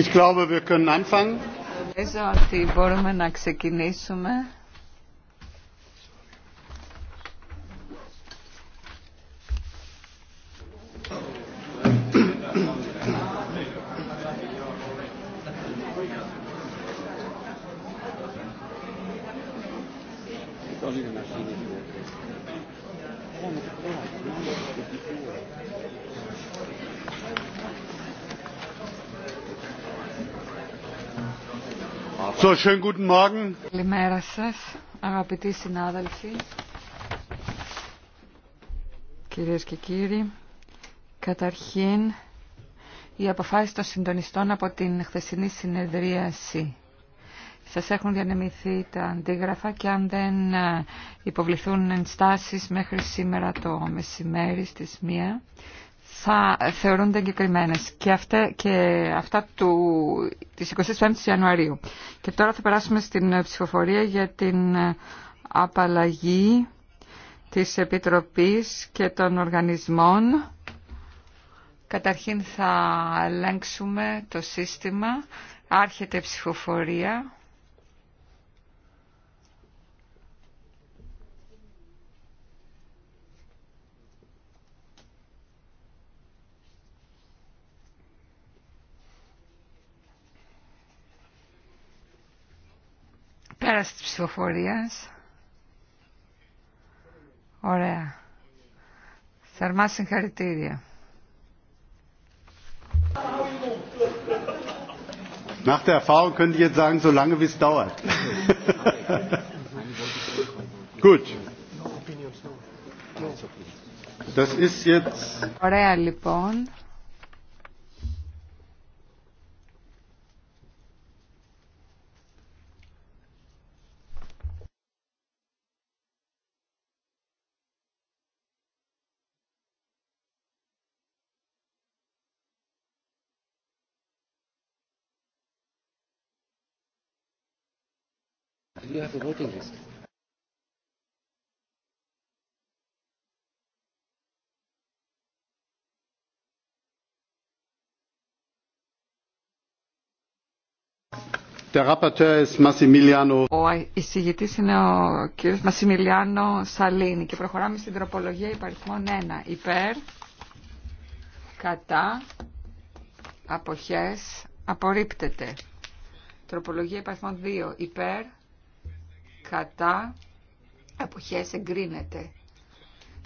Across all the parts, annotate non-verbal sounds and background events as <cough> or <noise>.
Ich Νομίζω ότι μπορούμε να ξεκινήσουμε. So, schönen guten Καλημέρα σας, αγαπητοί συνάδελφοι, κύριε και κύριοι. Καταρχήν, οι αποφάσει των συντονιστών από την χθεσινή συνεδρίαση. Σα έχουν διανεμηθεί τα αντίγραφα και αν δεν ε, υποβληθούν ενστάσεις μέχρι σήμερα το μεσημέρι στι 1 θα θεωρούνται εγκεκριμένε και, αυτά, και αυτά του, της 25ης Ιανουαρίου. Και τώρα θα περάσουμε στην ψηφοφορία για την ε, απαλλαγή της Επιτροπής και των οργανισμών. Καταρχήν θα ελέγξουμε το σύστημα. Άρχεται η ψηφοφορία. πέρασε τη ψηφοφορία. Ωραία. Θερμά συγχαρητήρια. Nach der Erfahrung könnte ich jetzt sagen, so lange wie es dauert. Gut. Das ist jetzt... Ωραία λοιπόν. have Ο εισηγητή είναι ο κ. Μασιμιλιάνο Σαλίνη και προχωράμε στην τροπολογία υπαριθμών 1. Υπέρ, κατά, αποχές, απορρίπτεται. Τροπολογία υπαριθμών 2. Υπέρ, κατά αποχές εγκρίνεται.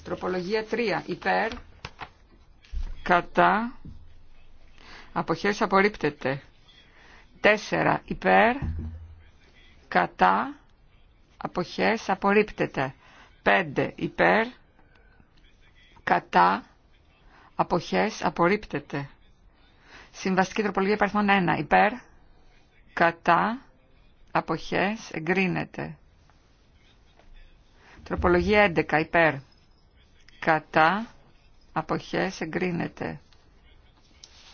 Τροπολογία 3 υπέρ κατά αποχές απορρίπτεται. 4 υπέρ κατά αποχές απορρίπτεται. 5 υπέρ κατά αποχές απορρίπτεται. Συμβαστική τροπολογία υπαριθμών 1 υπέρ κατά αποχές εγκρίνεται. Τροπολογία 11 υπέρ. Κατά. Αποχές εγκρίνεται.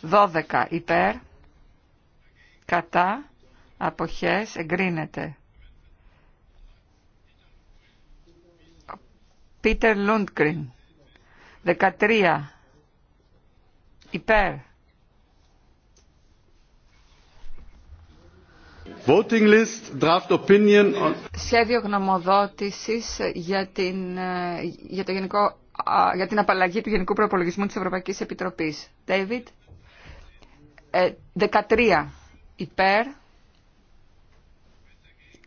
12 υπέρ. Κατά. Αποχές εγκρίνεται. Πίτερ Λούντκριν. 13 υπέρ. Voting list, Σχέδιο γνωμοδότησης για την, για την απαλλαγή του Γενικού Προπολογισμού της Ευρωπαϊκής Επιτροπής. David, 13 ε, υπέρ,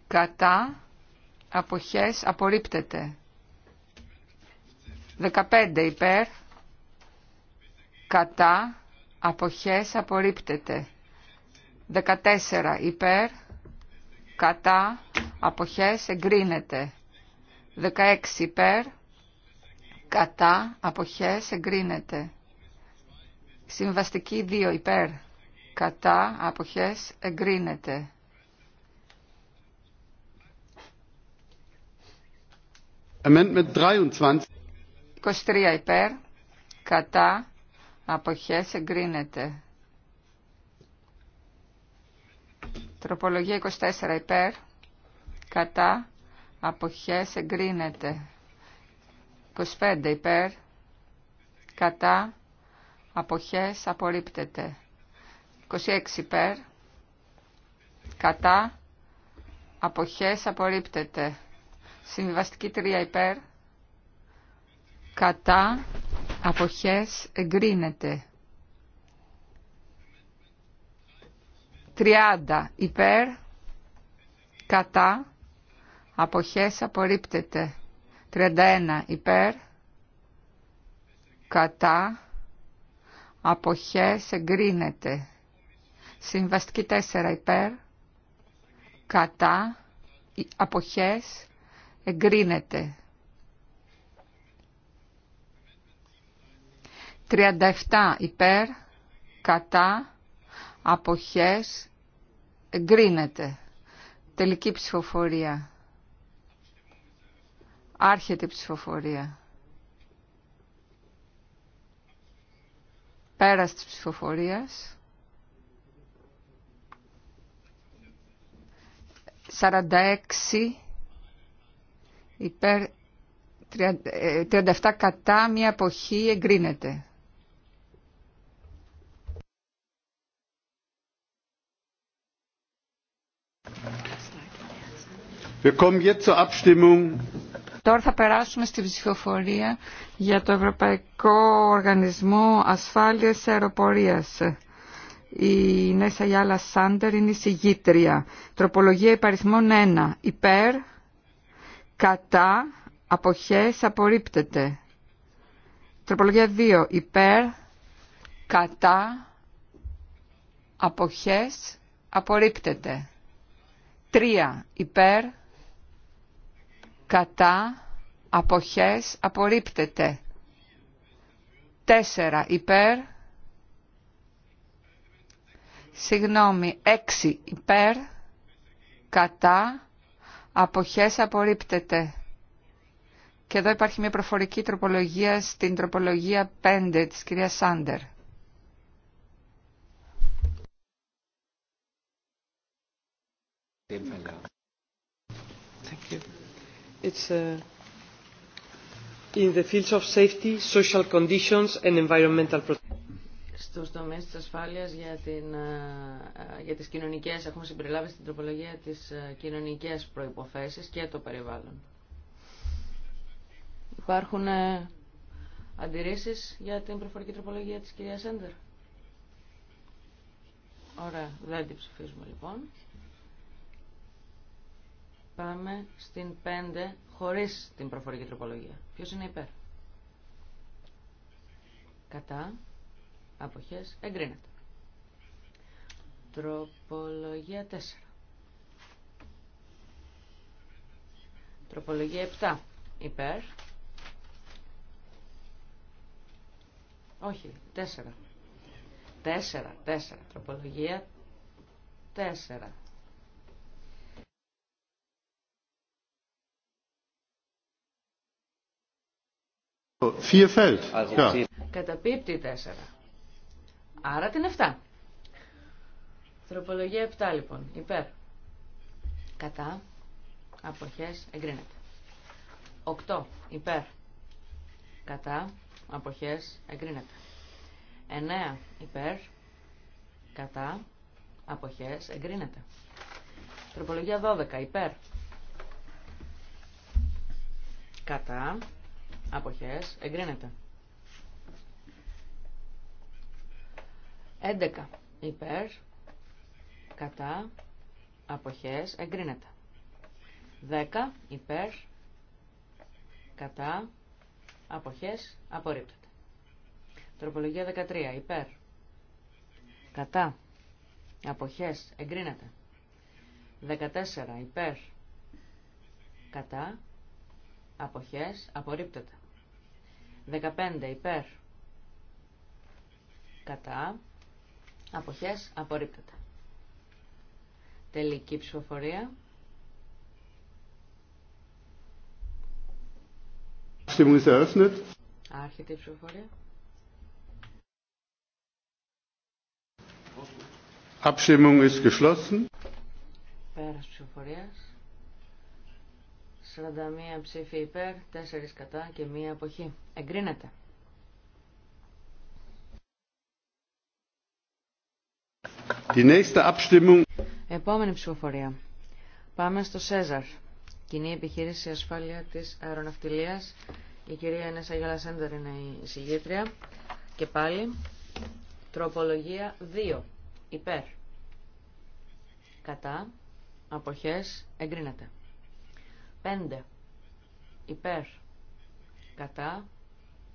κατά, αποχές, απορρίπτεται. 15 υπέρ, κατά, αποχές, απορρίπτεται. 14 υπέρ, κατά, αποχές, εγκρίνεται. 16 υπέρ, κατά, αποχές, εγκρίνεται. Συμβαστική 2 υπέρ, κατά, αποχές, εγκρίνεται. 23 υπέρ, κατά, αποχές, εγκρίνεται. Τροπολογία 24 υπέρ, κατά, αποχές εγκρίνεται. 25 υπέρ, κατά, αποχές απορρίπτεται. 26 υπέρ, κατά, αποχές απορρίπτεται. Συμβιβαστική 3 υπέρ, κατά, αποχές εγκρίνεται. 30 υπέρ, κατά, αποχές απορρίπτεται. 31 υπέρ, κατά, αποχές εγκρίνεται. Συμβαστική 4 υπέρ, κατά, αποχές εγκρίνεται. 37 υπέρ, κατά, αποχές Εγκρίνεται. Τελική ψηφοφορία. Άρχεται η ψηφοφορία. Πέρας της ψηφοφορίας. 46 υπέρ 37 ε, κατά μία εποχή εγκρίνεται. Τώρα θα περάσουμε στη ψηφοφορία για το Ευρωπαϊκό Οργανισμό Ασφάλειας Αεροπορίας. Η Νέσα Γιάλα Σάντερ είναι η συγγήτρια. Τροπολογία υπαριθμών 1. Υπέρ, κατά, αποχές, απορρίπτεται. Τροπολογία 2. Υπέρ, κατά, αποχές, απορρίπτεται. 3. Υπέρ, κατά, αποχές, απορρίπτεται. Τέσσερα υπέρ, συγγνώμη, έξι υπέρ, κατά, αποχές, απορρίπτεται. Και εδώ υπάρχει μια προφορική τροπολογία στην τροπολογία 5 της κυρία Σάντερ. Thank It's uh, in the fields Στους τομείς της ασφάλειας για, την, ε, ε, για τις κοινωνικές, έχουμε συμπεριλάβει στην τροπολογία τις ε, κοινωνικές προϋποθέσεις και το περιβάλλον. Υπάρχουν αντιρρήσεις για την προφορική τροπολογία της κυρίας Έντερ. Ωραία, δεν την ψηφίζουμε λοιπόν. Πάμε στην 5 χωρί την προφορική τροπολογία. Ποιο είναι υπέρ. Κατά. Αποχές. Εγκρίνεται. Τροπολογία 4. Τροπολογία 7. Υπέρ. Όχι, 4. 4, 4. Τροπολογία 4. 4 Κατα Καταπίπτει 4. Άρα την 7. Τροπολογία 7 λοιπόν. Υπέρ. Κατά. Αποχές. Εγκρίνεται. 8. Υπέρ. Κατά. Αποχές. Εγκρίνεται. 9. Υπέρ. Κατά. Αποχές. Εγκρίνεται. Τροπολογία 12. Υπέρ. Κατά. Αποχές. Εγκρίνεται. 11. Υπέρ. Κατά. Αποχές. Εγκρίνεται. 10. Υπέρ. Κατά. Αποχές. Απορρίπτεται. Τροπολογία 13. Υπέρ. Κατά. Αποχές. Εγκρίνεται. 14. Υπέρ. Κατά. Αποχές. Απορρίπτεται. 15 υπέρ κατά αποχές απορρίπτεται. Τελική ψηφοφορία. Άρχεται η ψηφοφορία. Abstimmung ist geschlossen. Πέρας ψηφοφορίας. 41 ψήφοι υπέρ, 4 κατά και 1 αποχή. Εγκρίνεται. Επόμενη ψηφοφορία. Πάμε στο ΣΕΖΑΡ. Κοινή επιχείρηση ασφάλεια τη αεροναυτιλίας. Η κυρία Ενέσα Γιώλα Σέντερ είναι η συγγήτρια. Και πάλι. Τροπολογία 2. Υπέρ. Κατά. Αποχές. Εγκρίνεται. 5 υπέρ κατά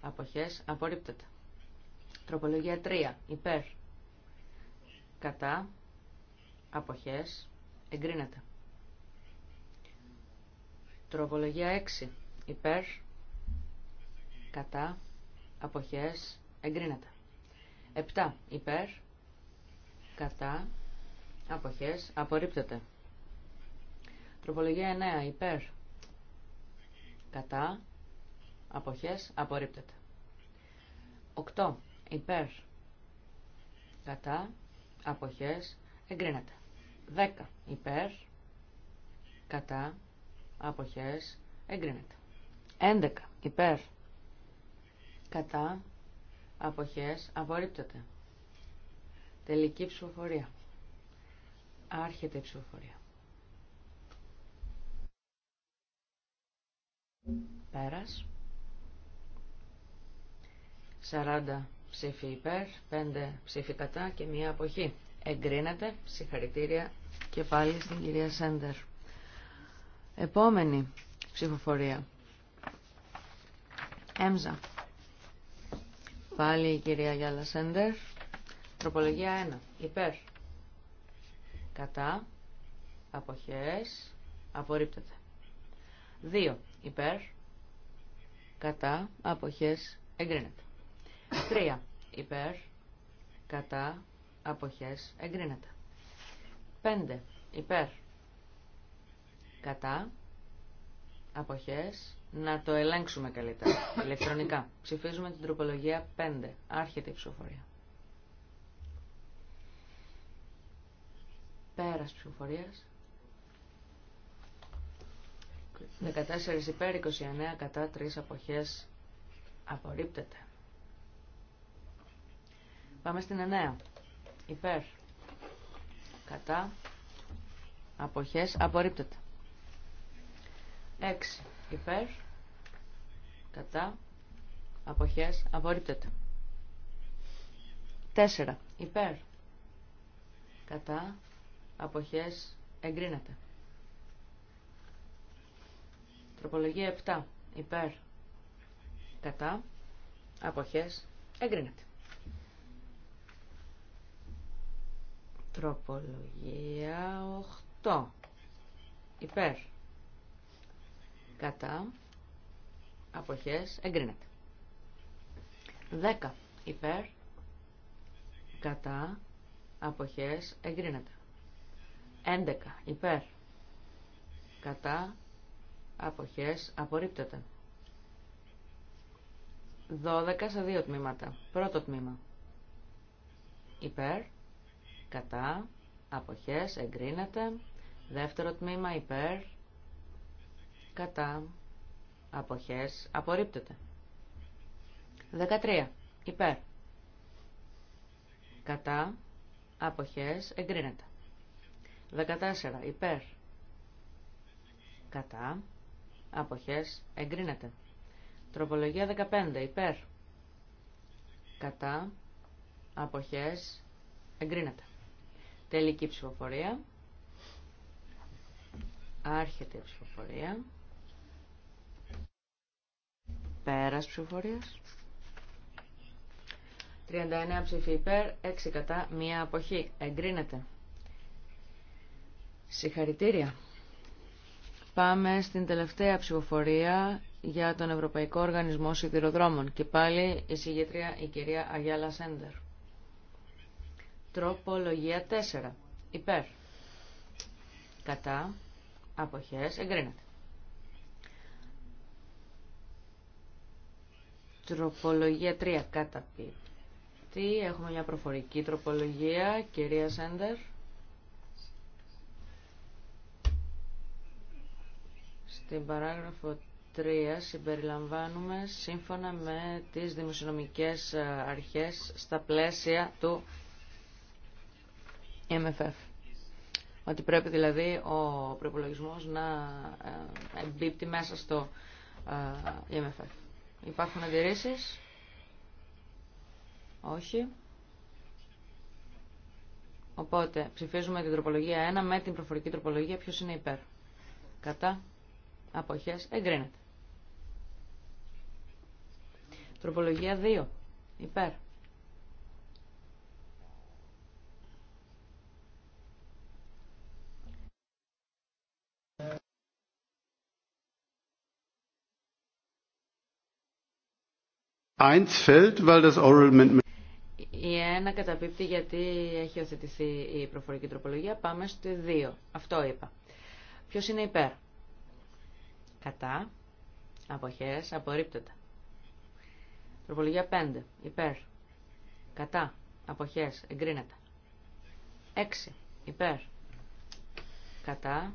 αποχές απορρίπτεται. Τροπολογία 3 υπέρ κατά αποχές εγκρίνεται. Τροπολογία 6 υπέρ κατά αποχές εγκρίνεται. 7 υπέρ κατά αποχές απορρίπτεται. Τροπολογία 9 υπέρ κατά, αποχές, απορρίπτεται. 8. Υπέρ, κατά, αποχές, εγκρίνεται. 10. Υπέρ, κατά, αποχές, εγκρίνεται. 11. Υπέρ, κατά, αποχές, απορρίπτεται. Τελική ψηφοφορία. Άρχεται η ψηφοφορία. Πέρας. 40 ψήφοι υπέρ, 5 ψήφοι κατά και μία αποχή. Εγκρίνεται. Συγχαρητήρια και πάλι στην κυρία Σέντερ. Επόμενη ψηφοφορία. Έμζα. Πάλι η κυρία Γιάλα Σέντερ. Τροπολογία 1. Υπέρ. Κατά. Αποχές. Απορρίπτεται. 2 υπέρ, κατά, αποχές, εγκρίνεται. 3 υπέρ, κατά, αποχές, εγκρίνεται. 5 υπέρ, κατά, αποχές, να το ελέγξουμε καλύτερα, ηλεκτρονικά. Ψηφίζουμε την τροπολογία 5, άρχεται η ψηφοφορία. Πέρας ψηφοφορίας, 14 υπέρ, 29 κατά, 3 αποχές απορρίπτεται. Πάμε στην 9. Υπέρ. Κατά. Αποχές απορρίπτεται. 6. Υπέρ. Κατά. Αποχές απορρίπτεται. 4. Υπέρ. Κατά. Αποχές εγκρίνεται. Τροπολογία 7. Υπέρ. Κατά. Αποχές. Εγκρίνεται. Τροπολογία 8. Υπέρ. Κατά. Αποχές. Εγκρίνεται. 10. Υπέρ. Κατά. Αποχές. Εγκρίνεται. 11. Υπέρ. Κατά αποχές απορρίπτεται. 12 σε δύο τμήματα. Πρώτο τμήμα. Υπέρ, κατά, αποχές, εγκρίνεται. Δεύτερο τμήμα υπέρ, κατά, αποχές, απορρίπτεται. 13. Υπέρ. Κατά, αποχές, εγκρίνεται. 14. Υπέρ. Κατά, αποχές εγκρίνεται. Τροπολογία 15 υπέρ κατά αποχές εγκρίνεται. Τελική ψηφοφορία. Άρχεται η ψηφοφορία. Πέρας ψηφοφορίας. 39 ψηφί υπέρ, 6 κατά, μία αποχή. Εγκρίνεται. Συγχαρητήρια. Πάμε στην τελευταία ψηφοφορία για τον Ευρωπαϊκό Οργανισμό Σιδηροδρόμων. Και πάλι η συγγετρία η κυρία Αγιάλα Σέντερ. Τροπολογία 4. Υπέρ. Κατά. Αποχές. Εγκρίνεται. Τροπολογία 3. Κατά. Τι. Έχουμε μια προφορική τροπολογία. Κυρία Σέντερ. Την παράγραφο 3 συμπεριλαμβάνουμε σύμφωνα με τις δημοσιονομικές ε, αρχές στα πλαίσια του MFF. Ότι πρέπει δηλαδή ο προπολογισμό να ε, εμπίπτει μέσα στο ε, MFF. Υπάρχουν αντιρρήσει. Όχι. Οπότε ψηφίζουμε την τροπολογία 1 με την προφορική τροπολογία. Ποιο είναι υπέρ. Κατά αποχές εγκρίνεται. Τροπολογία 2. Υπέρ. Η ένα καταπίπτει γιατί έχει οθετηθεί η προφορική τροπολογία. Πάμε στη 2. Αυτό είπα. Ποιος είναι υπέρ. Κατά. Αποχές. Απορρίπτεται. Τροπολογία 5. Υπέρ. Κατά. Αποχές. Εγκρίνεται. 6. Υπέρ. Κατά.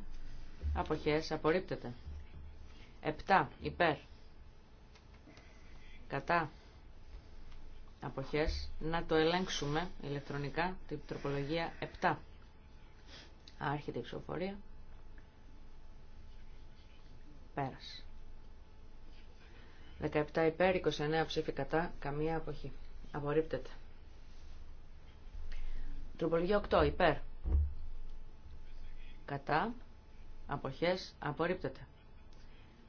Αποχές. Απορρίπτεται. 7. Υπέρ. Κατά. Αποχές. Να το ελέγξουμε ηλεκτρονικά την τροπολογία 7. Άρχεται η ψηφοφορία. Πέρασε. 17 υπέρ, 29 ψήφι κατά, καμία αποχή. Απορρίπτεται. Τροπολογία 8 υπέρ. Κατά, αποχές, απορρίπτεται.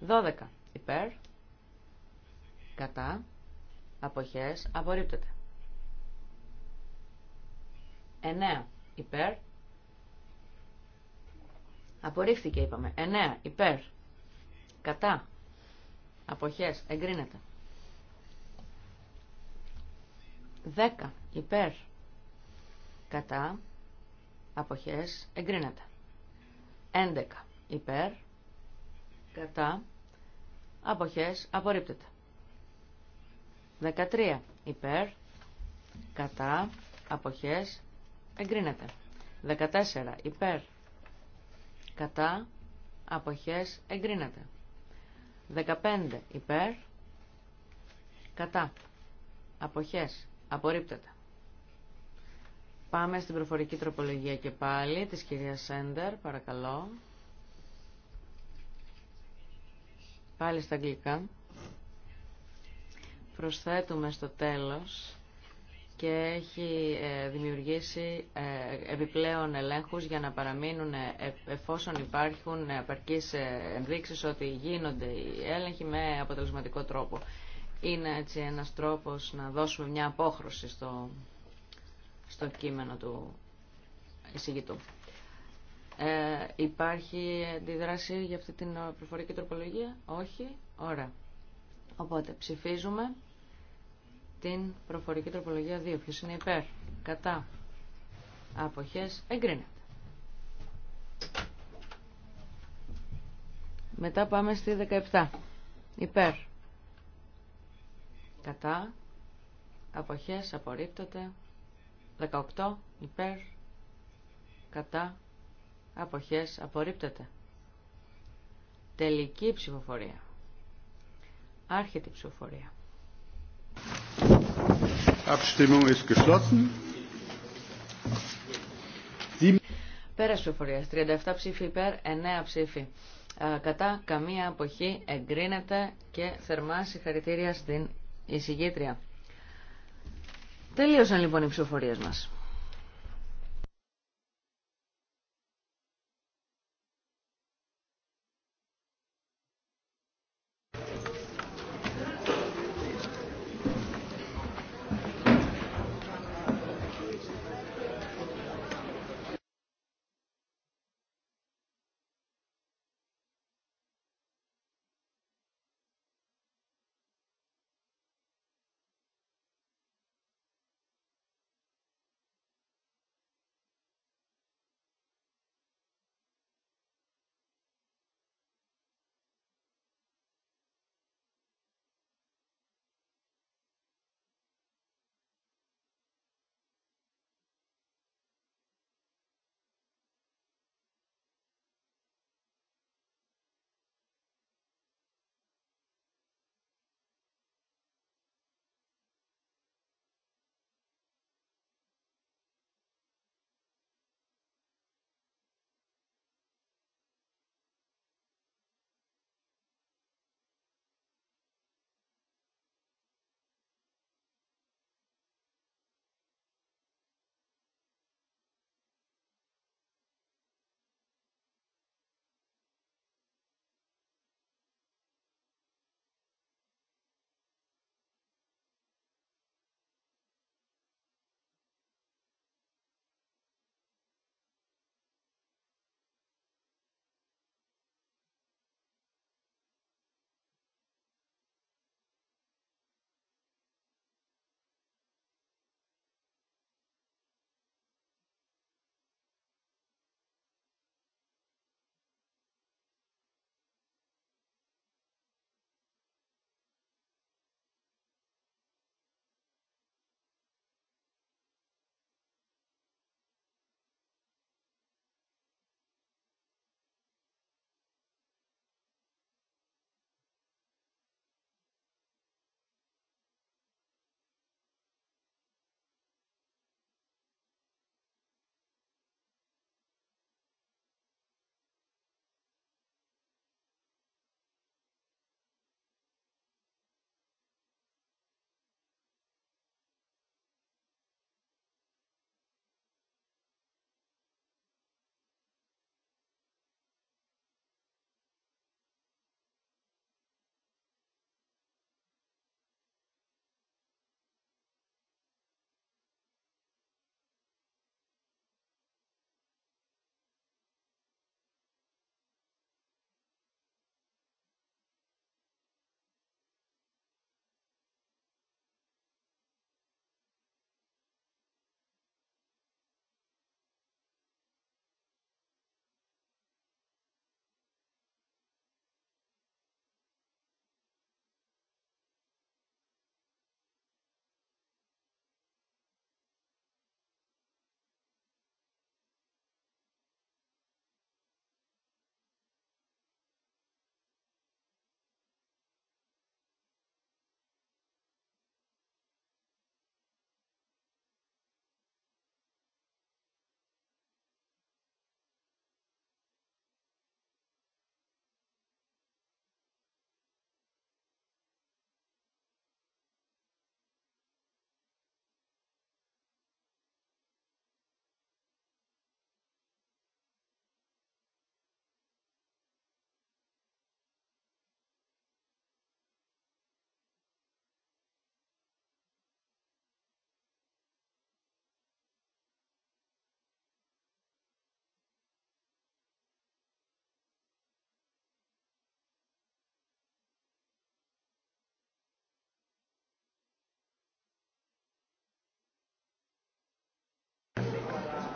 12 υπέρ, κατά, αποχές, απορρίπτεται. 9 υπέρ, απορρίφθηκε είπαμε, 9 υπέρ, Κατά. Αποχές. Εγκρίνεται. 10. Υπέρ. Κατά. Αποχές. Εγκρίνεται. 11. Υπέρ. Κατά. Αποχές. Απορρίπτεται. 13. Υπέρ. Κατά. Αποχές. Εγκρίνεται. 14. Υπέρ. Κατά. Αποχές. Εγκρίνεται. 15 υπέρ, κατά, αποχές, απορρίπτεται. Πάμε στην προφορική τροπολογία και πάλι της κυρίας Σέντερ, παρακαλώ. Πάλι στα αγγλικά. Προσθέτουμε στο τέλος και έχει ε, δημιουργήσει ε, επιπλέον ελέγχους για να παραμείνουν ε, εφόσον υπάρχουν επαρκείς ενδείξεις ότι γίνονται οι έλεγχοι με αποτελεσματικό τρόπο. Είναι έτσι ένας τρόπος να δώσουμε μια απόχρωση στο, στο κείμενο του εισηγητού. Ε, υπάρχει αντίδραση για αυτή την προφορική τροπολογία? Όχι. Ωραία. Οπότε ψηφίζουμε την προφορική τροπολογία 2. Ποιο είναι υπέρ, κατά, αποχές, εγκρίνεται. Μετά πάμε στη 17. Υπέρ. Κατά. Αποχές απορρίπτεται. 18. Υπέρ. Κατά. Αποχές απορρίπτεται. Τελική ψηφοφορία. Άρχεται η ψηφοφορία. Abstimmung ist geschlossen. Πέρα ψηφοφορία. 37 ψήφοι υπέρ, 9 ψήφοι ε, κατά, καμία αποχή εγκρίνεται και θερμά συγχαρητήρια στην εισηγήτρια. Τελείωσαν λοιπόν οι ψηφοφορίε μας.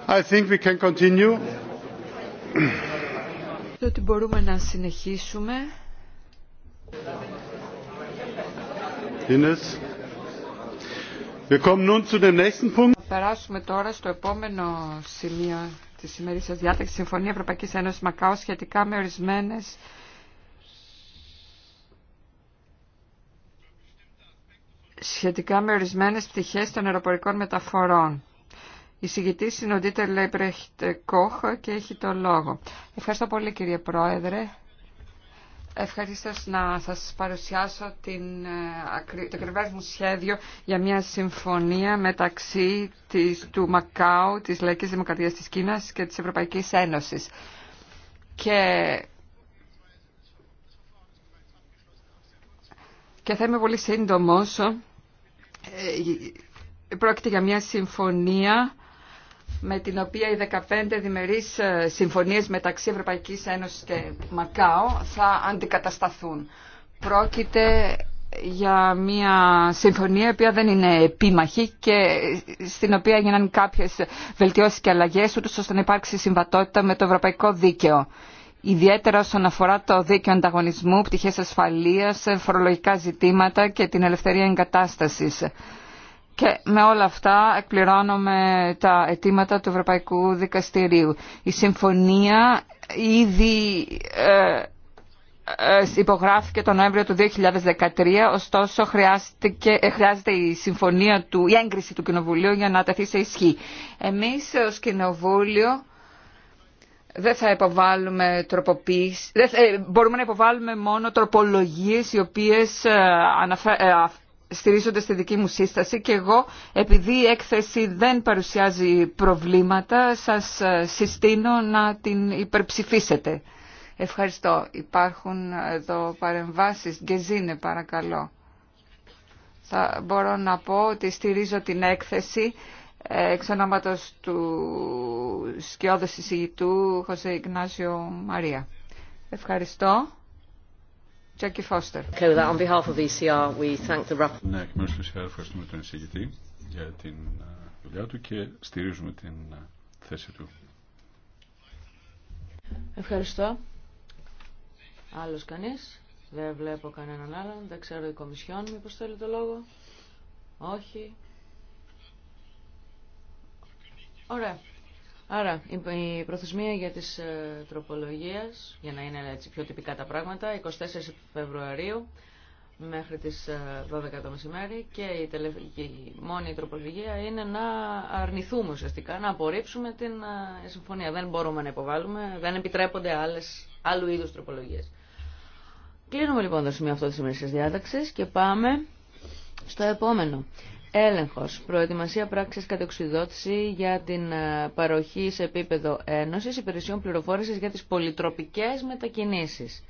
I ότι μπορούμε να συνεχίσουμε. Wir kommen nun zu dem nächsten Punkt. Θα περάσουμε τώρα στο επόμενο σημείο της σημερινής διάταξης Συμφωνία Ευρωπαϊκής Ένωσης Μακάου σχετικά με ορισμένες σχετικά με ορισμένες των αεροπορικών μεταφορών. Η συγητή συνοντείται Λέμπρεχτ Κόχ και έχει το λόγο. Ευχαριστώ πολύ κύριε Πρόεδρε. Ευχαριστώ να σας παρουσιάσω την, ε, το ακριβές μου σχέδιο για μια συμφωνία μεταξύ της, του Μακάου, της Λαϊκής Δημοκρατίας της Κίνας και της Ευρωπαϊκής Ένωσης. Και και θα είμαι πολύ σύντομος. Ε, πρόκειται για μια συμφωνία με την οποία οι 15 διμερείς ε, συμφωνίες μεταξύ Ευρωπαϊκής Ένωσης και Μακάο θα αντικατασταθούν. Πρόκειται για μια συμφωνία η οποία δεν είναι επίμαχη και στην οποία έγιναν κάποιες βελτιώσεις και αλλαγές ούτως ώστε να υπάρξει συμβατότητα με το ευρωπαϊκό δίκαιο. Ιδιαίτερα όσον αφορά το δίκαιο ανταγωνισμού, πτυχές ασφαλείας, φορολογικά ζητήματα και την ελευθερία εγκατάστασης και με όλα αυτά εκπληρώνουμε τα αιτήματα του Ευρωπαϊκού Δικαστηρίου. Η συμφωνία ήδη ε, ε υπογράφηκε τον Νοέμβριο του 2013, ωστόσο ε, χρειάζεται η συμφωνία του, η έγκριση του Κοινοβουλίου για να τεθεί σε ισχύ. Εμείς ως Κοινοβούλιο δεν θα υποβάλουμε τροποποίηση, δεν ε, μπορούμε να υποβάλουμε μόνο τροπολογίες οι οποίες αναφε, στηρίζονται στη δική μου σύσταση και εγώ επειδή η έκθεση δεν παρουσιάζει προβλήματα σας ε, συστήνω να την υπερψηφίσετε. Ευχαριστώ. Υπάρχουν ε, εδώ παρεμβάσεις. Γκεζίνε παρακαλώ. Θα μπορώ να πω ότι στηρίζω την έκθεση ε, εξ ονόματος του σκιώδου συζητητού Χωσέ Ιγνάσιο Μαρία. Ευχαριστώ. Φώστερ. E ναι, εκ μέρου του ΕΣΥΑΡ e ευχαριστούμε τον εισηγητή για την δουλειά του και στηρίζουμε την θέση του. Ευχαριστώ. Άλλος κανείς. Δεν βλέπω κανέναν άλλον. Δεν ξέρω η Κομισιόν μήπως θέλει το λόγο. Όχι. Ωραία. Άρα, η προθεσμία για τις ε, τροπολογίες, για να είναι έτσι πιο τυπικά τα πράγματα, 24 Φεβρουαρίου μέχρι τις 12 ε, το μεσημέρι και η, μόνη τροπολογία είναι να αρνηθούμε ουσιαστικά, να απορρίψουμε την ε, συμφωνία. Δεν μπορούμε να υποβάλουμε, δεν επιτρέπονται άλλες, άλλου είδους τροπολογίες. Κλείνουμε λοιπόν το σημείο αυτό της σημερινής διάταξης και πάμε στο επόμενο. Έλεγχος. Προετοιμασία πράξης κατεξουδότηση για την ε, παροχή σε επίπεδο ένωσης υπηρεσιών πληροφόρησης για τις πολυτροπικές μετακινήσεις.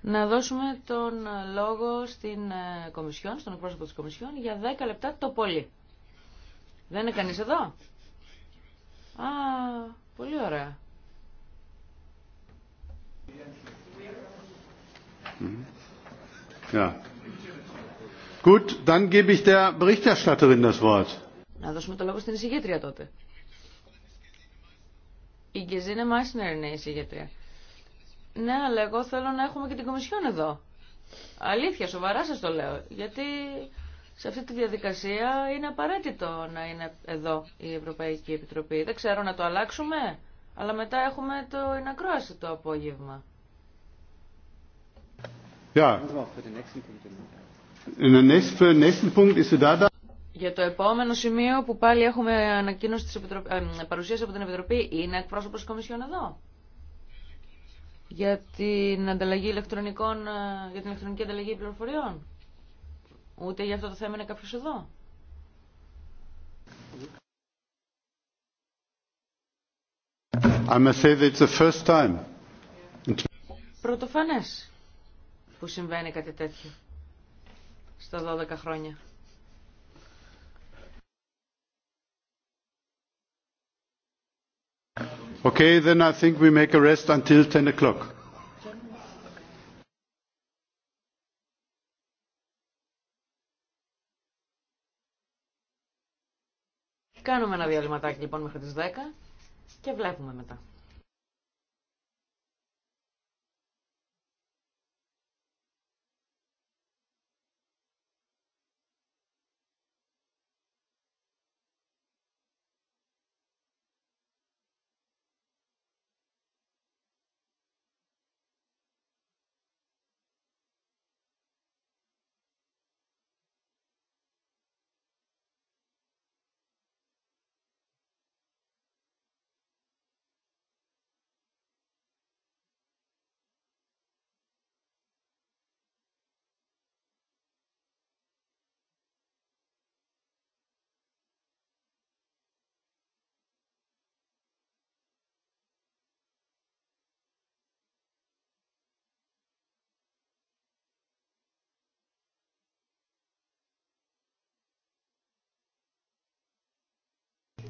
Να δώσουμε τον ε, λόγο στην ε, Κομισιόν, στον εκπρόσωπο της Κομισιόν, για 10 λεπτά το πολύ. Δεν είναι κανείς εδώ? Α, πολύ ωραία. Mm-hmm. Yeah. Gut, dann Να δώσουμε το λόγο στην εισηγήτρια τότε. Η Γκεζίνε Μάισνερ είναι η εισηγήτρια. Ναι, αλλά εγώ θέλω να έχουμε και την Κομισιόν εδώ. Αλήθεια, σοβαρά σας το λέω. Γιατί σε αυτή τη διαδικασία είναι απαραίτητο να είναι εδώ η Ευρωπαϊκή Επιτροπή. Δεν ξέρω να το αλλάξουμε, αλλά μετά έχουμε το ακρόαση το απόγευμα. Για το επόμενο σημείο που πάλι έχουμε ανακοίνωση της Επιτροπ... ε, παρουσίαση από την Επιτροπή, είναι εκπρόσωπος Κομισιόν εδώ. Για την, ανταλλαγή ηλεκτρονικών, ε, για την ηλεκτρονική ανταλλαγή πληροφοριών. Ούτε για αυτό το θέμα είναι κάποιος εδώ. I must say that it's the first time. Πρωτοφανές που συμβαίνει κάτι τέτοιο στα 12 χρόνια. Okay, then I think we make a rest until 10 o'clock. Κάνουμε ένα διαλυματάκι λοιπόν μέχρι τις 10 και βλέπουμε μετά.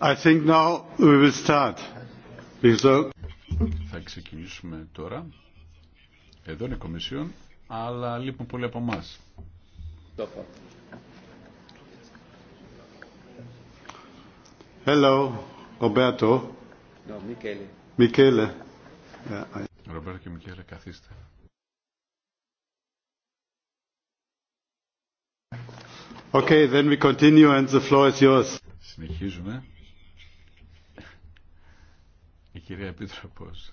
I think now we will start. Θα ξεκινήσουμε τώρα. Εδώ είναι η Κομισιόν, αλλά λείπουν πολλοί από εμά. Hello, Roberto. No, Michele. Michele. Roberto και Michele καθίστε. Okay, then we continue and the floor is yours. Συνεχίζουμε η κυρία Επίτροπος.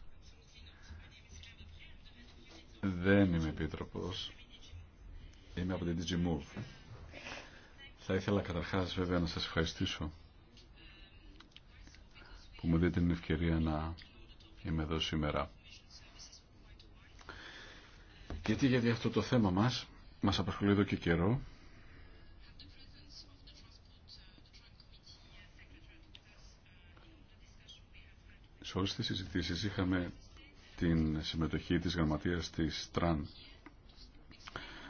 Δεν είμαι Επίτροπος. Είμαι από την DigiMove. Θα ήθελα καταρχάς βέβαια να σας ευχαριστήσω που μου δίνετε την ευκαιρία να είμαι εδώ σήμερα. Γιατί, γιατί αυτό το θέμα μας μας απασχολεί εδώ και καιρό Σε όλες τις συζητήσεις είχαμε την συμμετοχή της γραμματείας της ΤΡΑΝ.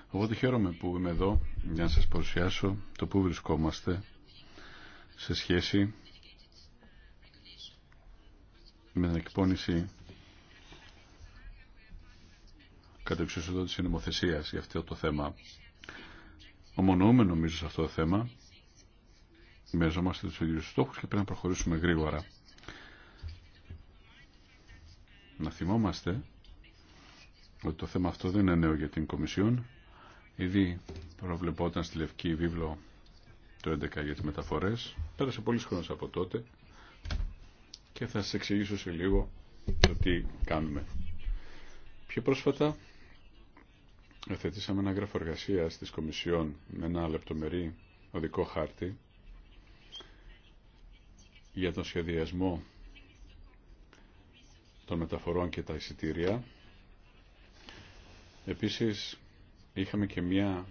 Οπότε χαίρομαι που είμαι εδώ για να σας παρουσιάσω το που βρισκόμαστε σε σχέση με την εκπόνηση κατά της νομοθεσίας για αυτό το θέμα. Ομονοούμε νομίζω σε αυτό το θέμα. Μεζόμαστε τους ίδιους στόχους και πρέπει να προχωρήσουμε γρήγορα να θυμόμαστε ότι το θέμα αυτό δεν είναι νέο για την Κομισιόν. Ήδη προβλεπόταν στη Λευκή Βίβλο το 11 για τις μεταφορές. Πέρασε πολύς χρόνος από τότε και θα σας εξηγήσω σε λίγο το τι κάνουμε. Πιο πρόσφατα εθετήσαμε ένα γράφο εργασία της Κομισιόν με ένα λεπτομερή οδικό χάρτη για τον σχεδιασμό των μεταφορών και τα εισιτήρια. Επίσης είχαμε και μια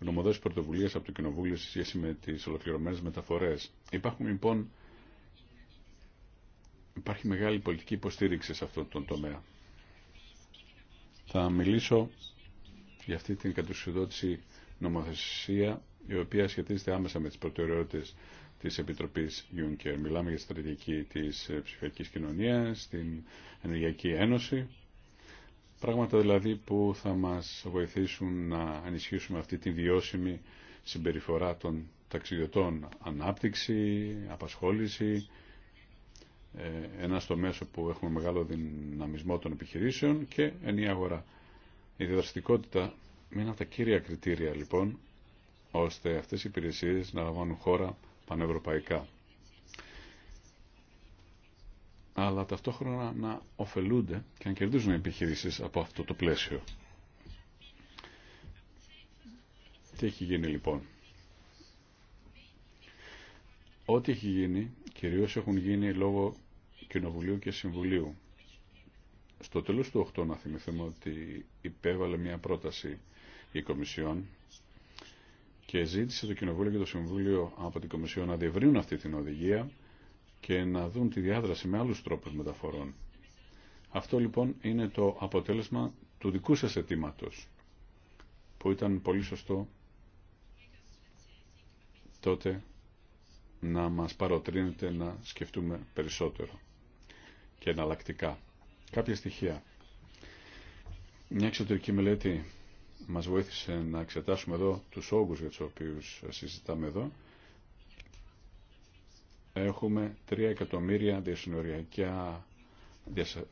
γνωμοδότηση πρωτοβουλίας από το Κοινοβούλιο σε σχέση με τις ολοκληρωμένες μεταφορές. Υπάρχουν λοιπόν υπάρχει μεγάλη πολιτική υποστήριξη σε αυτόν τον τομέα. Θα μιλήσω για αυτή την κατουσιοδότηση νομοθεσία η οποία σχετίζεται άμεσα με τις προτεραιότητες της Επιτροπής Juncker. Μιλάμε για τη στρατηγική της ε, ψηφιακής κοινωνίας, την Ενεργειακή Ένωση. Πράγματα δηλαδή που θα μας βοηθήσουν να ενισχύσουμε αυτή τη βιώσιμη συμπεριφορά των ταξιδιωτών. Ανάπτυξη, απασχόληση, ε, ένα στο μέσο που έχουμε μεγάλο δυναμισμό των επιχειρήσεων και ενή αγορά. Η διδραστικότητα είναι από τα κύρια κριτήρια λοιπόν ώστε αυτές οι υπηρεσίες να λαμβάνουν χώρα πανευρωπαϊκά. Αλλά ταυτόχρονα να ωφελούνται και να κερδίζουν επιχειρήσεις από αυτό το πλαίσιο. Τι έχει γίνει λοιπόν. Ό,τι έχει γίνει, κυρίως έχουν γίνει λόγω Κοινοβουλίου και Συμβουλίου. Στο τέλος του 8, να θυμηθούμε ότι υπέβαλε μια πρόταση η Κομισιόν και ζήτησε το Κοινοβούλιο και το Συμβούλιο από την Κομισιόν να διευρύνουν αυτή την οδηγία και να δουν τη διάδραση με άλλους τρόπους μεταφορών. Αυτό λοιπόν είναι το αποτέλεσμα του δικού σας αιτήματο, που ήταν πολύ σωστό τότε να μας παροτρύνετε να σκεφτούμε περισσότερο και εναλλακτικά. Κάποια στοιχεία. Μια εξωτερική μελέτη μας βοήθησε να εξετάσουμε εδώ τους όγκους για τους οποίους συζητάμε εδώ. Έχουμε 3 εκατομμύρια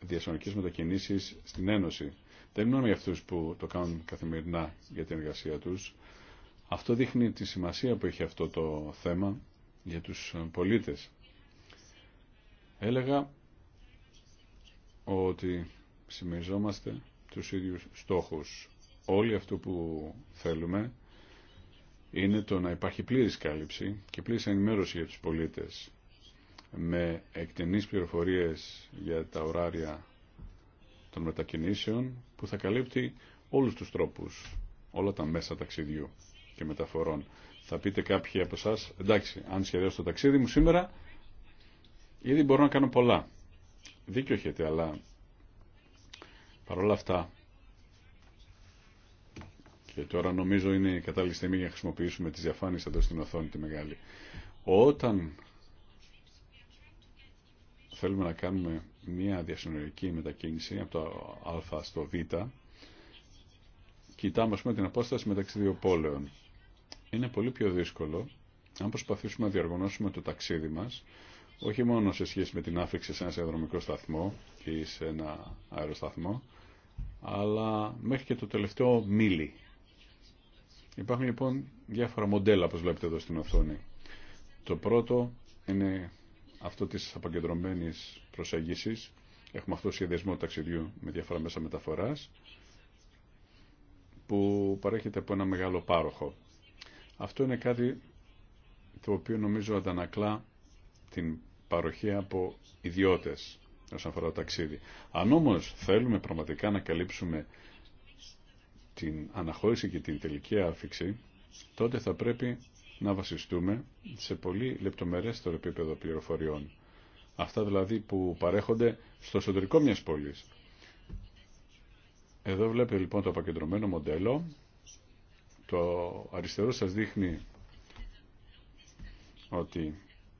διασυνοριακές μετακινήσεις στην Ένωση. Δεν μόνο για αυτούς που το κάνουν καθημερινά για την εργασία τους. Αυτό δείχνει τη σημασία που έχει αυτό το θέμα για τους πολίτες. Έλεγα ότι συμμεριζόμαστε τους ίδιους στόχους όλοι αυτό που θέλουμε είναι το να υπάρχει πλήρης κάλυψη και πλήρης ενημέρωση για τους πολίτες με εκτενείς πληροφορίες για τα ωράρια των μετακινήσεων που θα καλύπτει όλους τους τρόπους, όλα τα μέσα ταξιδιού και μεταφορών. Θα πείτε κάποιοι από εσά, εντάξει, αν σχεδιάσω το ταξίδι μου σήμερα, ήδη μπορώ να κάνω πολλά. Δίκιο έχετε, αλλά παρόλα αυτά και τώρα νομίζω είναι η κατάλληλη στιγμή για να χρησιμοποιήσουμε τις διαφάνειες εδώ στην οθόνη τη μεγάλη. Όταν θέλουμε να κάνουμε μια διασυνορική μετακίνηση από το α στο β, κοιτάμε πούμε την απόσταση μεταξύ δύο πόλεων. Είναι πολύ πιο δύσκολο αν προσπαθήσουμε να διαργωνώσουμε το ταξίδι μας, όχι μόνο σε σχέση με την άφηξη σε ένα αεροδρομικό σταθμό ή σε ένα αεροσταθμό, αλλά μέχρι και το τελευταίο μίλι Υπάρχουν λοιπόν διάφορα μοντέλα, όπως βλέπετε εδώ στην οθόνη. Το πρώτο είναι αυτό της αποκεντρωμένη προσέγγισης. Έχουμε αυτό το σχεδιασμό ταξιδιού με διάφορα μέσα μεταφοράς που παρέχεται από ένα μεγάλο πάροχο. Αυτό είναι κάτι το οποίο νομίζω αντανακλά την παροχή από ιδιώτες όσον αφορά το ταξίδι. Αν όμως θέλουμε πραγματικά να καλύψουμε την αναχώρηση και την τελική άφηξη, τότε θα πρέπει να βασιστούμε σε πολύ λεπτομερέστερο επίπεδο πληροφοριών. Αυτά δηλαδή που παρέχονται στο εσωτερικό μιας πόλης. Εδώ βλέπετε λοιπόν το απακεντρωμένο μοντέλο. Το αριστερό σας δείχνει ότι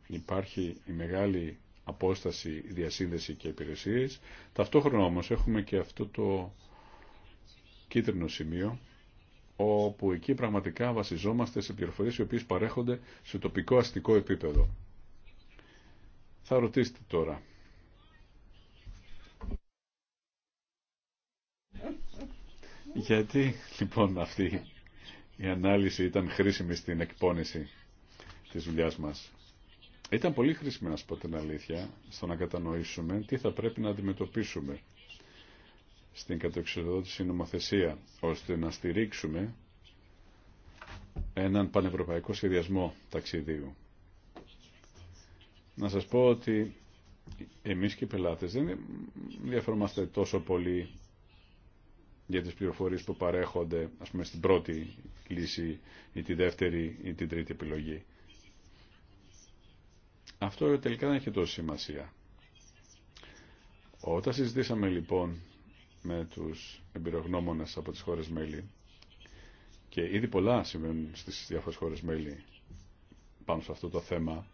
υπάρχει η μεγάλη απόσταση, διασύνδεση και υπηρεσίες. Ταυτόχρονα όμως έχουμε και αυτό το κίτρινο σημείο όπου εκεί πραγματικά βασιζόμαστε σε πληροφορίε οι οποίε παρέχονται σε τοπικό αστικό επίπεδο. Θα ρωτήσετε τώρα. Γιατί λοιπόν αυτή η ανάλυση ήταν χρήσιμη στην εκπόνηση της δουλειά μας. Ήταν πολύ χρήσιμη να σου την αλήθεια στο να κατανοήσουμε τι θα πρέπει να αντιμετωπίσουμε στην κατεξοδότηση νομοθεσία, ώστε να στηρίξουμε έναν πανευρωπαϊκό σχεδιασμό ταξιδίου. Να σας πω ότι εμείς και οι πελάτες δεν διαφορμάστε τόσο πολύ για τις πληροφορίες που παρέχονται, ας πούμε, στην πρώτη λύση ή τη δεύτερη ή την τρίτη επιλογή. Αυτό τελικά δεν έχει τόσο σημασία. Όταν συζητήσαμε λοιπόν με τους εμπειρογνώμονες από τις χώρες μέλη. Και ήδη πολλά συμβαίνουν στις διάφορες χώρες μέλη πάνω σε αυτό το θέμα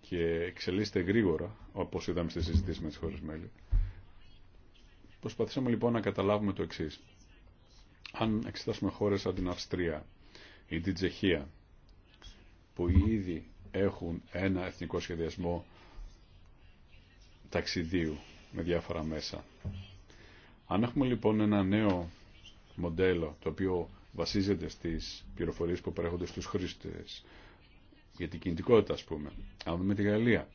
και εξελίσσεται γρήγορα, όπως είδαμε στις συζητήσεις με τι χώρες μέλη. Προσπαθήσαμε λοιπόν να καταλάβουμε το εξής. Αν εξετάσουμε χώρες σαν την Αυστρία ή την Τσεχία, που ήδη έχουν ένα εθνικό σχεδιασμό ταξιδίου με διάφορα μέσα. Αν έχουμε λοιπόν ένα νέο μοντέλο το οποίο βασίζεται στις πληροφορίες που παρέχονται στους χρήστες για την κινητικότητα ας πούμε. Αν δούμε τη Γαλλία.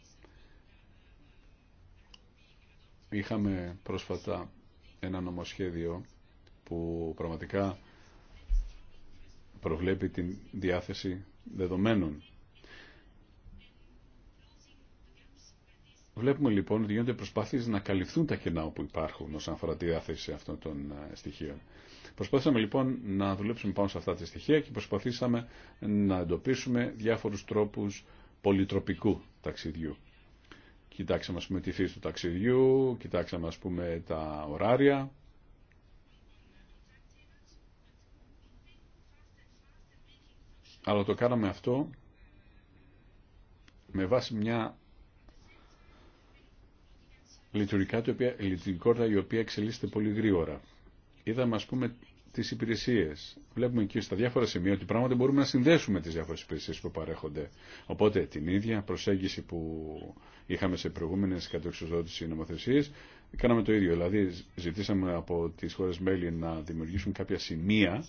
Είχαμε πρόσφατα ένα νομοσχέδιο που πραγματικά προβλέπει την διάθεση δεδομένων Βλέπουμε λοιπόν ότι γίνονται προσπάθειες να καλυφθούν τα κενά που υπάρχουν όσον αφορά τη διάθεση αυτών των ε, στοιχείων. Προσπαθήσαμε λοιπόν να δουλέψουμε πάνω σε αυτά τα στοιχεία και προσπαθήσαμε να εντοπίσουμε διάφορους τρόπους πολυτροπικού ταξιδιού. Κοιτάξαμε ας πούμε τη φύση του ταξιδιού, κοιτάξαμε ας πούμε τα ωράρια. Αλλά το κάναμε αυτό με βάση μια λειτουργικότητα η οποία εξελίσσεται πολύ γρήγορα. Είδαμε α πούμε τι υπηρεσίε. Βλέπουμε εκεί στα διάφορα σημεία ότι πράγματι μπορούμε να συνδέσουμε τι διάφορε υπηρεσίε που παρέχονται. Οπότε την ίδια προσέγγιση που είχαμε σε προηγούμενες κατεξοδότηση νομοθεσίες, κάναμε το ίδιο. Δηλαδή ζητήσαμε από τι χώρε μέλη να δημιουργήσουν κάποια σημεία,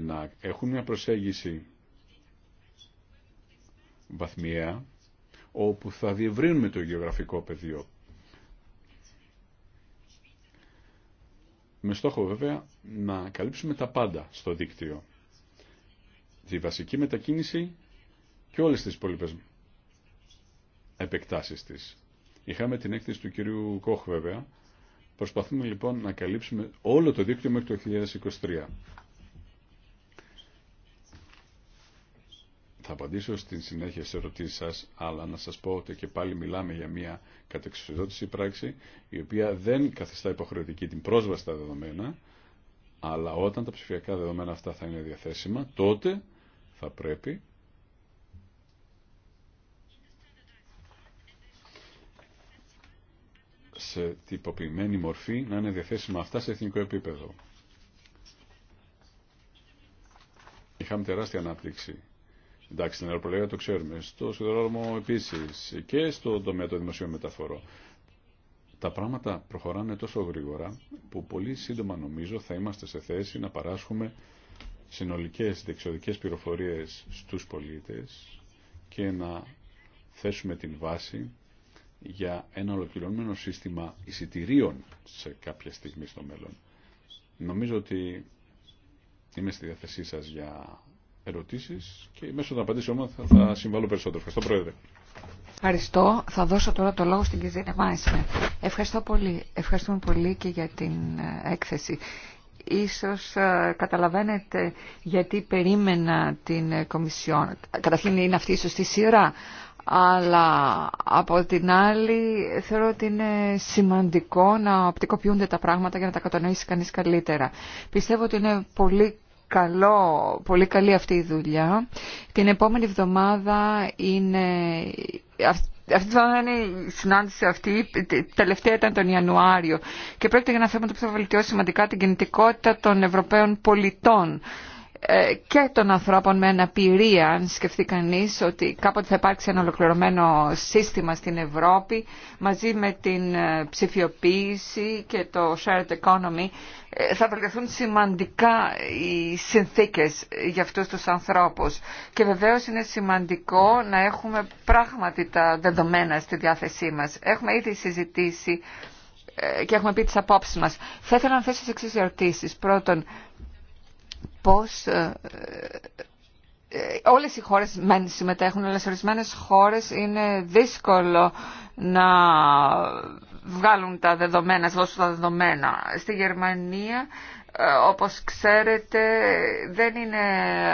να έχουν μια προσέγγιση βαθμιαία, όπου θα διευρύνουμε το γεωγραφικό πεδίο με στόχο βέβαια να καλύψουμε τα πάντα στο δίκτυο. Τη βασική μετακίνηση και όλες τις υπόλοιπες επεκτάσεις της. Είχαμε την έκθεση του κυρίου Κόχ βέβαια. Προσπαθούμε λοιπόν να καλύψουμε όλο το δίκτυο μέχρι το 2023. Θα απαντήσω στην συνέχεια σε ερωτήσεις σας, αλλά να σας πω ότι και πάλι μιλάμε για μια κατεξουσιοδότηση πράξη, η οποία δεν καθιστά υποχρεωτική την πρόσβαση στα δεδομένα, αλλά όταν τα ψηφιακά δεδομένα αυτά θα είναι διαθέσιμα, τότε θα πρέπει σε τυποποιημένη μορφή να είναι διαθέσιμα αυτά σε εθνικό επίπεδο. Είχαμε τεράστια ανάπτυξη Εντάξει, στην αεροπορία το ξέρουμε. Στο σιδηρόδρομο επίση και στο τομέα των δημοσίων μεταφορών. Τα πράγματα προχωράνε τόσο γρήγορα που πολύ σύντομα νομίζω θα είμαστε σε θέση να παράσχουμε συνολικές δεξιωτικέ πληροφορίε στους πολίτες και να θέσουμε την βάση για ένα ολοκληρωμένο σύστημα εισιτηρίων σε κάποια στιγμή στο μέλλον. Νομίζω ότι είμαι στη διάθεσή σας για ερωτήσεις και μέσω των απαντήσεων θα, θα συμβάλλω περισσότερο. Ευχαριστώ Πρόεδρε. Ευχαριστώ. Θα δώσω τώρα το λόγο στην κυρία Μάισμε. Ευχαριστώ πολύ. Ευχαριστούμε πολύ και για την ε, έκθεση. Ίσως ε, καταλαβαίνετε γιατί περίμενα την ε, Κομισιόν. Καταρχήν είναι αυτή η σωστή σειρά. Αλλά από την άλλη θεωρώ ότι είναι σημαντικό να οπτικοποιούνται τα πράγματα για να τα κατανοήσει κανείς καλύτερα. Πιστεύω ότι είναι πολύ καλό, πολύ καλή αυτή η δουλειά. Την επόμενη εβδομάδα είναι... Αυτή είναι η συνάντηση αυτή, τελευταία ήταν τον Ιανουάριο και πρόκειται για ένα θέμα που θα βελτιώσει σημαντικά την κινητικότητα των Ευρωπαίων πολιτών. Ε, και των ανθρώπων με αναπηρία, αν σκεφτεί κανεί ότι κάποτε θα υπάρξει ένα ολοκληρωμένο σύστημα στην Ευρώπη μαζί με την ε, ψηφιοποίηση και το shared economy ε, θα βελτιωθούν σημαντικά οι συνθήκες για αυτούς τους ανθρώπους και βεβαίως είναι σημαντικό να έχουμε πράγματι τα δεδομένα στη διάθεσή μας. Έχουμε ήδη συζητήσει και έχουμε πει τις απόψεις μας. Θα ήθελα να θέσω τι εξής ερωτήσεις. Πρώτον, πώς ε, ε, όλες οι χώρες μεν συμμετέχουν, αλλά σε ορισμένε χώρες είναι δύσκολο να βγάλουν τα δεδομένα, δώσουν τα δεδομένα. Στη Γερμανία, ε, όπως ξέρετε, δεν είναι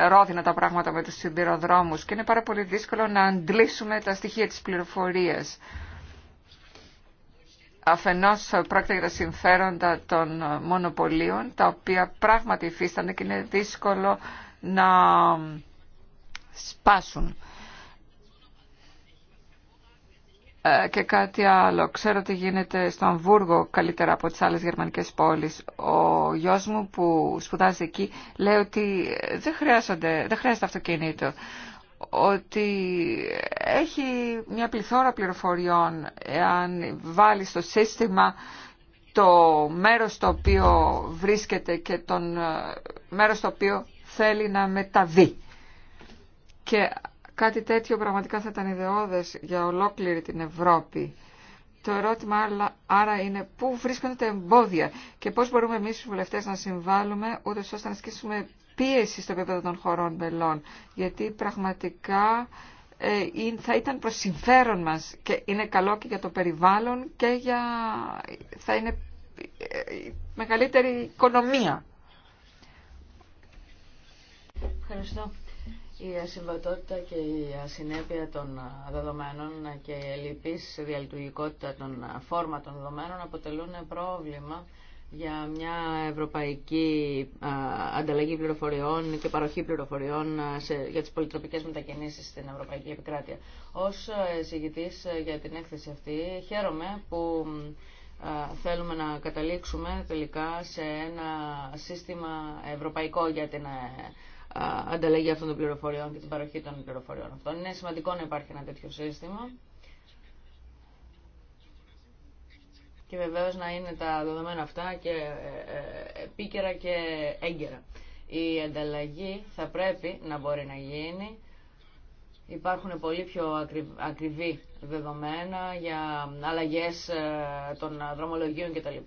ρόδινα τα πράγματα με τους σιδηροδρόμους και είναι πάρα πολύ δύσκολο να αντλήσουμε τα στοιχεία της πληροφορίας. Αφενός πρόκειται για τα συμφέροντα των μονοπωλίων, τα οποία πράγματι υφίστανται και είναι δύσκολο να σπάσουν. Ε, και κάτι άλλο. Ξέρω ότι γίνεται στο Αμβούργο καλύτερα από τις άλλες γερμανικές πόλεις. Ο γιος μου που σπουδάζει εκεί λέει ότι δεν, δεν χρειάζεται αυτοκίνητο ότι έχει μια πληθώρα πληροφοριών εάν βάλει στο σύστημα το μέρος το οποίο βρίσκεται και τον ε, μέρος το οποίο θέλει να μεταβεί. Και κάτι τέτοιο πραγματικά θα ήταν ιδεώδες για ολόκληρη την Ευρώπη. Το ερώτημα άρα είναι πού βρίσκονται τα εμπόδια και πώς μπορούμε εμείς οι βουλευτές να συμβάλλουμε ούτως ώστε να ασκήσουμε πίεση στο επίπεδο των χωρών μελών, γιατί πραγματικά ε, θα ήταν προς συμφέρον μας και είναι καλό και για το περιβάλλον και για... θα είναι ε, μεγαλύτερη οικονομία. Ευχαριστώ. Η ασυμβατότητα και η ασυνέπεια των δεδομένων και η ελλειπής διαλειτουργικότητα των ε, φόρματων δεδομένων αποτελούν πρόβλημα για μια ευρωπαϊκή ανταλλαγή πληροφοριών και παροχή πληροφοριών για τις πολυτροπικές μετακινήσεις στην Ευρωπαϊκή Επικράτεια. Ως εισηγητής για την έκθεση αυτή χαίρομαι που θέλουμε να καταλήξουμε τελικά σε ένα σύστημα ευρωπαϊκό για την ε, ανταλλαγή αυτών των πληροφοριών και την παροχή των πληροφοριών αυτών. Είναι σημαντικό να υπάρχει ένα τέτοιο σύστημα και βεβαίω να είναι τα δεδομένα αυτά και ε, ε, επίκαιρα και έγκαιρα. Η ανταλλαγή θα πρέπει να μπορεί να γίνει. Υπάρχουν πολύ πιο ακριβή δεδομένα για αλλαγές ε, των δρομολογίων κτλ.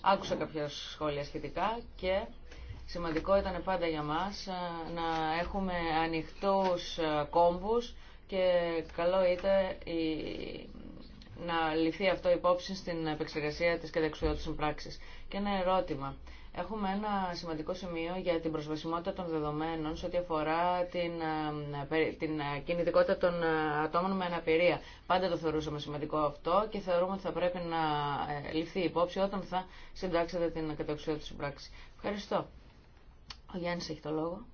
Άκουσα κάποια σχόλια σχετικά και σημαντικό ήταν πάντα για μας να έχουμε ανοιχτούς κόμβους και καλό ήταν η να ληφθεί αυτό υπόψη στην επεξεργασία της κατεξουδότησης πράξης. Και ένα ερώτημα. Έχουμε ένα σημαντικό σημείο για την προσβασιμότητα των δεδομένων σε ό,τι αφορά την, ε, την ε, κινητικότητα των ε, ατόμων με αναπηρία. Πάντα το θεωρούσαμε σημαντικό αυτό και θεωρούμε ότι θα πρέπει να ληφθεί υπόψη όταν θα συντάξετε την κατεξουδότηση πράξη. Ευχαριστώ. Ο Γιάννης έχει το λόγο.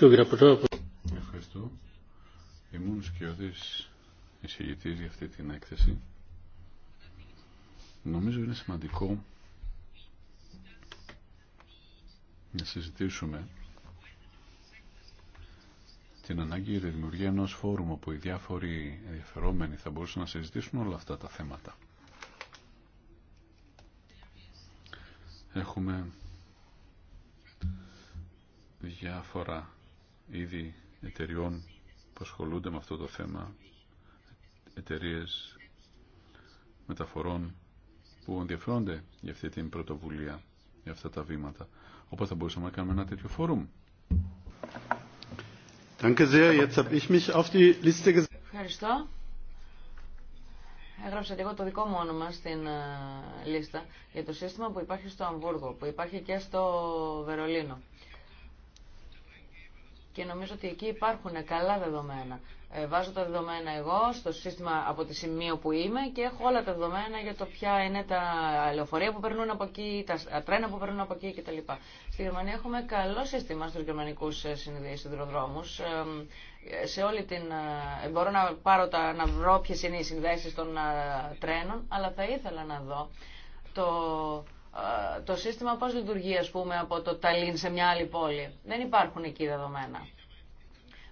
Ευχαριστώ. Ήμουν σκιώδης εισηγητής για αυτή την έκθεση. Νομίζω είναι σημαντικό να συζητήσουμε την ανάγκη για τη δημιουργία ενό φόρουμ όπου οι διάφοροι ενδιαφερόμενοι θα μπορούσαν να συζητήσουν όλα αυτά τα θέματα. Έχουμε διάφορα Ήδη εταιριών που ασχολούνται με αυτό το θέμα, εταιρείε μεταφορών που ενδιαφέρονται για αυτή την πρωτοβουλία, για αυτά τα βήματα. Οπότε θα μπορούσαμε να κάνουμε ένα τέτοιο φόρουμ. Ευχαριστώ. Έγραψα και εγώ το δικό μου όνομα στην ε, λίστα για το σύστημα που υπάρχει στο Αμβούργο, που υπάρχει και στο Βερολίνο και νομίζω ότι εκεί υπάρχουν καλά δεδομένα. Ε, βάζω τα δεδομένα εγώ στο σύστημα από τη σημείο που είμαι και έχω όλα τα δεδομένα για το ποια είναι τα λεωφορεία που περνούν από εκεί, τα τρένα που περνούν από εκεί κτλ. Στη Γερμανία έχουμε καλό σύστημα στους γερμανικούς ε, σιδηροδρόμους. σε όλη την, ε, μπορώ να, πάρω τα, να βρω ποιες είναι οι συνδέσεις των τρένων, αλλά θα ήθελα να δω το το σύστημα πώς λειτουργεί ας πούμε από το Ταλίν σε μια άλλη πόλη. Δεν υπάρχουν εκεί δεδομένα.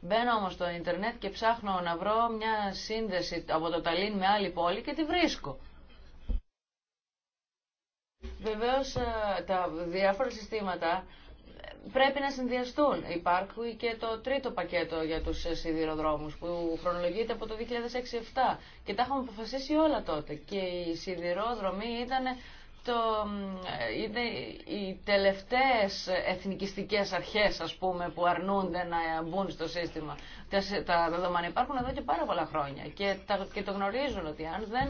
Μπαίνω όμως στο ίντερνετ και ψάχνω να βρω μια σύνδεση από το Ταλίν με άλλη πόλη και τη βρίσκω. Βεβαίως τα διάφορα συστήματα πρέπει να συνδυαστούν. Υπάρχει και το τρίτο πακέτο για τους σιδηροδρόμους που χρονολογείται από το 2006-2007 και τα είχαμε αποφασίσει όλα τότε και οι σιδηρόδρομοι ήταν το, ε, είναι οι τελευταίες εθνικιστικές αρχές ας πούμε που αρνούνται να μπουν στο σύστημα τα, δεδομένα υπάρχουν εδώ και πάρα πολλά χρόνια και, τα, και το γνωρίζουν ότι αν δεν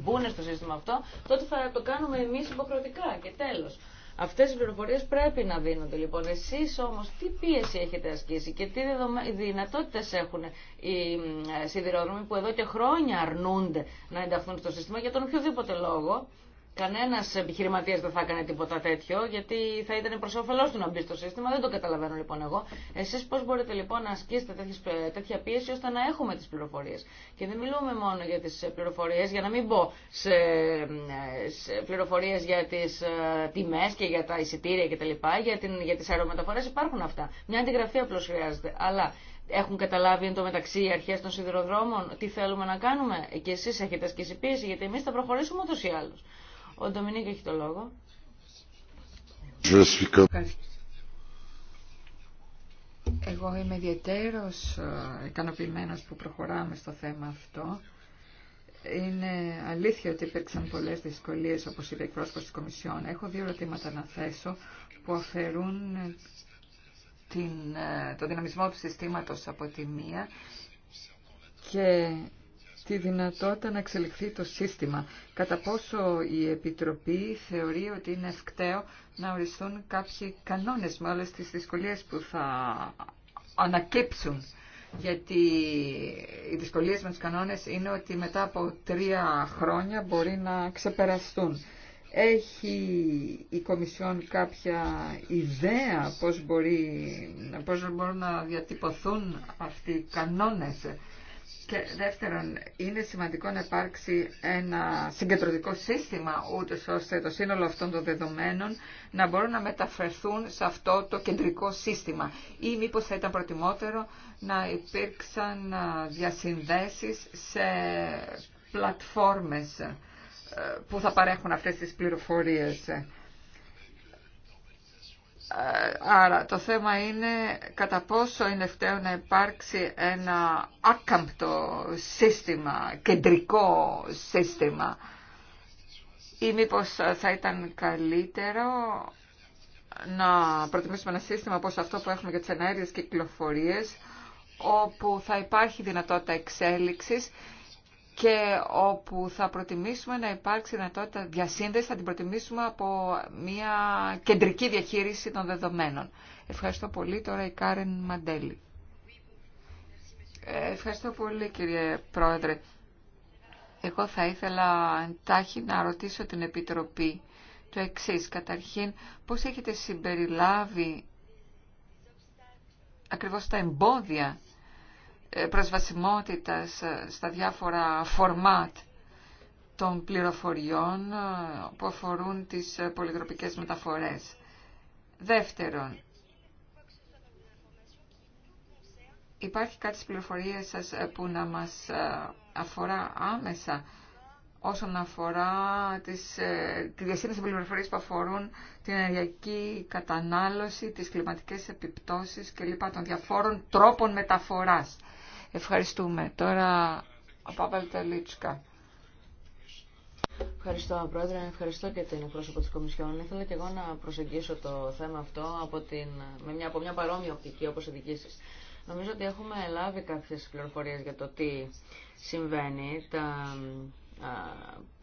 μπουν στο σύστημα αυτό τότε θα το κάνουμε εμείς υποχρεωτικά και τέλος Αυτές οι πληροφορίες πρέπει να δίνονται λοιπόν. Εσείς όμως τι πίεση έχετε ασκήσει και τι δυνατότητες έχουν οι ε, σιδηρόδρομοι που εδώ και χρόνια αρνούνται να ενταχθούν στο σύστημα για τον οποιοδήποτε λόγο Κανένα επιχειρηματία δεν θα έκανε τίποτα τέτοιο, γιατί θα ήταν προ όφελό του να μπει στο σύστημα. Δεν το καταλαβαίνω λοιπόν εγώ. Εσεί πώ μπορείτε λοιπόν να ασκήσετε τέτοιες, τέτοια πίεση ώστε να έχουμε τι πληροφορίε. Και δεν μιλούμε μόνο για τι πληροφορίε, για να μην μπω σε, σε πληροφορίε για τι ε, τιμέ και για τα εισιτήρια κτλ. Για, για τι αερομεταφορέ υπάρχουν αυτά. Μια αντιγραφή απλώ χρειάζεται. Αλλά έχουν καταλάβει εν μεταξύ οι αρχέ των σιδηροδρόμων τι θέλουμε να κάνουμε. Και εσεί έχετε ασκήσει πίεση, γιατί εμεί θα προχωρήσουμε ούτω ή άλλω. Ο Ντομινίκ έχει το λόγο. Εγώ είμαι ιδιαίτερο ε, ικανοποιημένος που προχωράμε στο θέμα αυτό. Είναι αλήθεια ότι υπήρξαν πολλές δυσκολίε όπω είπε η εκπρόσωπο τη Κομισιόν. Έχω δύο ερωτήματα να θέσω που αφαιρούν την, ε, το δυναμισμό του συστήματος από τη μία και τη δυνατότητα να εξελιχθεί το σύστημα. Κατά πόσο η Επιτροπή θεωρεί ότι είναι ευκταίο να οριστούν κάποιοι κανόνες με όλες τις δυσκολίες που θα ανακύψουν. Γιατί οι δυσκολίες με τους κανόνες είναι ότι μετά από τρία χρόνια μπορεί να ξεπεραστούν. Έχει η Κομισιόν κάποια ιδέα πώς, μπορεί, πώς μπορούν να διατυπωθούν αυτοί οι κανόνες και δεύτερον, είναι σημαντικό να υπάρξει ένα συγκεντρωτικό σύστημα, ούτως ώστε το σύνολο αυτών των δεδομένων να μπορούν να μεταφερθούν σε αυτό το κεντρικό σύστημα. Ή μήπως θα ήταν προτιμότερο να υπήρξαν διασυνδέσεις σε πλατφόρμες ε, που θα παρέχουν αυτές τις πληροφορίες. Ε, άρα το θέμα είναι κατά πόσο είναι φταίο να υπάρξει ένα άκαμπτο σύστημα, κεντρικό σύστημα ή μήπως θα ήταν καλύτερο να προτιμήσουμε ένα σύστημα όπως αυτό που έχουμε για τις και κυκλοφορίες όπου θα υπάρχει δυνατότητα εξέλιξης και όπου θα προτιμήσουμε να υπάρξει δυνατότητα διασύνδεση, θα την προτιμήσουμε από μια κεντρική διαχείριση των δεδομένων. Ευχαριστώ πολύ. Τώρα η Κάρεν Μαντέλη. Ε, ευχαριστώ πολύ κύριε Πρόεδρε. Εγώ θα ήθελα εντάχει να ρωτήσω την Επιτροπή το εξής. Καταρχήν, πώς έχετε συμπεριλάβει ακριβώς τα εμπόδια ε, προσβασιμότητας ε, στα διάφορα φορμάτ των πληροφοριών ε, που αφορούν τις πολυτροπικές μεταφορές. Δεύτερον, υπάρχει κάτι στις πληροφορίες σας που να μας αφορά άμεσα όσον αφορά τις, τη διασύνδεση πληροφορίες που αφορούν την ενεργειακή κατανάλωση, τις κλιματικές επιπτώσεις και λοιπά των διαφόρων τρόπων μεταφοράς. Ευχαριστούμε. Τώρα ο Παπαλ Λίτσκα. Ευχαριστώ, Πρόεδρε. Ευχαριστώ και την πρόσωπο τη Κομισιόν. Ήθελα και εγώ να προσεγγίσω το θέμα αυτό από με μια, από μια παρόμοια οπτική όπω η δική σα. Νομίζω ότι έχουμε λάβει κάποιε πληροφορίε για το τι συμβαίνει. Τα α,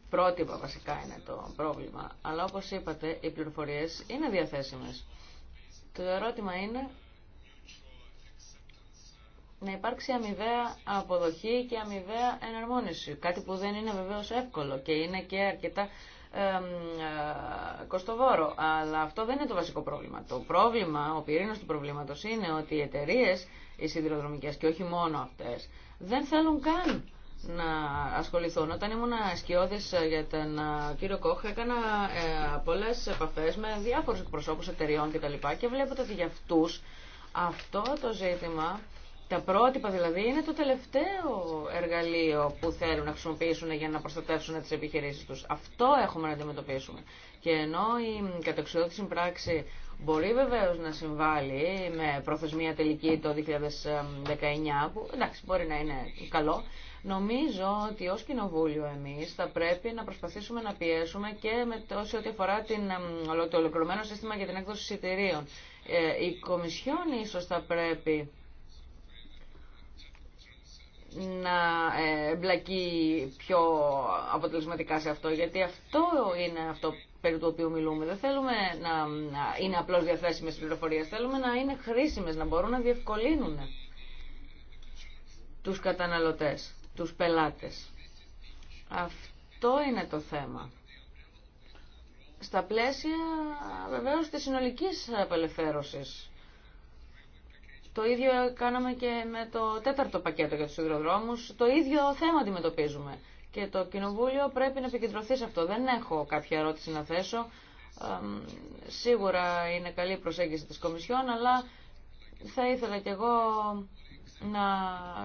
πρότυπα βασικά είναι το πρόβλημα. Αλλά όπω είπατε, οι πληροφορίε είναι διαθέσιμε. Το ερώτημα είναι να υπάρξει αμοιβαία αποδοχή και αμοιβαία εναρμόνιση. Κάτι που δεν είναι βεβαίως εύκολο και είναι και αρκετά ε, κοστοβόρο. Αλλά αυτό δεν είναι το βασικό πρόβλημα. Το πρόβλημα, ο πυρήνος του προβλήματος είναι ότι οι εταιρείε, οι σιδηροδρομικές και όχι μόνο αυτές, δεν θέλουν καν να ασχοληθούν. Όταν ήμουν ασκιώδης για τον ε, κύριο Κόχ έκανα ε, πολλές επαφές με διάφορους εκπροσώπους εταιριών κτλ. Και, και βλέπετε ότι για αυτούς αυτό το ζήτημα τα πρότυπα δηλαδή είναι το τελευταίο εργαλείο που θέλουν να χρησιμοποιήσουν για να προστατεύσουν τις επιχειρήσεις τους. Αυτό έχουμε να αντιμετωπίσουμε. Και ενώ η κατεξοδότηση πράξη μπορεί βεβαίω να συμβάλλει με προθεσμία τελική το 2019, που εντάξει μπορεί να είναι καλό, Νομίζω ότι ως Κοινοβούλιο εμείς θα πρέπει να προσπαθήσουμε να πιέσουμε και με τόσο ό,τι αφορά την, το ολοκληρωμένο σύστημα για την έκδοση εισιτηρίων. Ε, η Κομισιόν ίσως θα πρέπει να ε, μπλακεί πιο αποτελεσματικά σε αυτό, γιατί αυτό είναι αυτό περί του οποίου μιλούμε. Δεν θέλουμε να είναι απλώ διαθέσιμε πληροφορίε. θέλουμε να είναι χρήσιμε, να μπορούν να διευκολύνουν τους καταναλωτές, τους πελάτες. Αυτό είναι το θέμα. Στα πλαίσια βεβαίως τη συνολικής απελευθέρωση. Το ίδιο κάναμε και με το τέταρτο πακέτο για τους υδροδρόμους. Το ίδιο θέμα αντιμετωπίζουμε. Και το Κοινοβούλιο πρέπει να επικεντρωθεί σε αυτό. Δεν έχω κάποια ερώτηση να θέσω. Σίγουρα είναι καλή η προσέγγιση της Κομισιόν, αλλά θα ήθελα κι εγώ να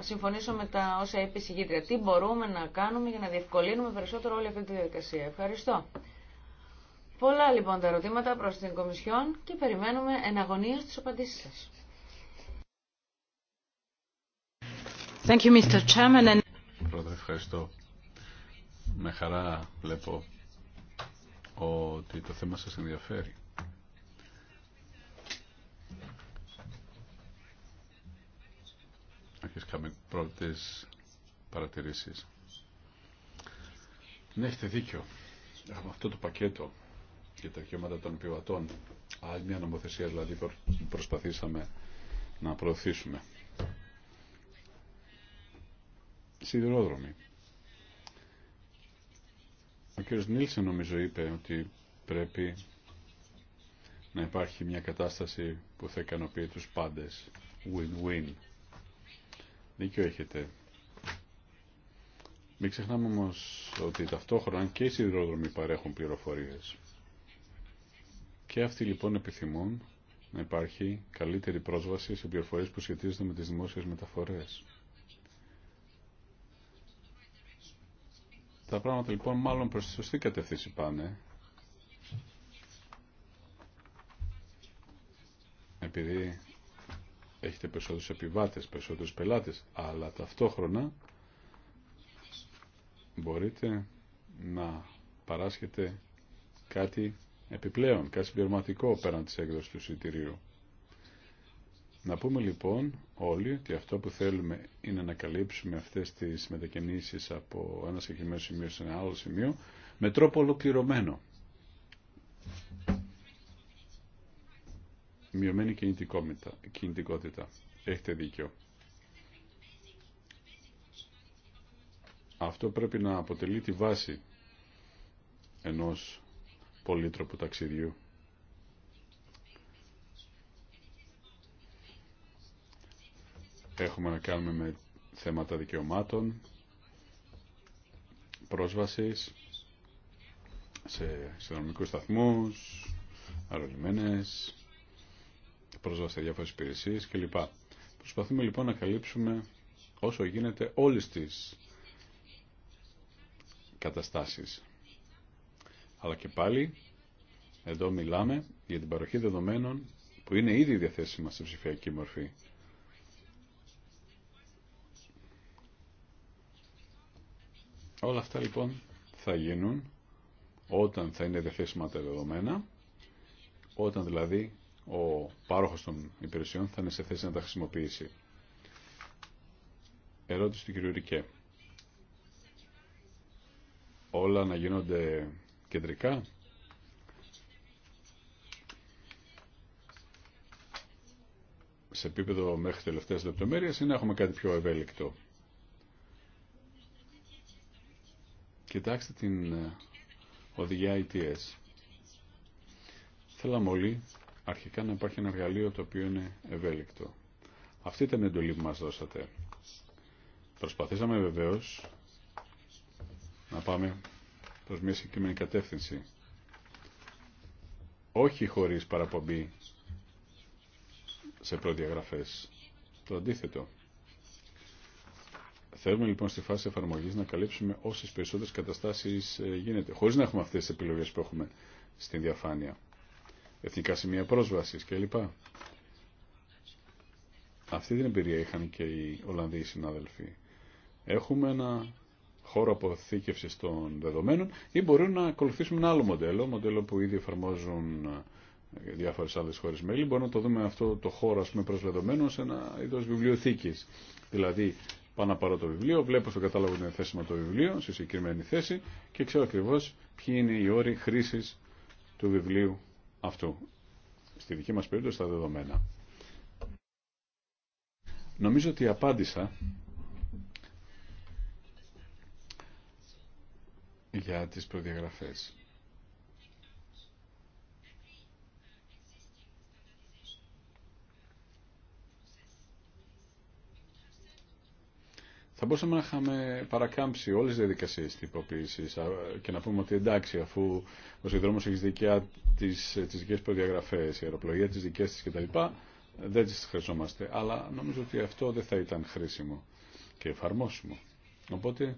συμφωνήσω με τα όσα είπε η συγκήτρια. Τι μπορούμε να κάνουμε για να διευκολύνουμε περισσότερο όλη αυτή τη διαδικασία. Ευχαριστώ. Πολλά λοιπόν τα ερωτήματα προς την Κομισιόν και περιμένουμε εναγωνίως τις απαντήσεις σας. Thank ευχαριστώ. Με χαρά βλέπω ότι το θέμα σας ενδιαφέρει. αρχίσαμε πρώτες παρατηρήσεις. Ναι, έχετε δίκιο. Έχουμε αυτό το πακέτο για τα δικαιώματα των ποιοτών. Άλλη μια νομοθεσία δηλαδή προσπαθήσαμε να προωθήσουμε. σιδηρόδρομοι. Ο κ. Νίλσεν νομίζω είπε ότι πρέπει να υπάρχει μια κατάσταση που θα ικανοποιεί τους πάντες. Win-win. Δίκιο έχετε. Μην ξεχνάμε όμω ότι ταυτόχρονα και οι σιδηρόδρομοι παρέχουν πληροφορίες. Και αυτοί λοιπόν επιθυμούν να υπάρχει καλύτερη πρόσβαση σε πληροφορίες που σχετίζονται με τις δημόσιες μεταφορές. Τα πράγματα λοιπόν μάλλον προς τη σωστή κατεύθυνση πάνε. Επειδή έχετε περισσότερους επιβάτες, περισσότερους πελάτες, αλλά ταυτόχρονα μπορείτε να παράσχετε κάτι επιπλέον, κάτι συμπληρωματικό πέραν της έκδοσης του εισιτηρίου. Να πούμε λοιπόν όλοι ότι αυτό που θέλουμε είναι να καλύψουμε αυτές τις μετακινήσεις από ένα συγκεκριμένο σημείο σε ένα άλλο σημείο με τρόπο ολοκληρωμένο. Μειωμένη κινητικότητα. Έχετε δίκιο. Αυτό πρέπει να αποτελεί τη βάση ενός πολύτροπου ταξιδιού. Έχουμε να κάνουμε με θέματα δικαιωμάτων, πρόσβασης σε συνδρομικούς σταθμούς, αερολιμένες, πρόσβαση σε διάφορες υπηρεσίες κλπ. Προσπαθούμε λοιπόν να καλύψουμε όσο γίνεται όλες τις καταστάσεις. Αλλά και πάλι εδώ μιλάμε για την παροχή δεδομένων που είναι ήδη διαθέσιμα σε ψηφιακή μορφή. Όλα αυτά λοιπόν θα γίνουν όταν θα είναι διαθέσιμα τα δεδομένα, όταν δηλαδή ο πάροχος των υπηρεσιών θα είναι σε θέση να τα χρησιμοποιήσει. Ερώτηση του κυρίου Ρικέ. Όλα να γίνονται κεντρικά. Σε επίπεδο μέχρι τελευταίες λεπτομέρειες είναι να έχουμε κάτι πιο ευέλικτο. Κοιτάξτε την ε, οδηγία ITS. Θέλαμε όλοι αρχικά να υπάρχει ένα εργαλείο το οποίο είναι ευέλικτο. Αυτή ήταν η εντολή που μας δώσατε. Προσπαθήσαμε βεβαίως να πάμε προς μια συγκεκριμένη κατεύθυνση. Όχι χωρίς παραπομπή σε προδιαγραφές. Το αντίθετο. Θέλουμε λοιπόν στη φάση εφαρμογή να καλύψουμε όσε περισσότερε καταστάσει ε, γίνεται, Χωρί να έχουμε αυτέ τι επιλογέ που έχουμε στην διαφάνεια. Εθνικά σημεία πρόσβαση κλπ. Αυτή την εμπειρία είχαν και οι Ολλανδοί συνάδελφοι. Έχουμε ένα χώρο αποθήκευση των δεδομένων ή μπορούμε να ακολουθήσουμε ένα άλλο μοντέλο, μοντέλο που ήδη εφαρμόζουν ε, διάφορε άλλε χώρε μέλη. Μπορούμε να το δούμε αυτό το χώρο προσβεδομένο σε ένα είδο βιβλιοθήκη. Δηλαδή Πάω πάρω το βιβλίο, βλέπω στο κατάλογο ότι είναι θέσιμο το βιβλίο, σε συγκεκριμένη θέση και ξέρω ακριβώ ποιοι είναι οι όροι χρήση του βιβλίου αυτού. Στη δική μα περίπτωση τα δεδομένα. Νομίζω ότι απάντησα για τις προδιαγραφές. θα μπορούσαμε να είχαμε παρακάμψει όλε τι διαδικασίε τυποποίηση και να πούμε ότι εντάξει αφού ο συνδρόμο έχει δικιά τις, τις δικές η αεροπλογία τι δικέ τη κτλ. Δεν τι χρειαζόμαστε. Αλλά νομίζω ότι αυτό δεν θα ήταν χρήσιμο και εφαρμόσιμο. Οπότε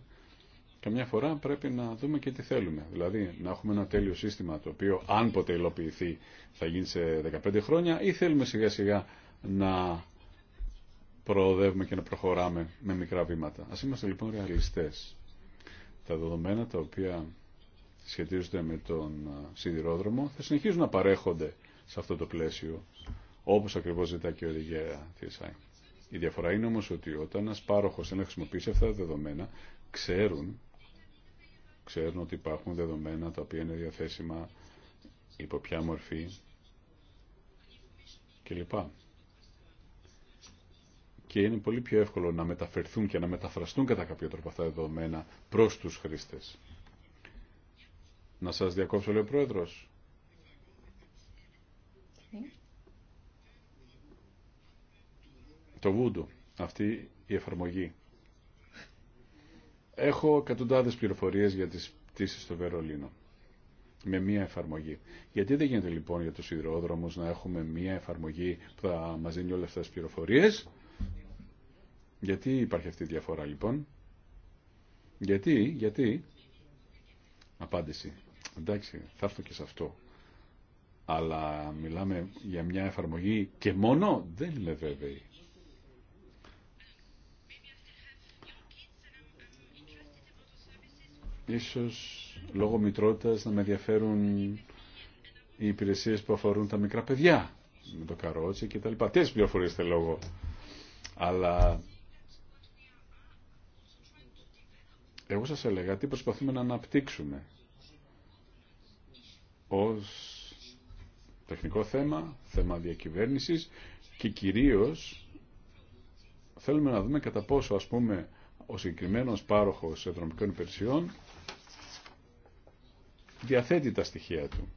καμιά φορά πρέπει να δούμε και τι θέλουμε. Δηλαδή να έχουμε ένα τέλειο σύστημα το οποίο αν ποτέ υλοποιηθεί θα γίνει σε 15 χρόνια ή θέλουμε σιγά σιγά να προοδεύουμε και να προχωράμε με μικρά βήματα. Ας είμαστε λοιπόν ρεαλιστές. Τα δεδομένα τα οποία σχετίζονται με τον σιδηρόδρομο θα συνεχίζουν να παρέχονται σε αυτό το πλαίσιο όπως ακριβώς ζητά και η οδηγία TSI. Η διαφορά είναι όμως ότι όταν ένας πάροχος να χρησιμοποιήσει αυτά τα δεδομένα ξέρουν, ξέρουν ότι υπάρχουν δεδομένα τα οποία είναι διαθέσιμα υπό ποια μορφή κλπ και είναι πολύ πιο εύκολο να μεταφερθούν και να μεταφραστούν κατά κάποιο τρόπο αυτά τα δεδομένα προς τους χρήστες. Να σας διακόψω, λέει ο Πρόεδρος. Το Voodoo, αυτή η εφαρμογή. Έχω εκατοντάδες πληροφορίες για τις πτήσεις στο Βερολίνο. Με μία εφαρμογή. Γιατί δεν γίνεται λοιπόν για τους σιδηρόδρομους να έχουμε μία εφαρμογή που θα μας δίνει όλες αυτές τις πληροφορίες γιατί υπάρχει αυτή η διαφορά λοιπόν. Γιατί, γιατί. Απάντηση. Εντάξει, θα έρθω και σε αυτό. Αλλά μιλάμε για μια εφαρμογή και μόνο δεν είμαι βέβαιη. Ίσως λόγω μητρότητας να με ενδιαφέρουν οι υπηρεσίες που αφορούν τα μικρά παιδιά με το καρότσι και τα λοιπά. Τι πληροφορίες θέλω εγώ. Αλλά Εγώ σας έλεγα τι προσπαθούμε να αναπτύξουμε ως τεχνικό θέμα, θέμα διακυβέρνησης και κυρίως θέλουμε να δούμε κατά πόσο ας πούμε ο συγκεκριμένος πάροχος εδρομικών υπηρεσιών διαθέτει τα στοιχεία του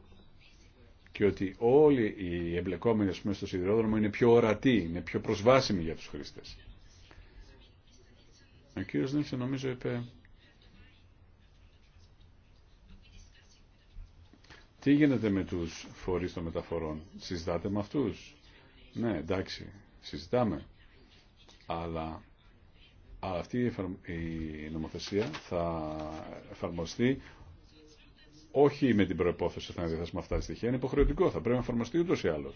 και ότι όλοι οι εμπλεκόμενοι ας πούμε, στο σιδηρόδρομο είναι πιο ορατοί, είναι πιο προσβάσιμοι για τους χρήστες. Ο κύριος Νέφης νομίζω είπε Τι γίνεται με τους φορείς των μεταφορών, συζητάτε με αυτούς. Ναι, εντάξει, συζητάμε. Αλλά αυτή η νομοθεσία θα εφαρμοστεί όχι με την προπόθεση ότι θα διαθέσουμε αυτά τα στοιχεία, είναι υποχρεωτικό, θα πρέπει να εφαρμοστεί ούτω ή άλλω.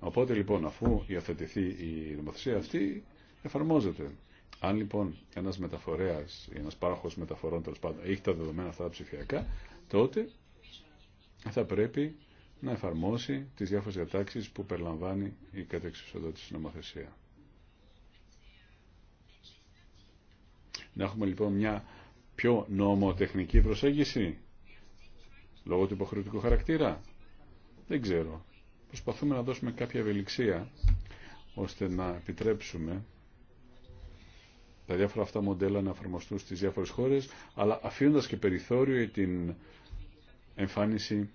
Οπότε λοιπόν, αφού υιοθετηθεί η νομοθεσία αυτή, εφαρμόζεται. Αν λοιπόν ένα μεταφορέα ή ένα πάροχο μεταφορών τέλο πάντων έχει τα δεδομένα αυτά τα ψηφιακά, τότε θα πρέπει να εφαρμόσει τις διάφορες διατάξεις που περιλαμβάνει η κατεξουσιοδότηση νομοθεσία. Να έχουμε λοιπόν μια πιο νομοτεχνική προσέγγιση λόγω του υποχρεωτικού χαρακτήρα. Δεν ξέρω. Προσπαθούμε να δώσουμε κάποια ευελιξία ώστε να επιτρέψουμε τα διάφορα αυτά μοντέλα να εφαρμοστούν στις διάφορες χώρες, αλλά αφήνοντας και περιθώριο την εμφάνιση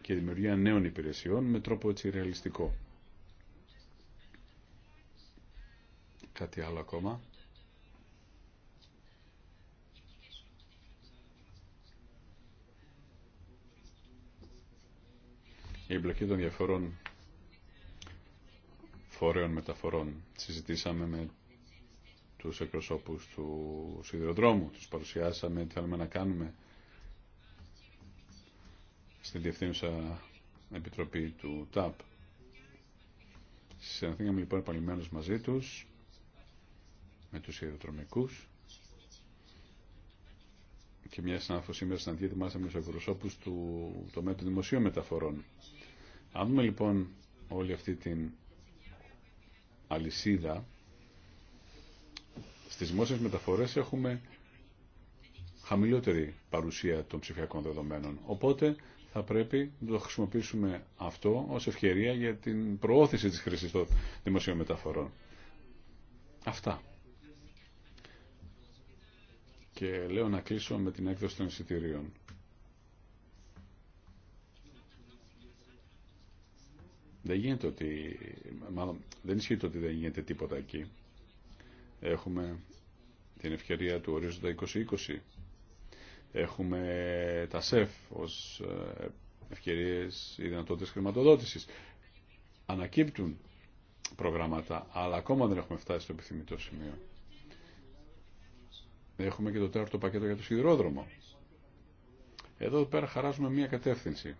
και δημιουργία νέων υπηρεσιών με τρόπο έτσι ρεαλιστικό. Κάτι άλλο ακόμα. Η εμπλοκή των διαφορών φορέων μεταφορών. Συζητήσαμε με τους εκπροσώπους του σιδηροδρόμου, τους παρουσιάσαμε τι θέλουμε να κάνουμε στη Διευθύνουσα Επιτροπή του ΤΑΠ. Συναντήκαμε λοιπόν επανειλημμένως μαζί τους, με τους ιεροδρομικούς και μια συνάδελφο σήμερα συναντιέται μάλιστα με τους εκπροσώπους του τομέα των δημοσίων μεταφορών. Αν δούμε λοιπόν όλη αυτή την αλυσίδα, στις δημόσιες μεταφορές έχουμε χαμηλότερη παρουσία των ψηφιακών δεδομένων. Οπότε θα πρέπει να το χρησιμοποιήσουμε αυτό ως ευκαιρία για την προώθηση της χρήσης των δημοσίων μεταφορών. Αυτά. Και λέω να κλείσω με την έκδοση των εισιτηρίων. Δεν γίνεται ότι, μάλλον δεν ισχύει ότι δεν γίνεται τίποτα εκεί. Έχουμε την ευκαιρία του ορίζοντα 2020 Έχουμε τα ΣΕΦ ως ε, ευκαιρίες ή δυνατότητες χρηματοδότησης. Ανακύπτουν προγράμματα, αλλά ακόμα δεν έχουμε φτάσει στο επιθυμητό σημείο. Έχουμε και το τέταρτο πακέτο για το σιδηρόδρομο. Εδώ πέρα χαράζουμε μία κατεύθυνση.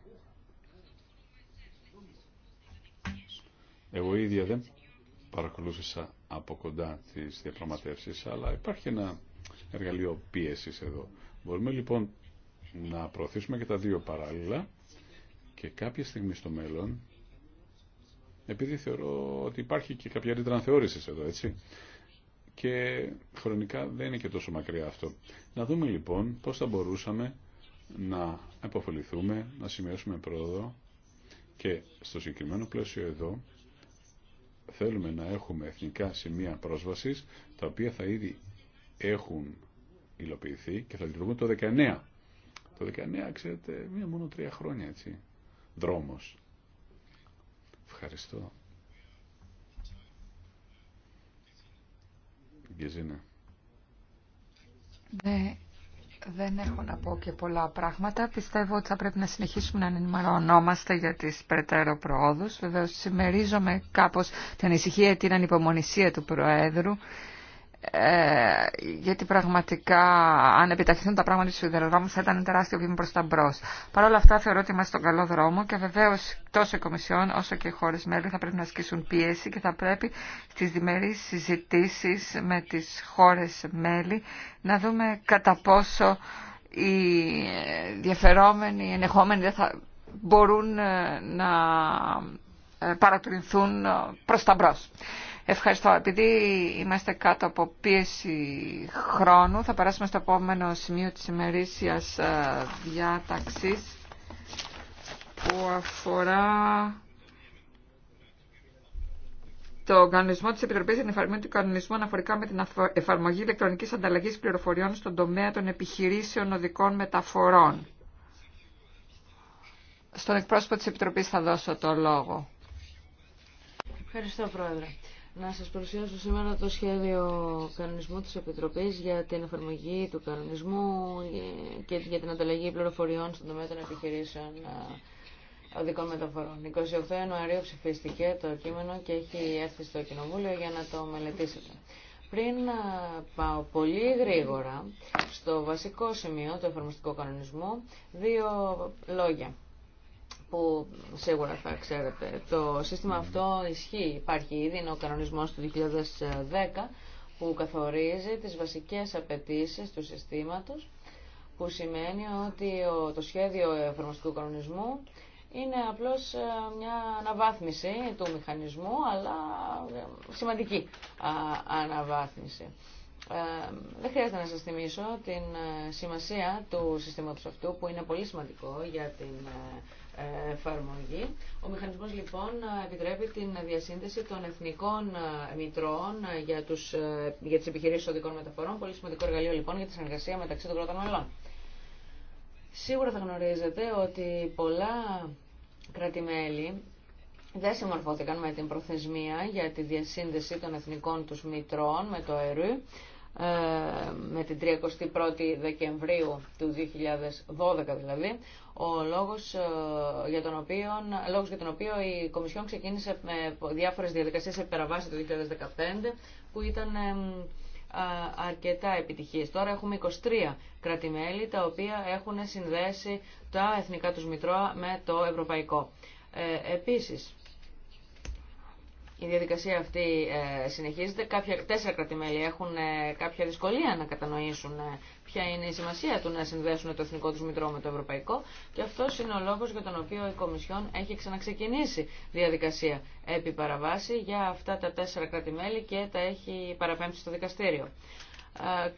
Εγώ ίδια δεν παρακολούθησα από κοντά τις διαπραγματεύσεις, αλλά υπάρχει ένα εργαλείο πίεσης εδώ. Μπορούμε λοιπόν να προωθήσουμε και τα δύο παράλληλα και κάποια στιγμή στο μέλλον, επειδή θεωρώ ότι υπάρχει και κάποια ρήτρα θεώρηση εδώ, έτσι, και χρονικά δεν είναι και τόσο μακριά αυτό. Να δούμε λοιπόν πώς θα μπορούσαμε να επωφεληθούμε, να σημειώσουμε πρόοδο και στο συγκεκριμένο πλαίσιο εδώ θέλουμε να έχουμε εθνικά σημεία πρόσβασης τα οποία θα ήδη έχουν υλοποιηθεί και θα λειτουργούν το 19. Το 19, ξέρετε, μία μόνο τρία χρόνια, έτσι. Δρόμος. Ευχαριστώ. Γεζίνα. Ναι, δεν έχω να πω και πολλά πράγματα. Πιστεύω ότι θα πρέπει να συνεχίσουμε να ενημερωνόμαστε για τις περαιτέρω προόδους. Βεβαίως, συμμερίζομαι κάπως την ανησυχία, την ανυπομονησία του Προέδρου ε, γιατί πραγματικά αν επιταχυνθούν τα πράγματα του σιδηροδρόμου θα ήταν τεράστιο βήμα προς τα μπρο. Παρ' όλα αυτά θεωρώ ότι είμαστε στον καλό δρόμο και βεβαίω τόσο η Κομισιόν όσο και οι χώρε μέλη θα πρέπει να ασκήσουν πίεση και θα πρέπει στις διμερείς συζητήσει με τι χώρε μέλη να δούμε κατά πόσο οι διαφερόμενοι, οι ενεχόμενοι θα μπορούν ε, να ε, παρατηρηθούν προς τα μπρος. Ευχαριστώ. Επειδή είμαστε κάτω από πίεση χρόνου, θα περάσουμε στο επόμενο σημείο της ημερήσιας ε, διάταξης που αφορά το κανονισμό της Επιτροπής για την εφαρμογή του κανονισμού αναφορικά με την εφαρμογή ηλεκτρονικής ανταλλαγής πληροφοριών στον τομέα των επιχειρήσεων οδικών μεταφορών. Στον εκπρόσωπο της Επιτροπής θα δώσω το λόγο. Ευχαριστώ, Πρόεδρε. Να σας παρουσιάσω σήμερα το σχέδιο κανονισμού της Επιτροπής για την εφαρμογή του κανονισμού και για την ανταλλαγή πληροφοριών στον τομέα των επιχειρήσεων ε, οδικών μεταφορών. 28 Ιανουαρίου ψηφίστηκε το κείμενο και έχει έρθει στο Κοινοβούλιο για να το μελετήσετε. Πριν ε, πάω πολύ γρήγορα στο βασικό σημείο του εφαρμοστικού κανονισμού, δύο λόγια που σίγουρα θα ξέρετε. Το σύστημα αυτό ισχύει. Υπάρχει ήδη, είναι ο κανονισμός του 2010 που καθορίζει τις βασικές απαιτήσεις του συστήματος που σημαίνει ότι το σχέδιο εφαρμοστικού κανονισμού είναι απλώς ε, μια αναβάθμιση του μηχανισμού, αλλά ε, σημαντική αναβάθμιση. Ε, δεν χρειάζεται να σας θυμίσω την σημασία του συστήματος αυτού που είναι πολύ σημαντικό για την εφαρμογή. Ο μηχανισμός λοιπόν επιτρέπει την διασύνδεση των εθνικών ε, μητρώων για, τους, ε, για τις επιχειρήσεις οδικών μεταφορών. Πολύ σημαντικό εργαλείο λοιπόν για τη συνεργασία μεταξύ των κρατών μελών. Σίγουρα θα γνωρίζετε ότι πολλά κράτη-μέλη δεν συμμορφώθηκαν με την προθεσμία για τη διασύνδεση των εθνικών τους μητρών με το ΕΡΟΥ ε, με την 31η Δεκεμβρίου του 2012 δηλαδή, ο ε, λόγος για, τον οποίο, λόγος η Κομισιόν ξεκίνησε με διάφορες διαδικασίες επεραβάση το 2015 που ήταν ε, αρκετά επιτυχίες. Τώρα έχουμε 23 κρατημέλη τα οποία έχουν συνδέσει τα εθνικά τους μητρώα με το ευρωπαϊκό. Ε, επίσης, η διαδικασία αυτή ε, συνεχίζεται. Κάποια, τέσσερα κρατημέλη έχουν ε, κάποια δυσκολία να κατανοήσουν ε, ποια είναι η σημασία του να συνδέσουν το εθνικό του μητρό με το ευρωπαϊκό και αυτό είναι ο λόγο για τον οποίο η Κομισιόν έχει ξαναξεκινήσει διαδικασία επί παραβάση για αυτά τα τέσσερα κρατημέλη και τα έχει παραπέμψει στο δικαστήριο.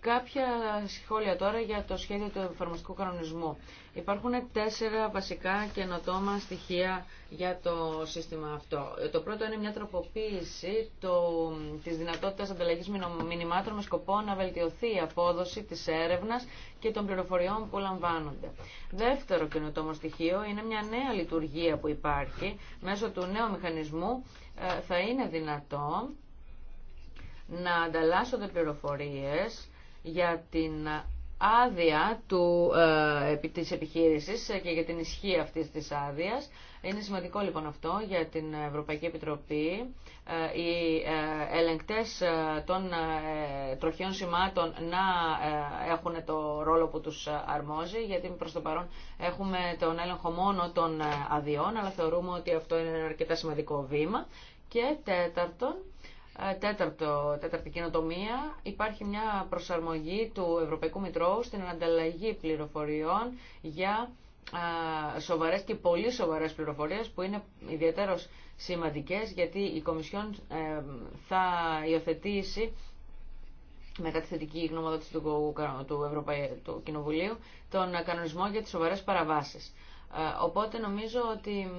Κάποια σχόλια τώρα για το σχέδιο του εφαρμοστικού κανονισμού. Υπάρχουν τέσσερα βασικά καινοτόμα στοιχεία για το σύστημα αυτό. Το πρώτο είναι μια τροποποίηση το, της δυνατότητας ανταλλαγής μηνυμάτων με σκοπό να βελτιωθεί η απόδοση της έρευνας και των πληροφοριών που λαμβάνονται. Δεύτερο καινοτόμο στοιχείο είναι μια νέα λειτουργία που υπάρχει μέσω του νέου μηχανισμού ε, θα είναι δυνατό να ανταλλάσσονται πληροφορίες για την άδεια του, ε, της επιχείρησης και για την ισχύ αυτής της άδειας. Είναι σημαντικό λοιπόν αυτό για την Ευρωπαϊκή Επιτροπή. Ε, οι ε, ελεγκτές ε, των ε, τροχιών σημάτων να έχουν το ρόλο που τους αρμόζει, γιατί προς το παρόν έχουμε τον έλεγχο μόνο των αδειών, αλλά θεωρούμε ότι αυτό είναι ένα αρκετά σημαντικό βήμα. Και τέταρτον, ε, τέταρτο, τέταρτη κοινοτομία, υπάρχει μια προσαρμογή του Ευρωπαϊκού Μητρώου στην ανταλλαγή πληροφοριών για σοβαρές και πολύ σοβαρές πληροφορίες που είναι ιδιαίτερα σημαντικές γιατί η Κομισιόν ε, θα υιοθετήσει μετά τη θετική γνωμοδότηση του, του, του Κοινοβουλίου τον κανονισμό για τις σοβαρές παραβάσεις. Ε, οπότε νομίζω ότι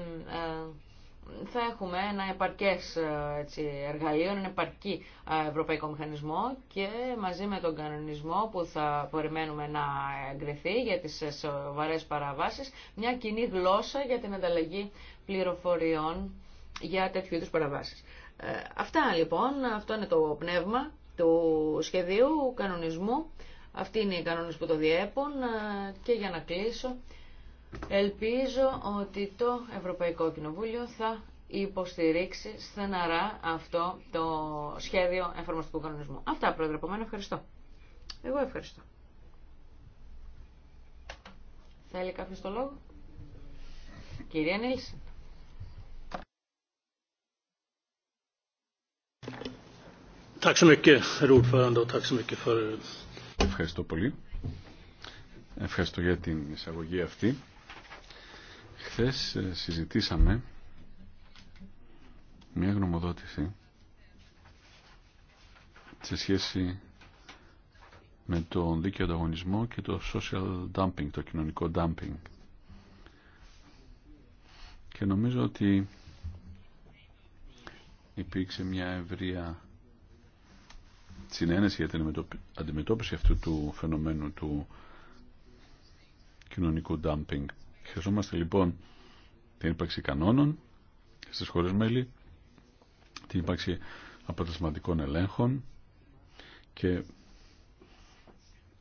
θα έχουμε ένα επαρκές ε, έτσι, εργαλείο, ένα επαρκή ε, ευρωπαϊκό μηχανισμό και μαζί με τον κανονισμό που θα περιμένουμε να εγκριθεί για τις ε, σοβαρές παραβάσεις, μια κοινή γλώσσα για την ανταλλαγή πληροφοριών για τέτοιου είδους παραβάσεις. αυτά λοιπόν, αυτό είναι το πνεύμα του σχεδίου κανονισμού. Αυτή είναι οι κανόνες που το διέπουν και για να κλείσω Ελπίζω ότι το Ευρωπαϊκό Κοινοβούλιο θα υποστηρίξει στεναρά αυτό το σχέδιο εφαρμοστικού κανονισμού. Αυτά, Πρόεδρε, μένα ευχαριστώ. Εγώ ευχαριστώ. Θέλει κάποιο το λόγο. Κυρία Νίλσεν. Ευχαριστώ πολύ. Ευχαριστώ για την εισαγωγή αυτή. Χθες ε, συζητήσαμε μια γνωμοδότηση σε σχέση με τον δίκαιο ανταγωνισμό και το social dumping, το κοινωνικό dumping. Και νομίζω ότι υπήρξε μια ευρεία συνένεση για την αντιμετώπιση αυτού του φαινομένου του κοινωνικού dumping. Χρειαζόμαστε λοιπόν την ύπαρξη κανόνων στις χώρες μέλη, την ύπαρξη αποτελεσματικών ελέγχων και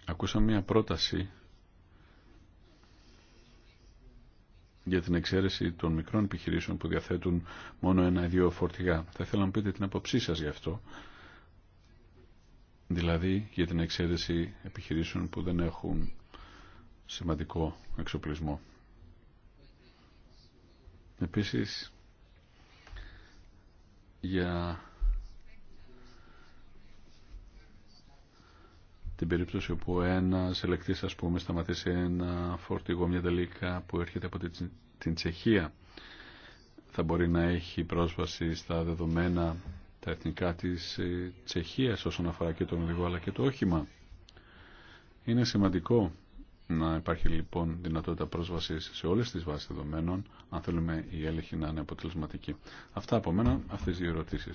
ακούσαμε μια πρόταση για την εξαίρεση των μικρών επιχειρήσεων που διαθέτουν μόνο ή ένα-δύο φορτηγά. Θα ήθελα να πείτε την απόψή σας γι' αυτό. Δηλαδή για την εξαίρεση επιχειρήσεων που δεν έχουν σημαντικό εξοπλισμό. Επίσης, για την περίπτωση όπου ένα ελεκτής ας πούμε σταματήσει ένα φορτηγό μια τελίκα που έρχεται από την Τσεχία θα μπορεί να έχει πρόσβαση στα δεδομένα τα εθνικά της ε, Τσεχίας όσον αφορά και τον οδηγό αλλά και το όχημα. Είναι σημαντικό να υπάρχει λοιπόν δυνατότητα πρόσβαση σε όλε τι βάσει δεδομένων, αν θέλουμε η έλεγχη να είναι αποτελεσματική. Αυτά από μένα, αυτέ οι ερωτήσει.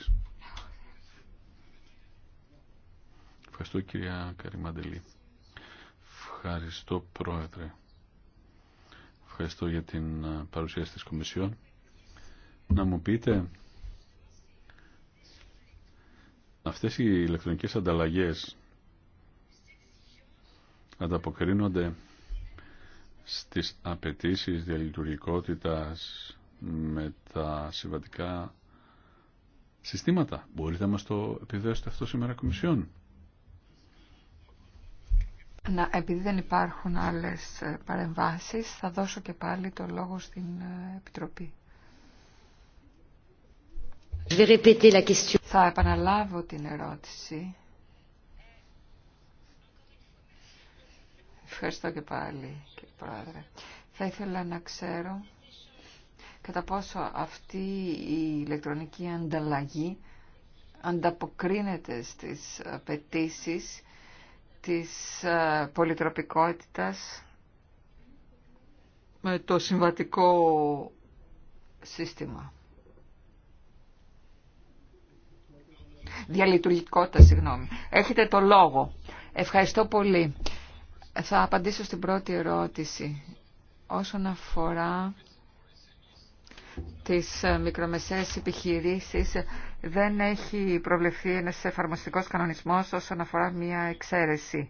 Ευχαριστώ κυρία Καρυμαντελή. Ευχαριστώ πρόεδρε. Ευχαριστώ για την ε, παρουσίαση της Κομισιόν. Να μου πείτε, αυτές οι ηλεκτρονικές ανταλλαγές ανταποκρίνονται στις απαιτήσει διαλειτουργικότητας με τα συμβατικά συστήματα. Μπορείτε να μας το επιδέσετε αυτό σήμερα Κομισιόν. Να, επειδή δεν υπάρχουν άλλες ε, παρεμβάσεις, θα δώσω και πάλι το λόγο στην ε, Επιτροπή. Θα επαναλάβω την ερώτηση Ευχαριστώ και πάλι, κύριε Πρόεδρε. Θα ήθελα να ξέρω κατά πόσο αυτή η ηλεκτρονική ανταλλαγή ανταποκρίνεται στις απαιτήσει της ε, πολυτροπικότητας με το συμβατικό σύστημα. Διαλειτουργικότητα, συγγνώμη. Έχετε το λόγο. Ευχαριστώ πολύ. Θα απαντήσω στην πρώτη ερώτηση. Όσον αφορά τις ε, μικρομεσαίες επιχειρήσεις δεν έχει προβλεφθεί ένας εφαρμοστικός κανονισμός όσον αφορά μια εξαίρεση.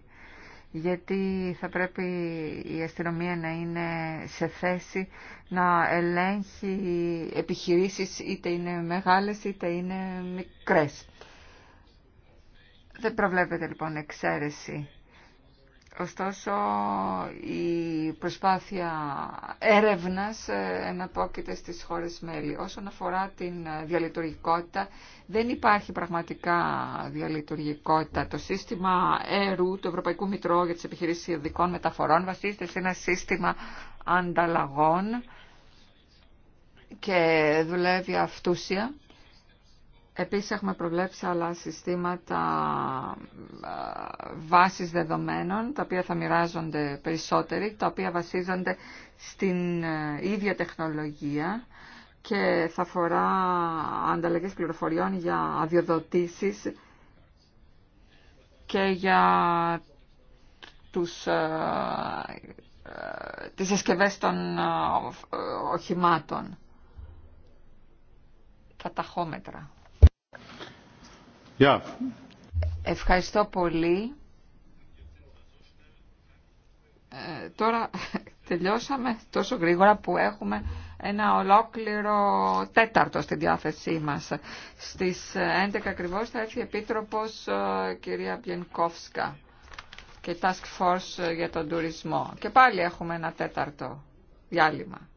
Γιατί θα πρέπει η αστυνομία να είναι σε θέση να ελέγχει επιχειρήσεις είτε είναι μεγάλες είτε είναι μικρές. Δεν προβλέπεται λοιπόν εξαίρεση Ωστόσο, η προσπάθεια έρευνας εναπόκειται στις χώρες μέλη. Όσον αφορά την διαλειτουργικότητα, δεν υπάρχει πραγματικά διαλειτουργικότητα. Το σύστημα ΕΡΟΥ, το Ευρωπαϊκού Μητρώου για τις Επιχειρήσεις Ειδικών Μεταφορών, βασίζεται σε ένα σύστημα ανταλλαγών και δουλεύει αυτούσια Επίσης έχουμε προβλέψει άλλα συστήματα βάσης δεδομένων, τα οποία θα μοιράζονται περισσότεροι, τα οποία βασίζονται στην ε, ίδια τεχνολογία και θα αφορά ανταλλαγές πληροφοριών για αδειοδοτήσεις και για τους, ε, ε, τις των οχημάτων. Τα ταχόμετρα. Ευχαριστώ πολύ. Ε, τώρα <laughs> τελειώσαμε τόσο γρήγορα που έχουμε ένα ολόκληρο τέταρτο στη διάθεσή μας. Στις 11 ακριβώς θα έρθει η Επίτροπος ε, κυρία Πιενκόφσκα και Task Force για τον τουρισμό. Και πάλι έχουμε ένα τέταρτο διάλειμμα.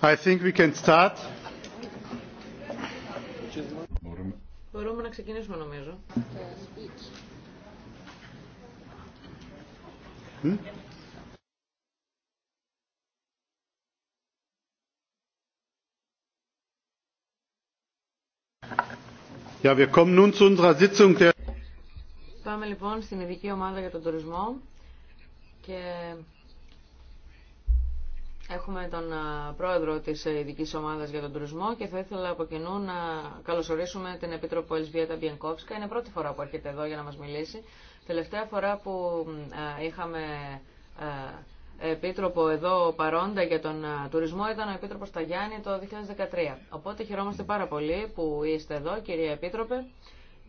I think we can start. Μπορούμε. να ξεκινήσουμε νομίζω. Hm? wir kommen nun zu unserer Sitzung der Πάμε λοιπόν στην ειδική ομάδα για τον τουρισμό και Έχουμε τον πρόεδρο της ειδική ομάδας για τον τουρισμό και θα ήθελα από κοινού να καλωσορίσουμε την Επίτροπο Ελσβιέτα Μπιενκόφσκα. Είναι πρώτη φορά που έρχεται εδώ για να μας μιλήσει. Τελευταία φορά που είχαμε επίτροπο εδώ παρόντα για τον τουρισμό ήταν ο Επίτροπος Ταγιάννη το 2013. Οπότε χαιρόμαστε πάρα πολύ που είστε εδώ κυρία Επίτροπε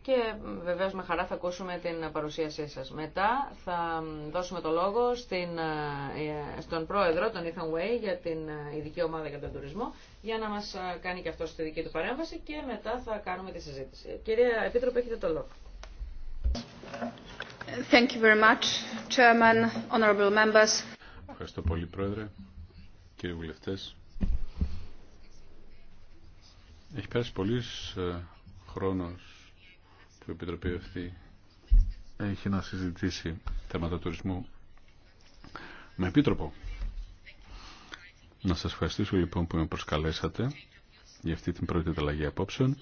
και βεβαίως με χαρά θα ακούσουμε την παρουσίασή σας. Μετά θα δώσουμε το λόγο στην, ε, στον πρόεδρο, τον Ethan Way, για την ε, ειδική ομάδα για τον τουρισμό, για να μας ε, κάνει και αυτός τη δική του παρέμβαση και μετά θα κάνουμε τη συζήτηση. Κυρία Επίτροπε, έχετε το λόγο. Thank you very much, Chairman, members. Ευχαριστώ πολύ, Πρόεδρε, κύριε βουλευτές. Έχει πέρασει πολλής χρόνος που η Επιτροπή αυτή έχει να συζητήσει θέματα τουρισμού με επίτροπο. Να σας ευχαριστήσω λοιπόν που με προσκαλέσατε για αυτή την πρώτη ανταλλαγή απόψεων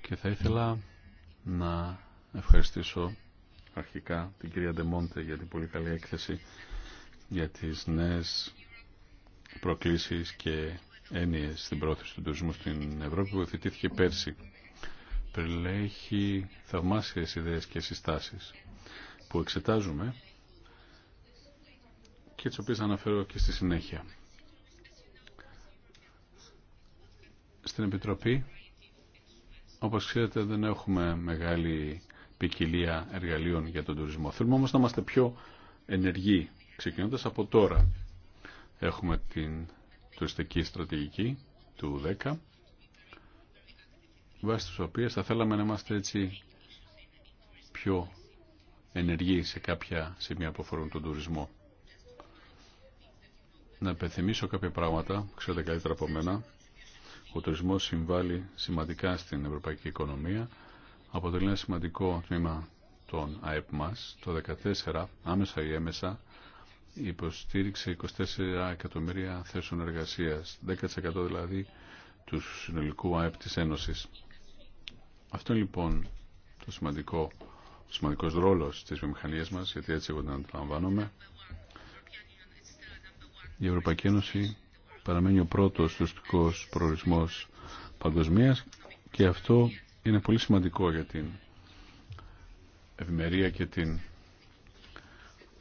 και θα ήθελα να ευχαριστήσω αρχικά την κυρία Ντεμόντε για την πολύ καλή έκθεση για τις νέες προκλήσεις και έννοιες στην πρόθεση του τουρισμού στην Ευρώπη που θετήθηκε πέρσι λέχει θαυμάσιες ιδέες και συστάσεις που εξετάζουμε και τις οποίες αναφέρω και στη συνέχεια. Στην Επιτροπή, όπως ξέρετε, δεν έχουμε μεγάλη ποικιλία εργαλείων για τον τουρισμό. Θέλουμε όμως να είμαστε πιο ενεργοί, ξεκινώντας από τώρα. Έχουμε την τουριστική στρατηγική του 10 βάσει τις οποίες θα θέλαμε να είμαστε έτσι πιο ενεργοί σε κάποια σημεία που αφορούν τον τουρισμό. Να επιθυμίσω κάποια πράγματα, ξέρετε καλύτερα από μένα. Ο τουρισμός συμβάλλει σημαντικά στην ευρωπαϊκή οικονομία, αποτελεί ένα σημαντικό τμήμα των ΑΕΠ μας. Το 2014, άμεσα ή έμεσα, υποστήριξε 24 εκατομμύρια θέσεων εργασίας, 10% δηλαδή του συνολικού ΑΕΠ της Ένωσης. Αυτό είναι λοιπόν το σημαντικό, ο σημαντικός ρόλος της βιομηχανίας μας, γιατί έτσι εγώ την αντιλαμβάνομαι. Η Ευρωπαϊκή Ένωση παραμένει ο πρώτος τουριστικός προορισμός παγκοσμίας και αυτό είναι πολύ σημαντικό για την ευημερία και την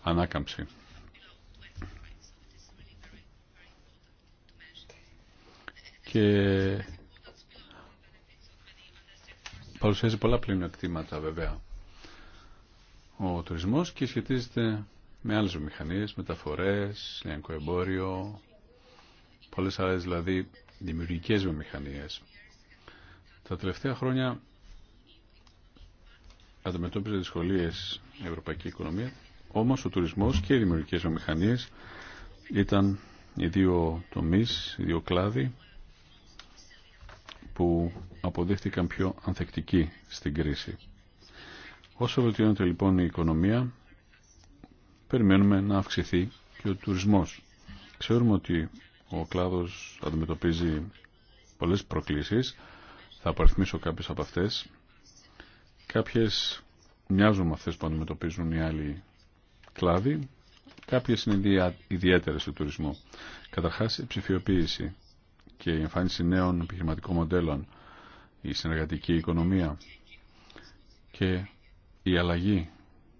ανάκαμψη. Και παρουσιάζει πολλά πλεονεκτήματα βέβαια. Ο τουρισμός και σχετίζεται με άλλες βιομηχανίες, μεταφορές, λιανικό εμπόριο, πολλές άλλες δηλαδή δημιουργικές βιομηχανίες. Τα τελευταία χρόνια αντιμετώπιζε δυσκολίες η ευρωπαϊκή οικονομία, όμως ο τουρισμός και οι δημιουργικές βιομηχανίες ήταν οι δύο τομείς, οι δύο κλάδοι που αποδείχτηκαν πιο ανθεκτικοί στην κρίση. Όσο βελτιώνεται λοιπόν η οικονομία, περιμένουμε να αυξηθεί και ο τουρισμός. Ξέρουμε ότι ο κλάδος αντιμετωπίζει πολλές προκλήσεις. Θα απαριθμίσω κάποιες από αυτές. Κάποιες μοιάζουν με αυτές που αντιμετωπίζουν οι άλλοι κλάδοι. Κάποιες είναι ιδιαίτερες στο τουρισμό. Καταρχάς η ψηφιοποίηση και η εμφάνιση νέων επιχειρηματικών μοντέλων, η συνεργατική οικονομία και η αλλαγή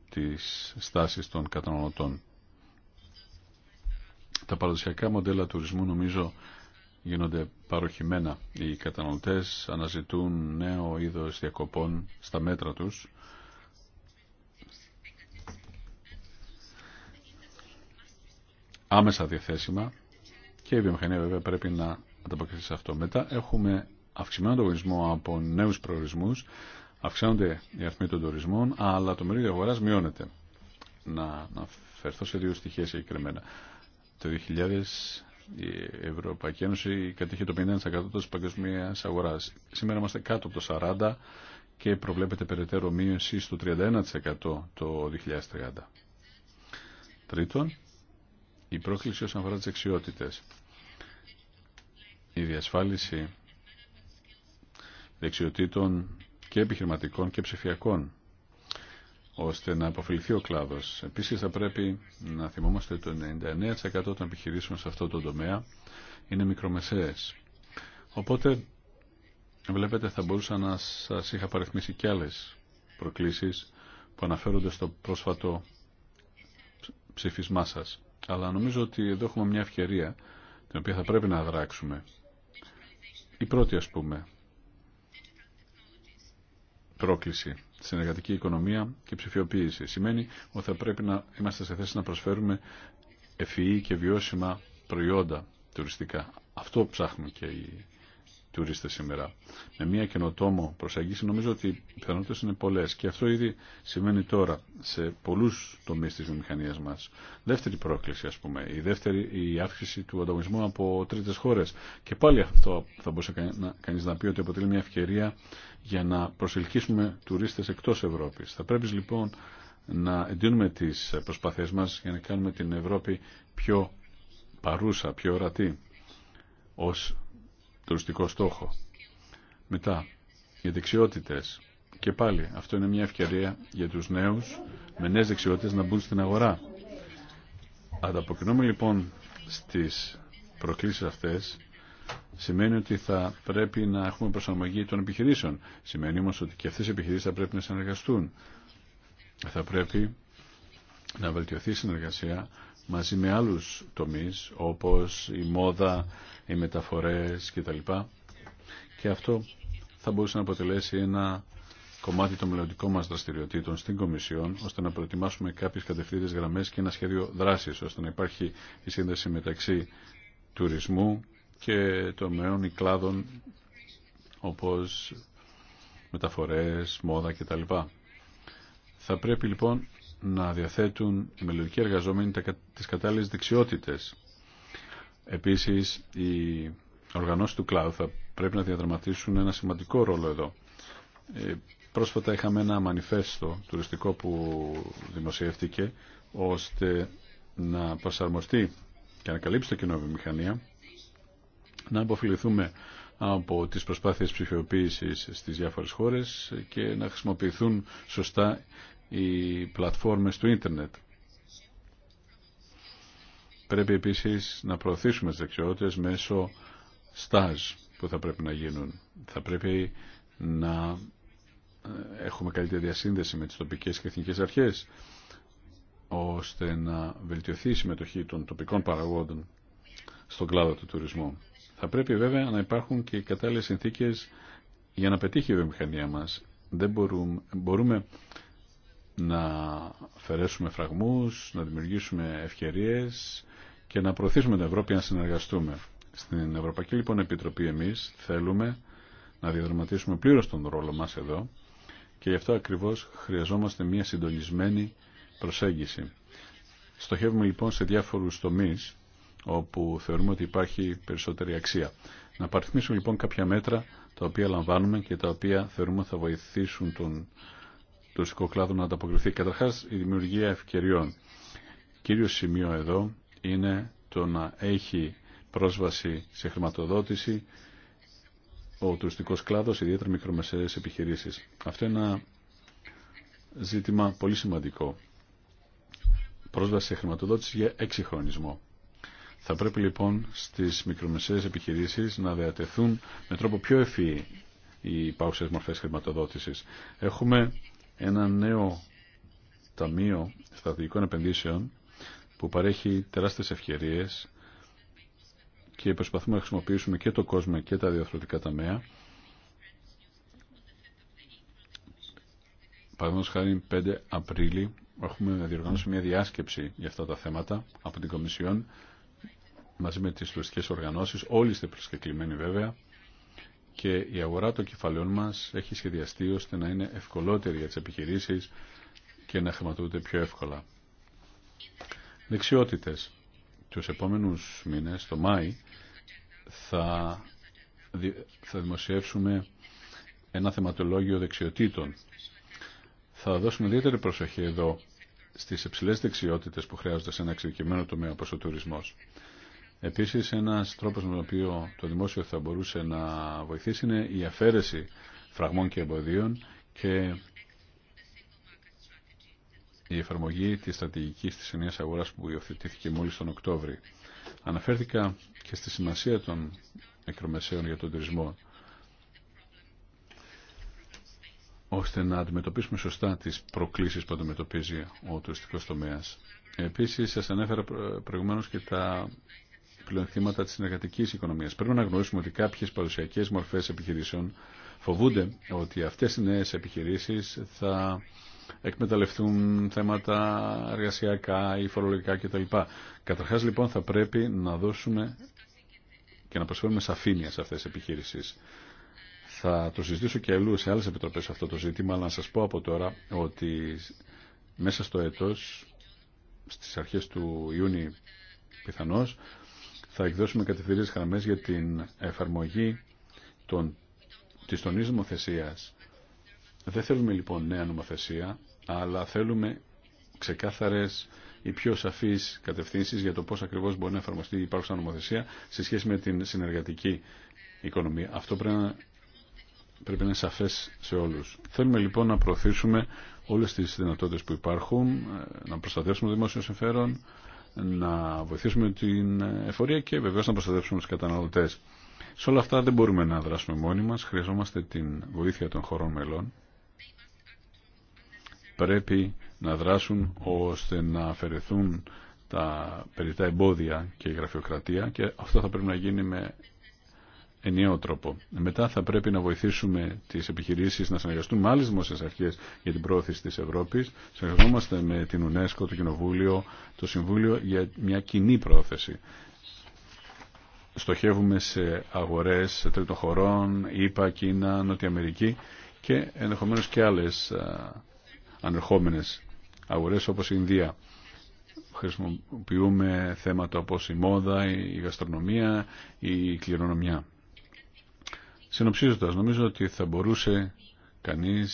της στάσης των καταναλωτών. Τα παραδοσιακά μοντέλα τουρισμού νομίζω γίνονται παροχημένα. Οι καταναλωτές αναζητούν νέο είδος διακοπών στα μέτρα τους άμεσα διαθέσιμα και η βιομηχανία βέβαια πρέπει να ανταποκριθεί σε αυτό. Μετά έχουμε αυξημένο ανταγωνισμό από νέου προορισμού, αυξάνονται οι αριθμοί των τουρισμών, αλλά το μερίδιο αγορά μειώνεται. Να φερθώ σε δύο στοιχεία συγκεκριμένα. Το 2000 η Ευρωπαϊκή Ένωση κατήχε το 50% τη παγκοσμία αγορά. Σήμερα είμαστε κάτω από το 40% και προβλέπεται περαιτέρω μείωση στο 31% το 2030. Τρίτον, η πρόκληση όσον αφορά τι αξιότητε η διασφάλιση δεξιοτήτων και επιχειρηματικών και ψηφιακών ώστε να αποφεληθεί ο κλάδος. Επίσης θα πρέπει να θυμόμαστε ότι το 99% των επιχειρήσεων σε αυτό το τομέα είναι μικρομεσαίες. Οπότε βλέπετε θα μπορούσα να σας είχα παριθμίσει και άλλες προκλήσεις που αναφέρονται στο πρόσφατο ψηφισμά σας. Αλλά νομίζω ότι εδώ έχουμε μια ευκαιρία την οποία θα πρέπει να δράξουμε η πρώτη ας πούμε πρόκληση, συνεργατική οικονομία και ψηφιοποίηση. Σημαίνει ότι θα πρέπει να είμαστε σε θέση να προσφέρουμε ευφυή και βιώσιμα προϊόντα τουριστικά. Αυτό ψάχνουν και οι τουρίστε σήμερα. Με μια καινοτόμο προσέγγιση νομίζω ότι οι πιθανότητε είναι πολλέ. και αυτό ήδη σημαίνει τώρα σε πολλού τομεί τη βιομηχανία μα, Δεύτερη πρόκληση α πούμε, η, δεύτερη, η αύξηση του ανταγωνισμού από τρίτε χώρε. και πάλι αυτό θα μπορούσε κανεί να πει ότι αποτελεί μια ευκαιρία για να προσελκύσουμε τουρίστε εκτό Ευρώπη. Θα πρέπει λοιπόν να εντείνουμε τι προσπάθειές μα για να κάνουμε την Ευρώπη πιο παρούσα, πιο ορατή ως τουριστικό στόχο. Μετά, οι δεξιότητε. Και πάλι, αυτό είναι μια ευκαιρία για του νέου με νέε δεξιότητες να μπουν στην αγορά. Ανταποκρινούμε λοιπόν στι προκλήσει αυτέ σημαίνει ότι θα πρέπει να έχουμε προσαρμογή των επιχειρήσεων. Σημαίνει όμω ότι και αυτέ οι επιχειρήσει θα πρέπει να συνεργαστούν. Θα πρέπει να βελτιωθεί η συνεργασία μαζί με άλλους τομείς όπως η μόδα, οι μεταφορές κτλ. Και αυτό θα μπορούσε να αποτελέσει ένα κομμάτι των μελλοντικών μας δραστηριοτήτων στην Κομισιόν, ώστε να προετοιμάσουμε κάποιες κατευθύντες γραμμές και ένα σχέδιο δράσης, ώστε να υπάρχει η σύνδεση μεταξύ τουρισμού και τομέων ή κλάδων όπως μεταφορές, μόδα κτλ. Θα πρέπει λοιπόν να διαθέτουν οι μελλοντικοί εργαζόμενοι τις κατάλληλες δεξιότητες. Επίσης, οι οργανώσεις του κλάδου θα πρέπει να διαδραματίσουν ένα σημαντικό ρόλο εδώ. Ε, πρόσφατα είχαμε ένα μανιφέστο τουριστικό που δημοσιεύτηκε ώστε να προσαρμοστεί και να καλύψει το κοινό βιομηχανία, να αποφυληθούμε από τις προσπάθειες ψηφιοποίησης στις διάφορες χώρες και να χρησιμοποιηθούν σωστά οι πλατφόρμες του ίντερνετ. Πρέπει επίσης να προωθήσουμε τις δεξιότητες μέσω στάζ που θα πρέπει να γίνουν. Θα πρέπει να ε, έχουμε καλύτερη διασύνδεση με τις τοπικές και εθνικές αρχές ώστε να βελτιωθεί η συμμετοχή των τοπικών παραγόντων στον κλάδο του τουρισμού. Θα πρέπει βέβαια να υπάρχουν και οι κατάλληλες συνθήκες για να πετύχει η βιομηχανία μας. Δεν μπορούμε να αφαιρέσουμε φραγμούς, να δημιουργήσουμε ευκαιρίες και να προωθήσουμε την Ευρώπη να συνεργαστούμε. Στην Ευρωπαϊκή λοιπόν Επιτροπή εμείς θέλουμε να διαδραματίσουμε πλήρως τον ρόλο μας εδώ και γι' αυτό ακριβώς χρειαζόμαστε μια συντονισμένη προσέγγιση. Στοχεύουμε λοιπόν σε διάφορους τομείς όπου θεωρούμε ότι υπάρχει περισσότερη αξία. Να παρθυμίσουμε λοιπόν κάποια μέτρα τα οποία λαμβάνουμε και τα οποία θεωρούμε θα βοηθήσουν τον τουριστικού κλάδο να ανταποκριθεί. Καταρχά, η δημιουργία ευκαιριών. Κύριο σημείο εδώ είναι το να έχει πρόσβαση σε χρηματοδότηση ο τουριστικός κλάδος, ιδιαίτερα μικρομεσαίες επιχειρήσεις. Αυτό είναι ένα ζήτημα πολύ σημαντικό. Πρόσβαση σε χρηματοδότηση για εξυγχρονισμό. Θα πρέπει λοιπόν στι μικρομεσαίες επιχειρήσεις να διατεθούν με τρόπο πιο ευφυή οι υπάρχουσες μορφές χρηματοδότησης. Έχουμε ένα νέο ταμείο στρατηγικών επενδύσεων που παρέχει τεράστιες ευκαιρίες και προσπαθούμε να χρησιμοποιήσουμε και το κόσμο και τα διαφορετικά ταμεία. Παραδείγματος χάρη 5 Απρίλη έχουμε διοργανώσει μια διάσκεψη για αυτά τα θέματα από την Κομισιόν μαζί με τις τουριστικές οργανώσεις, όλοι είστε προσκεκλημένοι βέβαια και η αγορά των κεφαλαίων μας έχει σχεδιαστεί ώστε να είναι ευκολότερη για τις επιχειρήσεις και να χρηματοδοτούνται πιο εύκολα. Δεξιότητες. Τους επόμενους μήνες, το Μάη, θα, θα δημοσιεύσουμε ένα θεματολόγιο δεξιοτήτων. Θα δώσουμε ιδιαίτερη προσοχή εδώ στις υψηλές δεξιότητες που χρειάζονται σε ένα εξειδικευμένο τομέα όπως ο τουρισμός. Επίσης ένας τρόπος με τον οποίο το δημόσιο θα μπορούσε να βοηθήσει είναι η αφαίρεση φραγμών και εμποδίων και η εφαρμογή της στρατηγικής της ενιαίας αγοράς που υιοθετήθηκε μόλις τον Οκτώβρη. Αναφέρθηκα και στη σημασία των μικρομεσαίων για τον τουρισμό ώστε να αντιμετωπίσουμε σωστά τις προκλήσεις που αντιμετωπίζει ο τουριστικός τομέας. Επίσης, σας ανέφερα προηγουμένως και τα πλεονεκτήματα τη συνεργατική οικονομία. Πρέπει να γνωρίσουμε ότι κάποιε παρουσιακέ μορφέ επιχειρήσεων φοβούνται ότι αυτέ οι νέε επιχειρήσει θα εκμεταλλευτούν θέματα εργασιακά ή φορολογικά κτλ. Καταρχά λοιπόν θα πρέπει να δώσουμε και να προσφέρουμε σαφήνεια σε αυτές τις επιχείρησεις. Θα το συζητήσω και αλλού σε άλλες επιτροπέ αυτό το ζήτημα, αλλά να σα πω από τώρα ότι μέσα στο έτος, στις αρχές του Ιούνιου πιθανώς, θα εκδώσουμε κατευθυντήριες γραμμές για την εφαρμογή των, της τονής νομοθεσίας. Δεν θέλουμε λοιπόν νέα νομοθεσία, αλλά θέλουμε ξεκάθαρες ή πιο σαφείς κατευθύνσεις για το πώς ακριβώς μπορεί να εφαρμοστεί η υπάρχουσα νομοθεσία σε σχέση με την συνεργατική οικονομία. Αυτό πρέπει να, πρέπει να είναι σαφές σε όλους. Θέλουμε λοιπόν να προωθήσουμε όλες τις δυνατότητες που υπάρχουν, ε, να προστατεύσουμε το δημόσιο συμφέρον, να βοηθήσουμε την εφορία και βεβαίω να προστατεύσουμε του καταναλωτές. Σε όλα αυτά δεν μπορούμε να δράσουμε μόνοι μας, χρειαζόμαστε την βοήθεια των χωρών μελών. Πρέπει να δράσουν ώστε να αφαιρεθούν τα περιττά εμπόδια και η γραφειοκρατία και αυτό θα πρέπει να γίνει με ενιαίο τρόπο. Μετά θα πρέπει να βοηθήσουμε τι επιχειρήσει να συνεργαστούν με άλλε δημόσιε αρχέ για την πρόθεση τη Ευρώπη. Συνεργαζόμαστε με την UNESCO, το Κοινοβούλιο, το Συμβούλιο για μια κοινή πρόθεση. Στοχεύουμε σε αγορέ τρίτων χωρών, ΗΠΑ, Κίνα, Νότια Αμερική και ενδεχομένω και άλλε ανερχόμενε αγορέ όπω η Ινδία χρησιμοποιούμε θέματα όπως η μόδα, η γαστρονομία, η κληρονομιά. Συνοψίζοντας, νομίζω ότι θα μπορούσε κανείς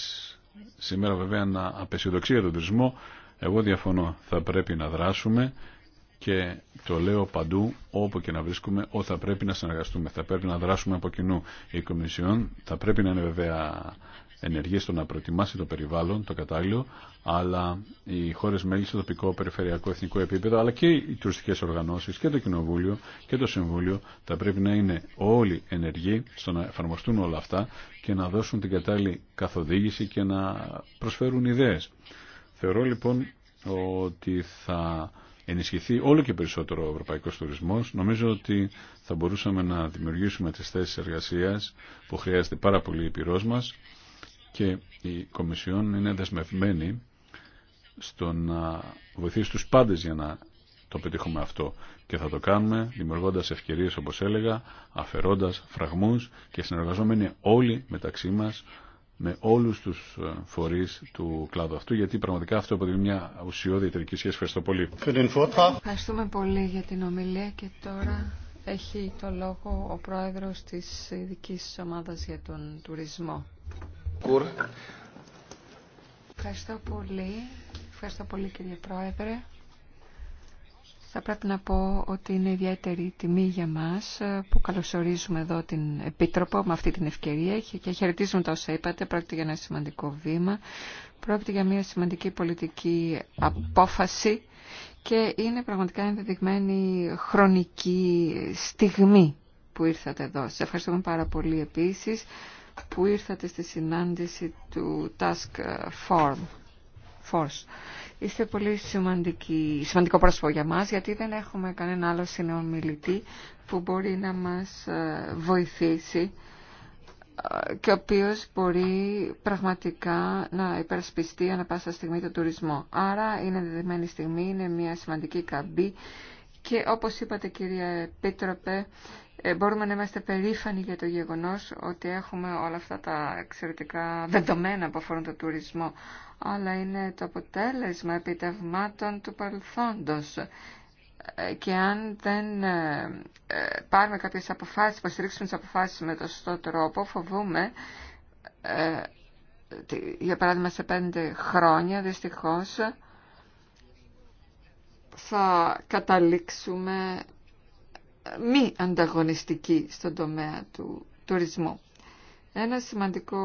σήμερα βέβαια να απεσιοδοξεί για τον τουρισμό. Εγώ διαφωνώ. Θα πρέπει να δράσουμε και το λέω παντού όπου και να βρίσκουμε ότι θα πρέπει να συνεργαστούμε, θα πρέπει να δράσουμε από κοινού. Η Κομισιόν θα πρέπει να είναι βέβαια ενεργή στο να προετοιμάσει το περιβάλλον, το κατάλληλο, αλλά οι χώρε μέλη στο τοπικό, περιφερειακό, εθνικό επίπεδο, αλλά και οι τουριστικέ οργανώσει και το Κοινοβούλιο και το Συμβούλιο θα πρέπει να είναι όλοι ενεργοί στο να εφαρμοστούν όλα αυτά και να δώσουν την κατάλληλη καθοδήγηση και να προσφέρουν ιδέε. Θεωρώ λοιπόν ότι θα ενισχυθεί όλο και περισσότερο ο ευρωπαϊκός τουρισμός, νομίζω ότι θα μπορούσαμε να δημιουργήσουμε τις θέσεις εργασίας που χρειάζεται πάρα πολύ η πυρός μας και η Κομισιόν είναι δεσμευμένη στο να βοηθήσει τους πάντες για να το πετύχουμε αυτό. Και θα το κάνουμε δημιουργώντας ευκαιρίες όπως έλεγα, αφαιρώντας φραγμούς και συνεργαζόμενοι όλοι μεταξύ μας με όλους τους ε, φορείς του κλάδου αυτού, γιατί πραγματικά αυτό αποτελεί μια ουσιώδη εταιρική σχέση. Ευχαριστώ πολύ. Ευχαριστούμε πολύ για την ομιλία και τώρα έχει το λόγο ο πρόεδρος της ειδική ομάδας για τον τουρισμό. Κουρ. Ευχαριστώ πολύ. Ευχαριστώ πολύ κύριε πρόεδρε. Θα πρέπει να πω ότι είναι ιδιαίτερη τιμή για μας ε, που καλωσορίζουμε εδώ την Επίτροπο με αυτή την ευκαιρία και χαιρετίζουμε τα όσα είπατε. Πρόκειται για ένα σημαντικό βήμα, πρόκειται για μια σημαντική πολιτική απόφαση και είναι πραγματικά ενδεδειγμένη χρονική στιγμή που ήρθατε εδώ. Σας ευχαριστούμε πάρα πολύ επίσης που ήρθατε στη συνάντηση του Task Form. Φως. Είστε πολύ σημαντικό πρόσωπο για μας γιατί δεν έχουμε κανένα άλλο συνομιλητή που μπορεί να μας ε, βοηθήσει ε, και ο οποίος μπορεί πραγματικά να υπερασπιστεί ανά πάσα στιγμή το τουρισμό. Άρα είναι δεδεμένη στιγμή, είναι μια σημαντική καμπή και όπως είπατε κυρία Επίτροπε ε, μπορούμε να είμαστε περήφανοι για το γεγονός ότι έχουμε όλα αυτά τα εξαιρετικά δεδομένα που αφορούν το τουρισμό, αλλά είναι το αποτέλεσμα επιτευμάτων του παρελθόντος. Ε, και αν δεν ε, πάρουμε κάποιες αποφάσεις, υποστηρίξουμε τις αποφάσεις με το σωστό τρόπο, φοβούμε, για παράδειγμα σε πέντε χρόνια δυστυχώς, θα καταλήξουμε μη ανταγωνιστική στον τομέα του τουρισμού. Ένα σημαντικό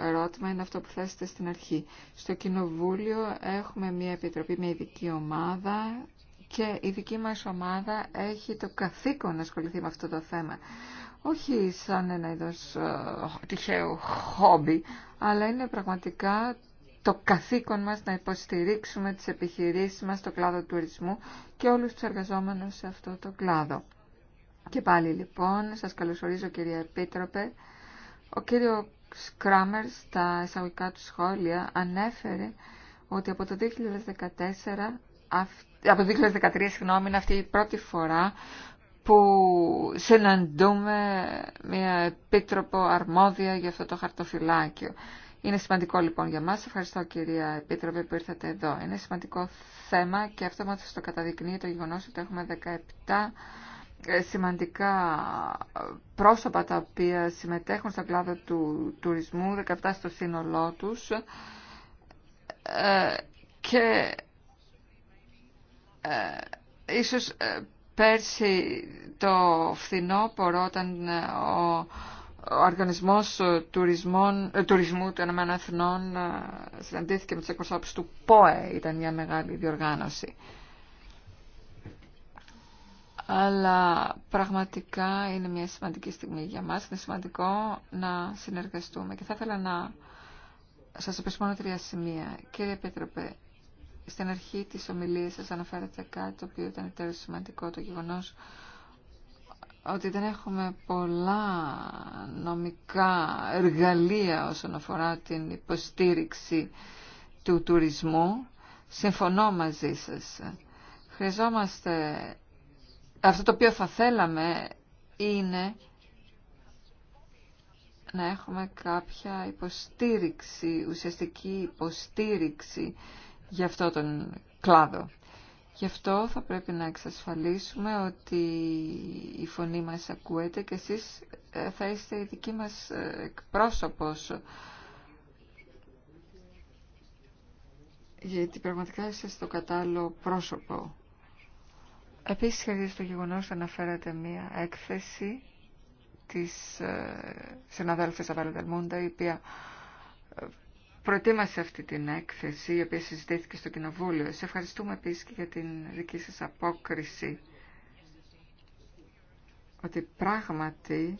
ερώτημα είναι αυτό που θέσετε στην αρχή. Στο Κοινοβούλιο έχουμε μια επιτροπή, μια ειδική ομάδα και η δική μας ομάδα έχει το καθήκον να ασχοληθεί με αυτό το θέμα. Όχι σαν ένα είδος ε, τυχαίο χόμπι, αλλά είναι πραγματικά το καθήκον μας να υποστηρίξουμε τις επιχειρήσεις μας στο κλάδο τουρισμού και όλους τους εργαζόμενους σε αυτό το κλάδο. Και πάλι λοιπόν, σας καλωσορίζω κυρία Επίτροπε. Ο κύριο Κράμερ στα εισαγωγικά του σχόλια ανέφερε ότι από το 2014, από το 2013 συγγνώμη, είναι αυτή η πρώτη φορά που συναντούμε μια επίτροπο αρμόδια για αυτό το χαρτοφυλάκιο. Είναι σημαντικό λοιπόν για μας. Ευχαριστώ κυρία Επίτροπε που ήρθατε εδώ. Είναι σημαντικό θέμα και αυτό μας το καταδεικνύει το γεγονός ότι έχουμε 17 ε, σημαντικά πρόσωπα τα οποία συμμετέχουν στον κλάδο του τουρισμού, 17 στο σύνολό τους ε, και ε, ίσως πέρσι το φθινόπωρο όταν ο ο οργανισμός τουρισμών, τουρισμού των Εθνών συναντήθηκε με τους εκπροσώπους του ΠΟΕ, ήταν μια μεγάλη διοργάνωση αλλά πραγματικά είναι μια σημαντική στιγμή για μας. Είναι σημαντικό να συνεργαστούμε και θα ήθελα να σας επισημώνω τρία σημεία. Κύριε Πέτροπε, στην αρχή της ομιλίας σας αναφέρατε κάτι το οποίο ήταν τέλος σημαντικό, το γεγονός ότι δεν έχουμε πολλά νομικά εργαλεία όσον αφορά την υποστήριξη του τουρισμού. Συμφωνώ μαζί σας. Χρειαζόμαστε αυτό το οποίο θα θέλαμε είναι να έχουμε κάποια υποστήριξη, ουσιαστική υποστήριξη για αυτό τον κλάδο. Γι' αυτό θα πρέπει να εξασφαλίσουμε ότι η φωνή μας ακούεται και εσείς ε, θα είστε η δική μας ε, εκπρόσωπος. Γιατί πραγματικά είστε στο κατάλληλο πρόσωπο. Επίσης χαρίζει το γεγονός ότι αναφέρατε μία έκθεση της ε, συναδέλφης Αβαλνταλμούντα η οποία ε, προετοίμασε αυτή την έκθεση η οποία συζητήθηκε στο Κοινοβούλιο. Σε ευχαριστούμε επίσης και για την δική σας απόκριση ότι πράγματι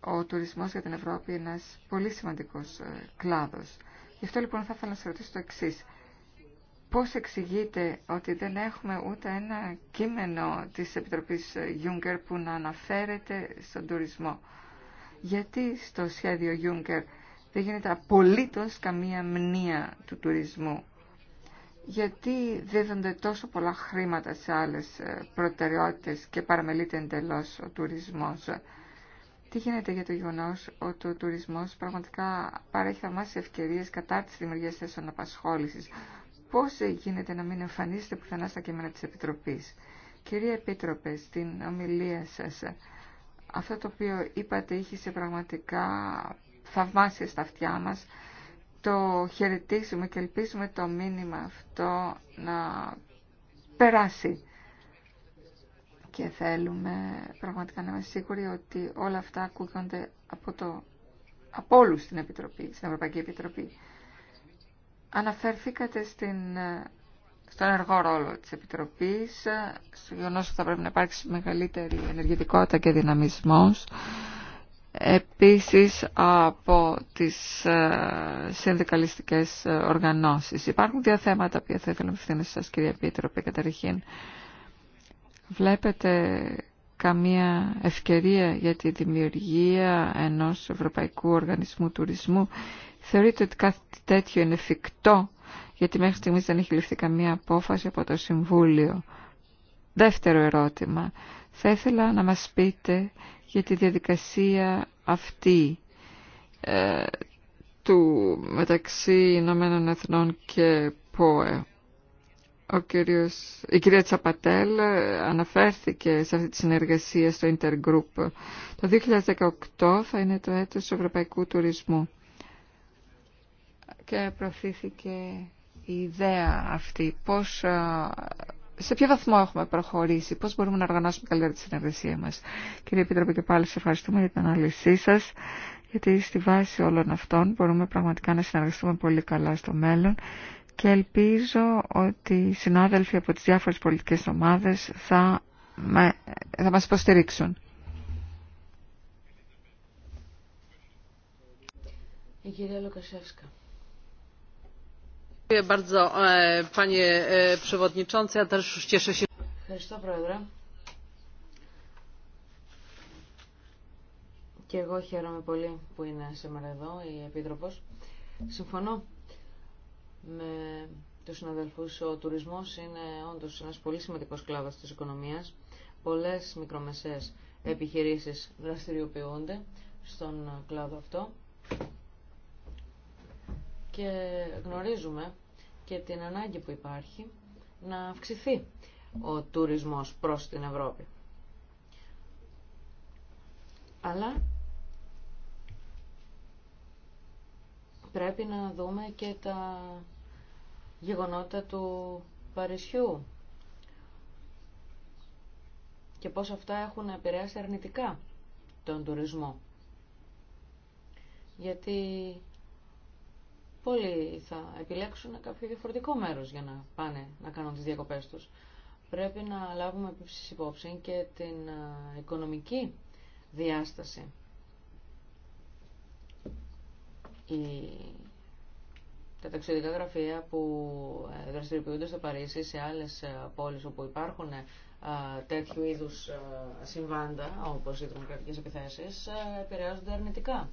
ο τουρισμός για την Ευρώπη είναι ένας πολύ σημαντικός ε, κλάδος. Γι' αυτό λοιπόν θα ήθελα να σας ρωτήσω το εξής. Πώς εξηγείτε ότι δεν έχουμε ούτε ένα κείμενο της Επιτροπής Juncker που να αναφέρεται στον τουρισμό. Γιατί στο σχέδιο Juncker δεν γίνεται απολύτως καμία μνήα του τουρισμού. Γιατί δίδονται τόσο πολλά χρήματα σε άλλες ε, προτεραιότητες και παραμελείται εντελώς ο τουρισμός. Τι γίνεται για το γεγονό ότι ο τουρισμός πραγματικά παρέχει θαυμάσια ευκαιρίες κατά της δημιουργίας θέσεων απασχόλησης. Πώς γίνεται να μην εμφανίσετε πουθενά στα κείμενα της Επιτροπής. Κυρία Επίτροπε, στην ομιλία σας, αυτό το οποίο είπατε είχε σε πραγματικά θαυμάσια στα αυτιά μας. Το χαιρετίζουμε και ελπίζουμε το μήνυμα αυτό να περάσει. Και θέλουμε πραγματικά να είμαστε σίγουροι ότι όλα αυτά ακούγονται από, το, από όλους στην, Επιτροπή, στην Ευρωπαϊκή Επιτροπή. Αναφέρθηκατε στην, ε, στον εργό ρόλο της Επιτροπής, ε, στο γεγονός ότι θα πρέπει να υπάρξει μεγαλύτερη ενεργητικότητα και δυναμισμός. Επίσης από τις ε, συνδικαλιστικές οργανώσεις. Υπάρχουν δύο θέματα που θα ήθελα να ευθύνω σας κυρία Επίτροπε. Καταρχήν, βλέπετε καμία ευκαιρία για τη δημιουργία ενός Ευρωπαϊκού Οργανισμού Τουρισμού Θεωρείτε ότι κάτι τέτοιο είναι εφικτό, γιατί μέχρι στιγμής δεν έχει ληφθεί καμία απόφαση από το Συμβούλιο. Δεύτερο ερώτημα. Θα ήθελα να μας πείτε για τη διαδικασία αυτή ε, του μεταξύ Ηνωμένων Εθνών και ΠΟΕ. Ο κύριος, η κυρία Τσαπατέλ ε, αναφέρθηκε σε αυτή τη συνεργασία στο Intergroup. Το 2018 θα είναι το έτος του Ευρωπαϊκού Τουρισμού και προωθήθηκε η ιδέα αυτή. Πώς, σε ποιο βαθμό έχουμε προχωρήσει, πώς μπορούμε να οργανώσουμε καλύτερα τη συνεργασία μας. Κύριε Επίτροπε και πάλι σε ευχαριστούμε για την ανάλυση σας, γιατί στη βάση όλων αυτών μπορούμε πραγματικά να συνεργαστούμε πολύ καλά στο μέλλον και ελπίζω ότι οι συνάδελφοι από τις διάφορες πολιτικές ομάδες θα, με, θα μας υποστηρίξουν. Η κυρία E, e, Ευχαριστώ, Πρόεδρε. Και εγώ χαίρομαι πολύ που είναι σήμερα εδώ η Επίτροπος. Συμφωνώ με τους συναδελφούς. Ο τουρισμός είναι όντως ένας πολύ σημαντικός κλάδος της οικονομίας. Πολλές μικρομεσαίες επιχειρήσεις δραστηριοποιούνται στον κλάδο αυτό και γνωρίζουμε και την ανάγκη που υπάρχει να αυξηθεί ο τουρισμός προς την Ευρώπη. Αλλά πρέπει να δούμε και τα γεγονότα του Παρισιού και πώς αυτά έχουν επηρεάσει αρνητικά τον τουρισμό. Γιατί πολλοί θα επιλέξουν κάποιο διαφορετικό μέρος για να πάνε να κάνουν τις διακοπές τους. Πρέπει να λάβουμε επίσης υπόψη και την οικονομική διάσταση. Η... Τα ταξιδιωτικά γραφεία που ε, δραστηριοποιούνται στο Παρίσι, σε άλλες ε, πόλεις όπου υπάρχουν ε, τέτοιου είδους συμβάντα, όπως οι δημοκρατικές επιθέσεις, επηρεάζονται αρνητικά.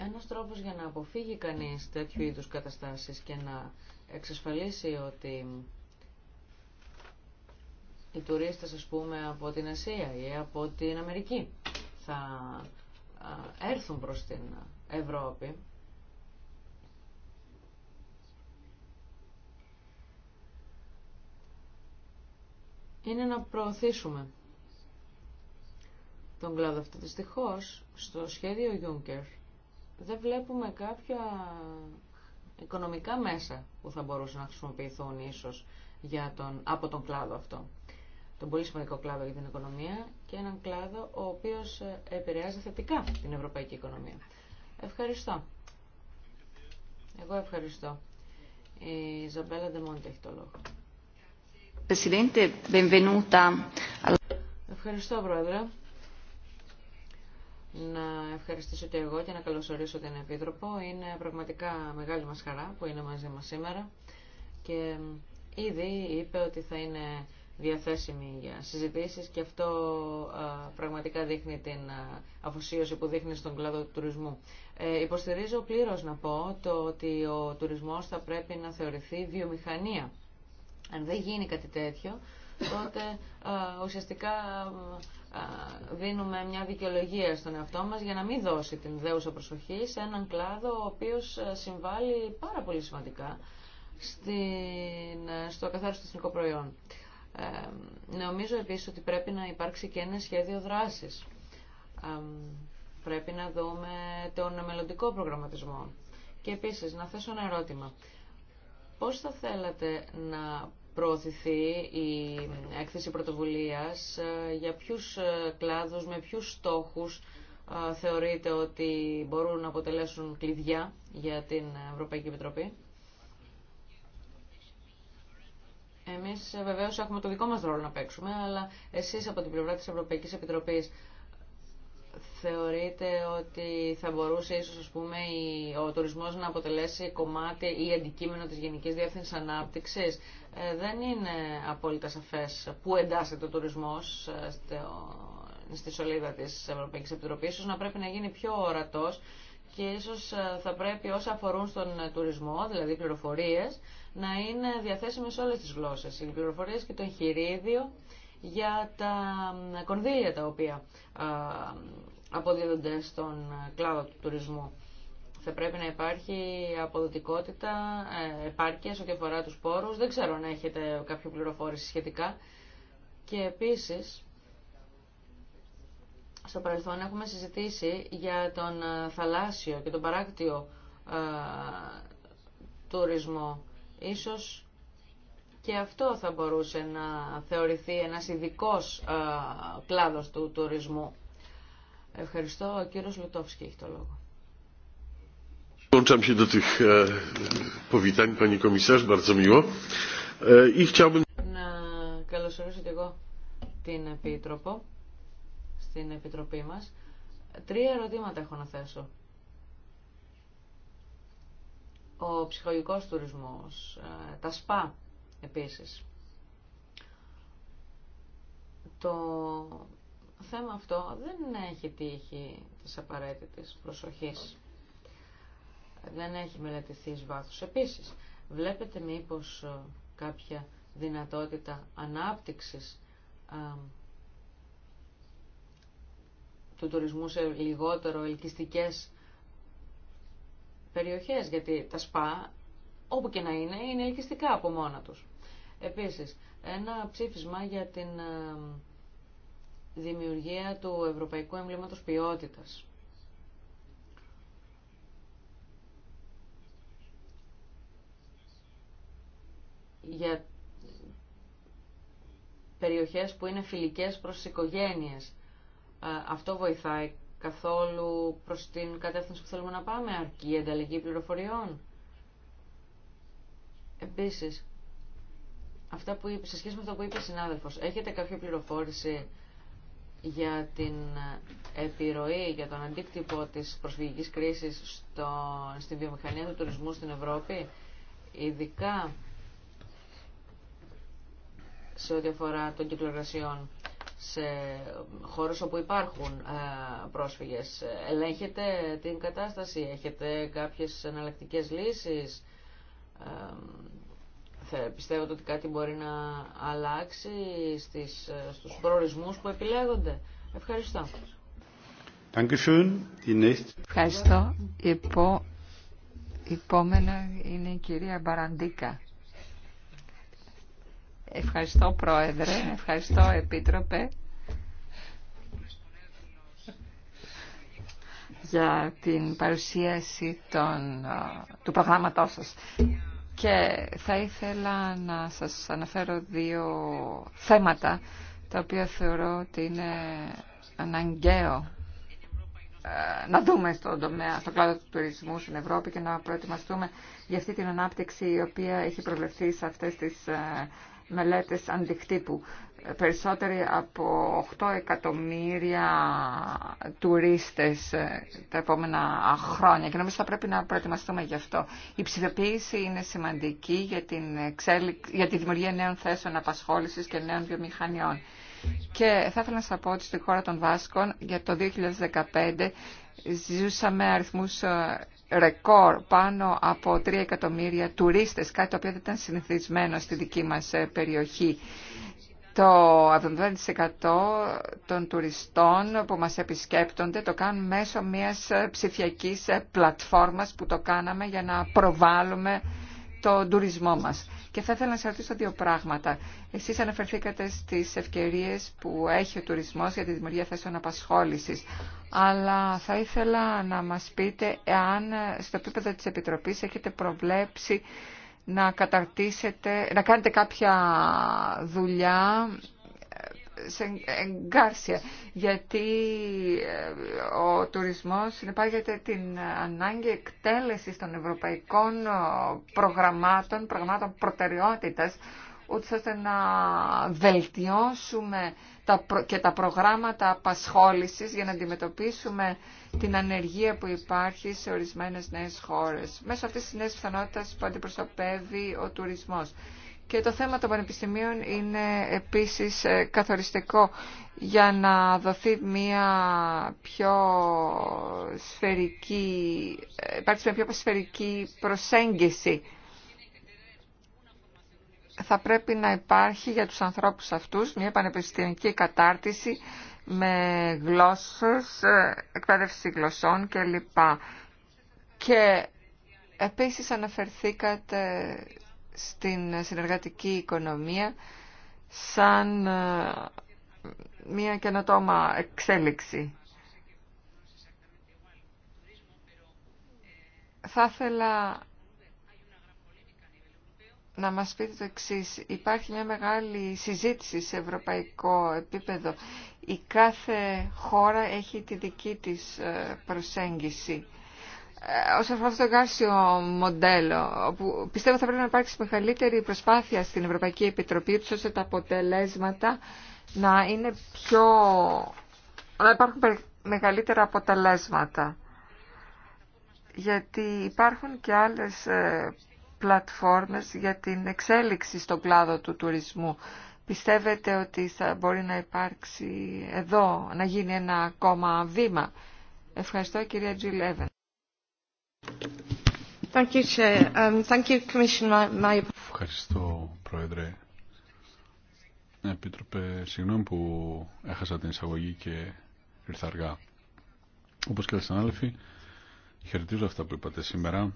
Ένας τρόπος για να αποφύγει κανείς τέτοιου mm. είδους καταστάσεις και να εξασφαλίσει ότι οι τουρίστες ας πούμε από την Ασία ή από την Αμερική θα έρθουν προς την Ευρώπη είναι να προωθήσουμε τον κλάδο αυτό. Δυστυχώς στο σχέδιο Juncker δεν βλέπουμε κάποια οικονομικά μέσα που θα μπορούσαν να χρησιμοποιηθούν ίσως για τον, από τον κλάδο αυτό. Τον πολύ σημαντικό κλάδο για την οικονομία και έναν κλάδο ο οποίος ε, επηρεάζει θετικά την ευρωπαϊκή οικονομία. Ευχαριστώ. Εγώ ευχαριστώ. Η Ζαμπέλα Ντεμόντε έχει το λόγο. Ευχαριστώ, Πρόεδρε να ευχαριστήσω και εγώ και να καλωσορίσω την Επίτροπο. Είναι πραγματικά μεγάλη μας χαρά που είναι μαζί μας σήμερα και ήδη είπε ότι θα είναι διαθέσιμη για συζητήσεις και αυτό πραγματικά δείχνει την αφοσίωση που δείχνει στον κλάδο του τουρισμού. Ε, υποστηρίζω πλήρως να πω το ότι ο τουρισμός θα πρέπει να θεωρηθεί βιομηχανία. Αν δεν γίνει κάτι τέτοιο, τότε ουσιαστικά δίνουμε μια δικαιολογία στον εαυτό μας για να μην δώσει την δέουσα προσοχή σε έναν κλάδο ο οποίος συμβάλλει πάρα πολύ σημαντικά στο καθάριστο εθνικό προϊόν. Ε, νομίζω επίσης ότι πρέπει να υπάρξει και ένα σχέδιο δράσης. πρέπει να δούμε τον μελλοντικό προγραμματισμό. Και επίσης να θέσω ένα ερώτημα. Πώς θα θέλατε να προωθηθεί η έκθεση πρωτοβουλίας, ε, για ποιους ε, κλάδους, με ποιους στόχους ε, θεωρείτε ότι μπορούν να αποτελέσουν κλειδιά για την Ευρωπαϊκή Επιτροπή. Εμείς βεβαίως έχουμε το δικό μας ρόλο να παίξουμε, αλλά εσείς από την πλευρά της Ευρωπαϊκής Επιτροπής θεωρείτε ότι θα μπορούσε ίσως ας πούμε, ο τουρισμός να αποτελέσει κομμάτι ή αντικείμενο της Γενικής Διεύθυνσης Ανάπτυξης. Ε, δεν είναι απόλυτα σαφές που εντάσσεται ο τουρισμός ε, στη σελίδα της Ευρωπαϊκής Επιτροπής. Ίσως να πρέπει να γίνει πιο ορατός και ίσως ε, θα πρέπει όσα αφορούν στον τουρισμό, δηλαδή πληροφορίες, να είναι διαθέσιμες σε όλες τις γλώσσες. Οι πληροφορίες και το εγχειρίδιο για τα κονδύλια τα οποία αποδίδονται στον ε, κλάδο του τουρισμού. Θα πρέπει να υπάρχει αποδοτικότητα, ε, επάρκεια ό,τι αφορά τους πόρους. Δεν ξέρω αν έχετε κάποια πληροφόρηση σχετικά. Και επίσης, στο παρελθόν έχουμε συζητήσει για τον ε, θαλάσσιο και τον παράκτιο τουρισμό. Ίσως και αυτό θα μπορούσε να θεωρηθεί ένας ειδικός κλάδος του τουρισμού. Ευχαριστώ. Ο κύριος Λουτόφσκι έχει το λόγο. Να καλωσορίσω και εγώ την Επίτροπο στην Επιτροπή μας. Τρία ερωτήματα έχω να θέσω. Ο ψυχολογικός τουρισμός, ε, τα ΣΠΑ επίσης. Το θέμα αυτό δεν έχει τύχει της απαραίτητης προσοχής. Δεν έχει μελετηθεί εις βάθος. Επίσης, βλέπετε μήπως ε, κάποια δυνατότητα ανάπτυξης του τουρισμού σε λιγότερο ελκυστικές περιοχές, γιατί τα σπα, όπου και να είναι, είναι ελκυστικά από μόνα τους. Επίσης, ένα ψήφισμα για την ε, δημιουργία του Ευρωπαϊκού Εμβλήματος Ποιότητας. Για περιοχές που είναι φιλικές προς τις οικογένειες. Αυτό βοηθάει καθόλου προς την κατεύθυνση που θέλουμε να πάμε, αρκεί ανταλλαγή πληροφοριών. Επίσης, αυτά που, σε σχέση με αυτό που είπε ο συνάδελφος, έχετε κάποια πληροφόρηση για την επιρροή για τον αντίκτυπο της προσφυγικής κρίσης στο, στην βιομηχανία του τουρισμού στην Ευρώπη, ειδικά σε ό,τι αφορά τον κύκλο σε χώρους όπου υπάρχουν ε, πρόσφυγες. Ελέγχετε την κατάσταση, έχετε κάποιες εναλλακτικέ λύσεις, ε, πιστεύω ότι κάτι μπορεί να αλλάξει στις, στους προορισμούς που επιλέγονται. Ευχαριστώ. Ευχαριστώ. Η επό... επόμενα είναι η κυρία Μπαραντίκα. Ευχαριστώ Πρόεδρε, ευχαριστώ Επίτροπε για την παρουσίαση των... του προγράμματός σας. Και θα ήθελα να σας αναφέρω δύο θέματα τα οποία θεωρώ ότι είναι αναγκαίο ε, να δούμε στον τομέα, στον κλάδο του τουρισμού στην Ευρώπη και να προετοιμαστούμε για αυτή την ανάπτυξη η οποία έχει προβλεφθεί σε αυτές τις ε, μελέτες αντικτύπου περισσότεροι από 8 εκατομμύρια τουρίστες ε, τα επόμενα χρόνια και νομίζω θα πρέπει να προετοιμαστούμε γι' αυτό. Η ψηφιοποίηση είναι σημαντική για, τη δημιουργία νέων θέσεων απασχόλησης και νέων βιομηχανιών. Και θα ήθελα να σας πω ότι στη χώρα των Βάσκων για το 2015 ζούσαμε αριθμούς ε, ρεκόρ πάνω από 3 εκατομμύρια τουρίστες, κάτι το οποίο δεν ήταν συνηθισμένο στη δική μας ε, περιοχή. Το 70% των τουριστών που μας επισκέπτονται το κάνουν μέσω μιας ψηφιακής πλατφόρμας που το κάναμε για να προβάλλουμε τον τουρισμό μας. Και θα ήθελα να σας ρωτήσω δύο πράγματα. Εσείς αναφερθήκατε στις ευκαιρίες που έχει ο τουρισμός για τη δημιουργία θέσεων απασχόλησης. Αλλά θα ήθελα να μας πείτε εάν στο επίπεδο της Επιτροπής έχετε προβλέψει να καταρτήσετε, να κάνετε κάποια δουλειά ε, σε εγκάρσια, γιατί ε, ο τουρισμός συνεπάγεται την ανάγκη εκτέλεσης των ευρωπαϊκών ε, προγραμμάτων, προγραμμάτων προτεραιότητας, ούτως ώστε να βελτιώσουμε και τα προγράμματα απασχόλησης για να αντιμετωπίσουμε την ανεργία που υπάρχει σε ορισμένες νέες χώρες. Μέσω αυτής της νέας πιθανότητας που αντιπροσωπεύει ο τουρισμός. Και το θέμα των πανεπιστημίων είναι επίσης ε, καθοριστικό για να δοθεί μια πιο σφαιρική, ε, υπάρξει μια πιο σφαιρική προσέγγιση θα πρέπει να υπάρχει για τους ανθρώπους αυτούς μια πανεπιστημιακή κατάρτιση με γλώσσες, ε, εκπαίδευση γλωσσών κλπ. Και επίσης αναφερθήκατε στην συνεργατική οικονομία σαν ε, μια καινοτόμα εξέλιξη. Θα ήθελα να μας πείτε το εξή. Υπάρχει μια μεγάλη συζήτηση σε ευρωπαϊκό επίπεδο. Η κάθε χώρα έχει τη δική της ε, προσέγγιση. Ε, όσον αφορά αυτό το εγκάρσιο μοντέλο, όπου πιστεύω θα πρέπει να υπάρξει μεγαλύτερη προσπάθεια στην Ευρωπαϊκή Επιτροπή, ώστε τα αποτελέσματα να είναι πιο... να υπάρχουν μεγαλύτερα αποτελέσματα. Γιατί υπάρχουν και άλλες ε, πλατφόρμες για την εξέλιξη στον κλάδο του τουρισμού. Πιστεύετε ότι θα μπορεί να υπάρξει εδώ, να γίνει ένα ακόμα βήμα. Ευχαριστώ κυρία Τζιλ um, Ευχαριστώ Πρόεδρε. Επίτροπε, συγγνώμη που έχασα την εισαγωγή και ήρθα αργά. Όπως και άλλοι συνάδελφοι, χαιρετίζω αυτά που είπατε σήμερα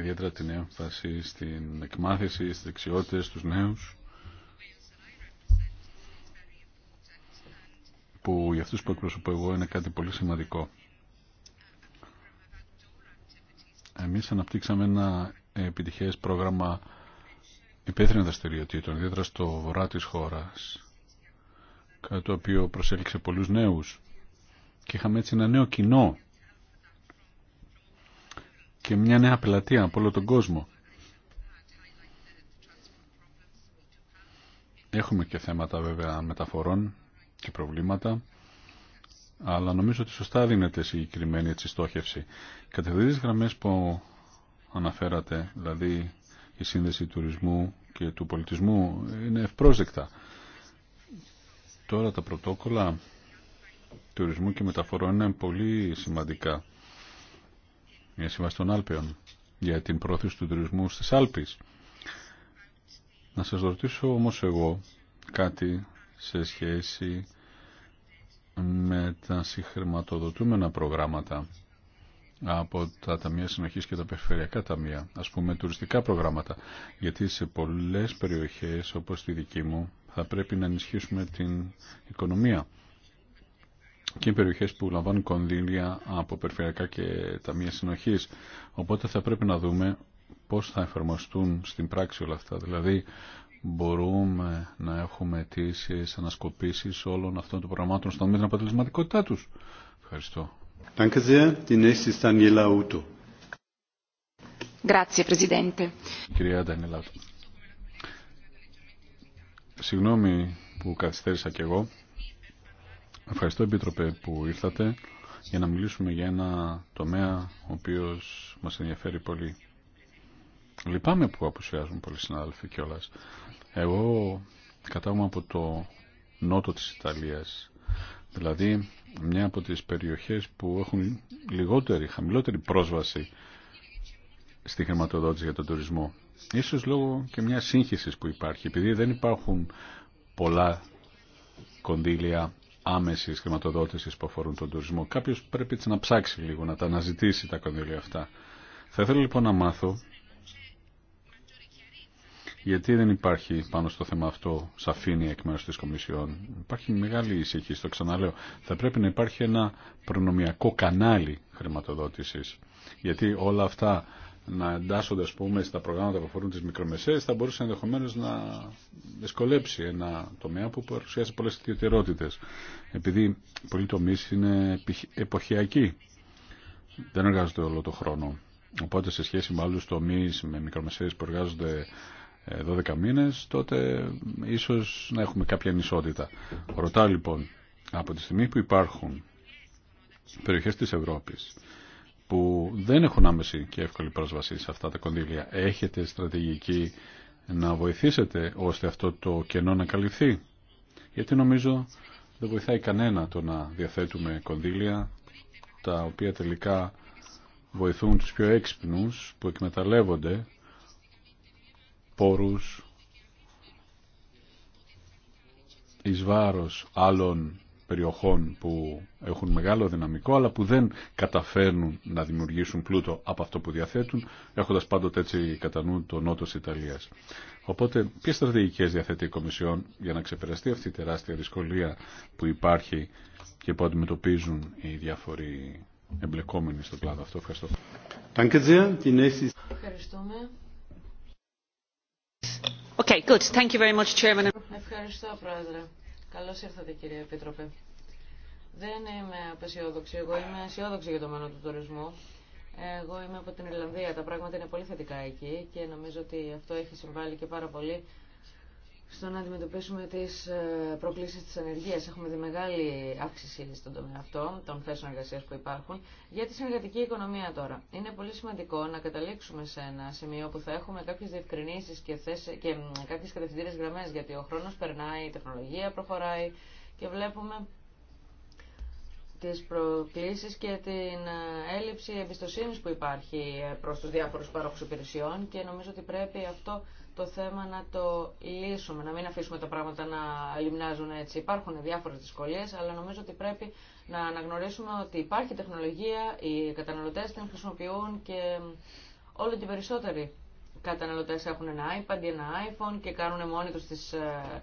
ιδιαίτερα την έμφαση στην εκμάθηση, στις δεξιότητες, στους νέους που για αυτούς που εκπροσωπώ εγώ είναι κάτι πολύ σημαντικό. Εμείς αναπτύξαμε ένα επιτυχές πρόγραμμα υπαίθρινων δραστηριοτήτων, ιδιαίτερα στο βορρά της χώρας, κάτι το οποίο προσέλκυσε πολλούς νέους και είχαμε έτσι ένα νέο κοινό και μια νέα πλατεία από όλο τον κόσμο. Έχουμε και θέματα βέβαια μεταφορών και προβλήματα, αλλά νομίζω ότι σωστά δίνεται συγκεκριμένη έτσι στόχευση. Κατευθυντικές γραμμές που αναφέρατε, δηλαδή η σύνδεση τουρισμού και του πολιτισμού, είναι ευπρόσδεκτα. Τώρα τα πρωτόκολλα τουρισμού και μεταφορών είναι πολύ σημαντικά μια σύμβαση των Άλπαιων για την προώθηση του τουρισμού στις Άλπεις. Να σας ρωτήσω όμως εγώ κάτι σε σχέση με τα συγχρηματοδοτούμενα προγράμματα από τα Ταμεία Συνοχής και τα Περιφερειακά Ταμεία, ας πούμε τουριστικά προγράμματα, γιατί σε πολλές περιοχές όπως τη δική μου θα πρέπει να ενισχύσουμε την οικονομία και οι περιοχές που λαμβάνουν κονδύλια από περιφερειακά και ταμεία συνοχής. Οπότε θα πρέπει να δούμε πώς θα εφαρμοστούν στην πράξη όλα αυτά. Δηλαδή μπορούμε να έχουμε αιτήσει ανασκοπήσεις όλων αυτών των προγραμμάτων στον με την αποτελεσματικότητά τους. Ευχαριστώ. Κυρία συγγνώμη που καθυστέρησα κι εγώ. Ευχαριστώ, Επίτροπε, που ήρθατε για να μιλήσουμε για ένα τομέα ο οποίος μας ενδιαφέρει πολύ. Λυπάμαι που απουσιάζουν πολλοί συνάδελφοι κιόλα. Εγώ κατάγομαι από το νότο της Ιταλίας, δηλαδή μια από τις περιοχές που έχουν λιγότερη, χαμηλότερη πρόσβαση στη χρηματοδότηση για τον τουρισμό. Ίσως λόγω και μια σύγχυσης που υπάρχει, επειδή δεν υπάρχουν πολλά κονδύλια άμεση χρηματοδότηση που αφορούν τον τουρισμό. Κάποιο πρέπει να ψάξει λίγο, να τα αναζητήσει τα κονδύλια αυτά. Θα ήθελα λοιπόν να μάθω γιατί δεν υπάρχει πάνω στο θέμα αυτό σαφήνεια εκ μέρου τη Κομισιόν. Υπάρχει μεγάλη ησυχή, στο ξαναλέω. Θα πρέπει να υπάρχει ένα προνομιακό κανάλι χρηματοδότηση. Γιατί όλα αυτά να εντάσσονται ας πούμε, στα προγράμματα που αφορούν τι μικρομεσαίε, θα μπορούσε ενδεχομένω να δυσκολέψει ένα τομέα που παρουσιάζει πολλέ ιδιαιτερότητε. επειδή πολλοί τομεί είναι εποχιακοί δεν εργάζονται όλο το χρόνο οπότε σε σχέση με άλλου τομεί με μικρομεσαίε που εργάζονται 12 ε, μήνε, τότε ίσω να έχουμε κάποια ανισότητα ρωτάω λοιπόν από τη στιγμή που υπάρχουν περιοχέ τη Ευρώπη που δεν έχουν άμεση και εύκολη πρόσβαση σε αυτά τα κονδύλια. Έχετε στρατηγική να βοηθήσετε ώστε αυτό το κενό να καλυφθεί. Γιατί νομίζω δεν βοηθάει κανένα το να διαθέτουμε κονδύλια τα οποία τελικά βοηθούν τους πιο έξυπνους που εκμεταλλεύονται πόρους εις βάρος άλλων περιοχών που έχουν μεγάλο δυναμικό αλλά που δεν καταφέρνουν να δημιουργήσουν πλούτο από αυτό που διαθέτουν έχοντας πάντοτε έτσι κατά νου το νότο της Ιταλίας. Οπότε ποιες στρατηγικές διαθέτει η Κομισιόν για να ξεπεραστεί αυτή η τεράστια δυσκολία που υπάρχει και που αντιμετωπίζουν οι διάφοροι εμπλεκόμενοι στον κλάδο αυτό. Ευχαριστώ. Ευχαριστούμε. Okay, good. Thank you very much, Chairman. Ευχαριστώ, Πρόεδρε. Καλώς ήρθατε κύριε Επίτροπε. Δεν είμαι απεσιόδοξη. Εγώ είμαι αισιόδοξη για το μέλλον του τουρισμού. Εγώ είμαι από την Ιρλανδία. Τα πράγματα είναι πολύ θετικά εκεί και νομίζω ότι αυτό έχει συμβάλει και πάρα πολύ στο να αντιμετωπίσουμε τις ε, προκλήσεις της ενεργείας. Έχουμε τη μεγάλη αύξηση στον τομέα αυτό, των θέσεων εργασία που υπάρχουν. Για τη συνεργατική οικονομία τώρα. Είναι πολύ σημαντικό να καταλήξουμε σε ένα σημείο που θα έχουμε κάποιες διευκρινήσεις και, θέσεις, και κάποιες κατευθυντήρες γραμμές, γιατί ο χρόνος περνάει, η τεχνολογία προχωράει και βλέπουμε τις προκλήσεις και την ε, έλλειψη εμπιστοσύνης που υπάρχει ε, προς τους διάφορου παρόχους υπηρεσιών και νομίζω ότι πρέπει αυτό το θέμα να το λύσουμε, να μην αφήσουμε τα πράγματα να λιμνάζουν έτσι. Υπάρχουν διάφορες δυσκολίες, αλλά νομίζω ότι πρέπει να αναγνωρίσουμε ότι υπάρχει τεχνολογία, οι καταναλωτές την χρησιμοποιούν και όλο και περισσότεροι καταναλωτές έχουν ένα iPad ή ένα iPhone και κάνουν μόνοι τους τις, ε,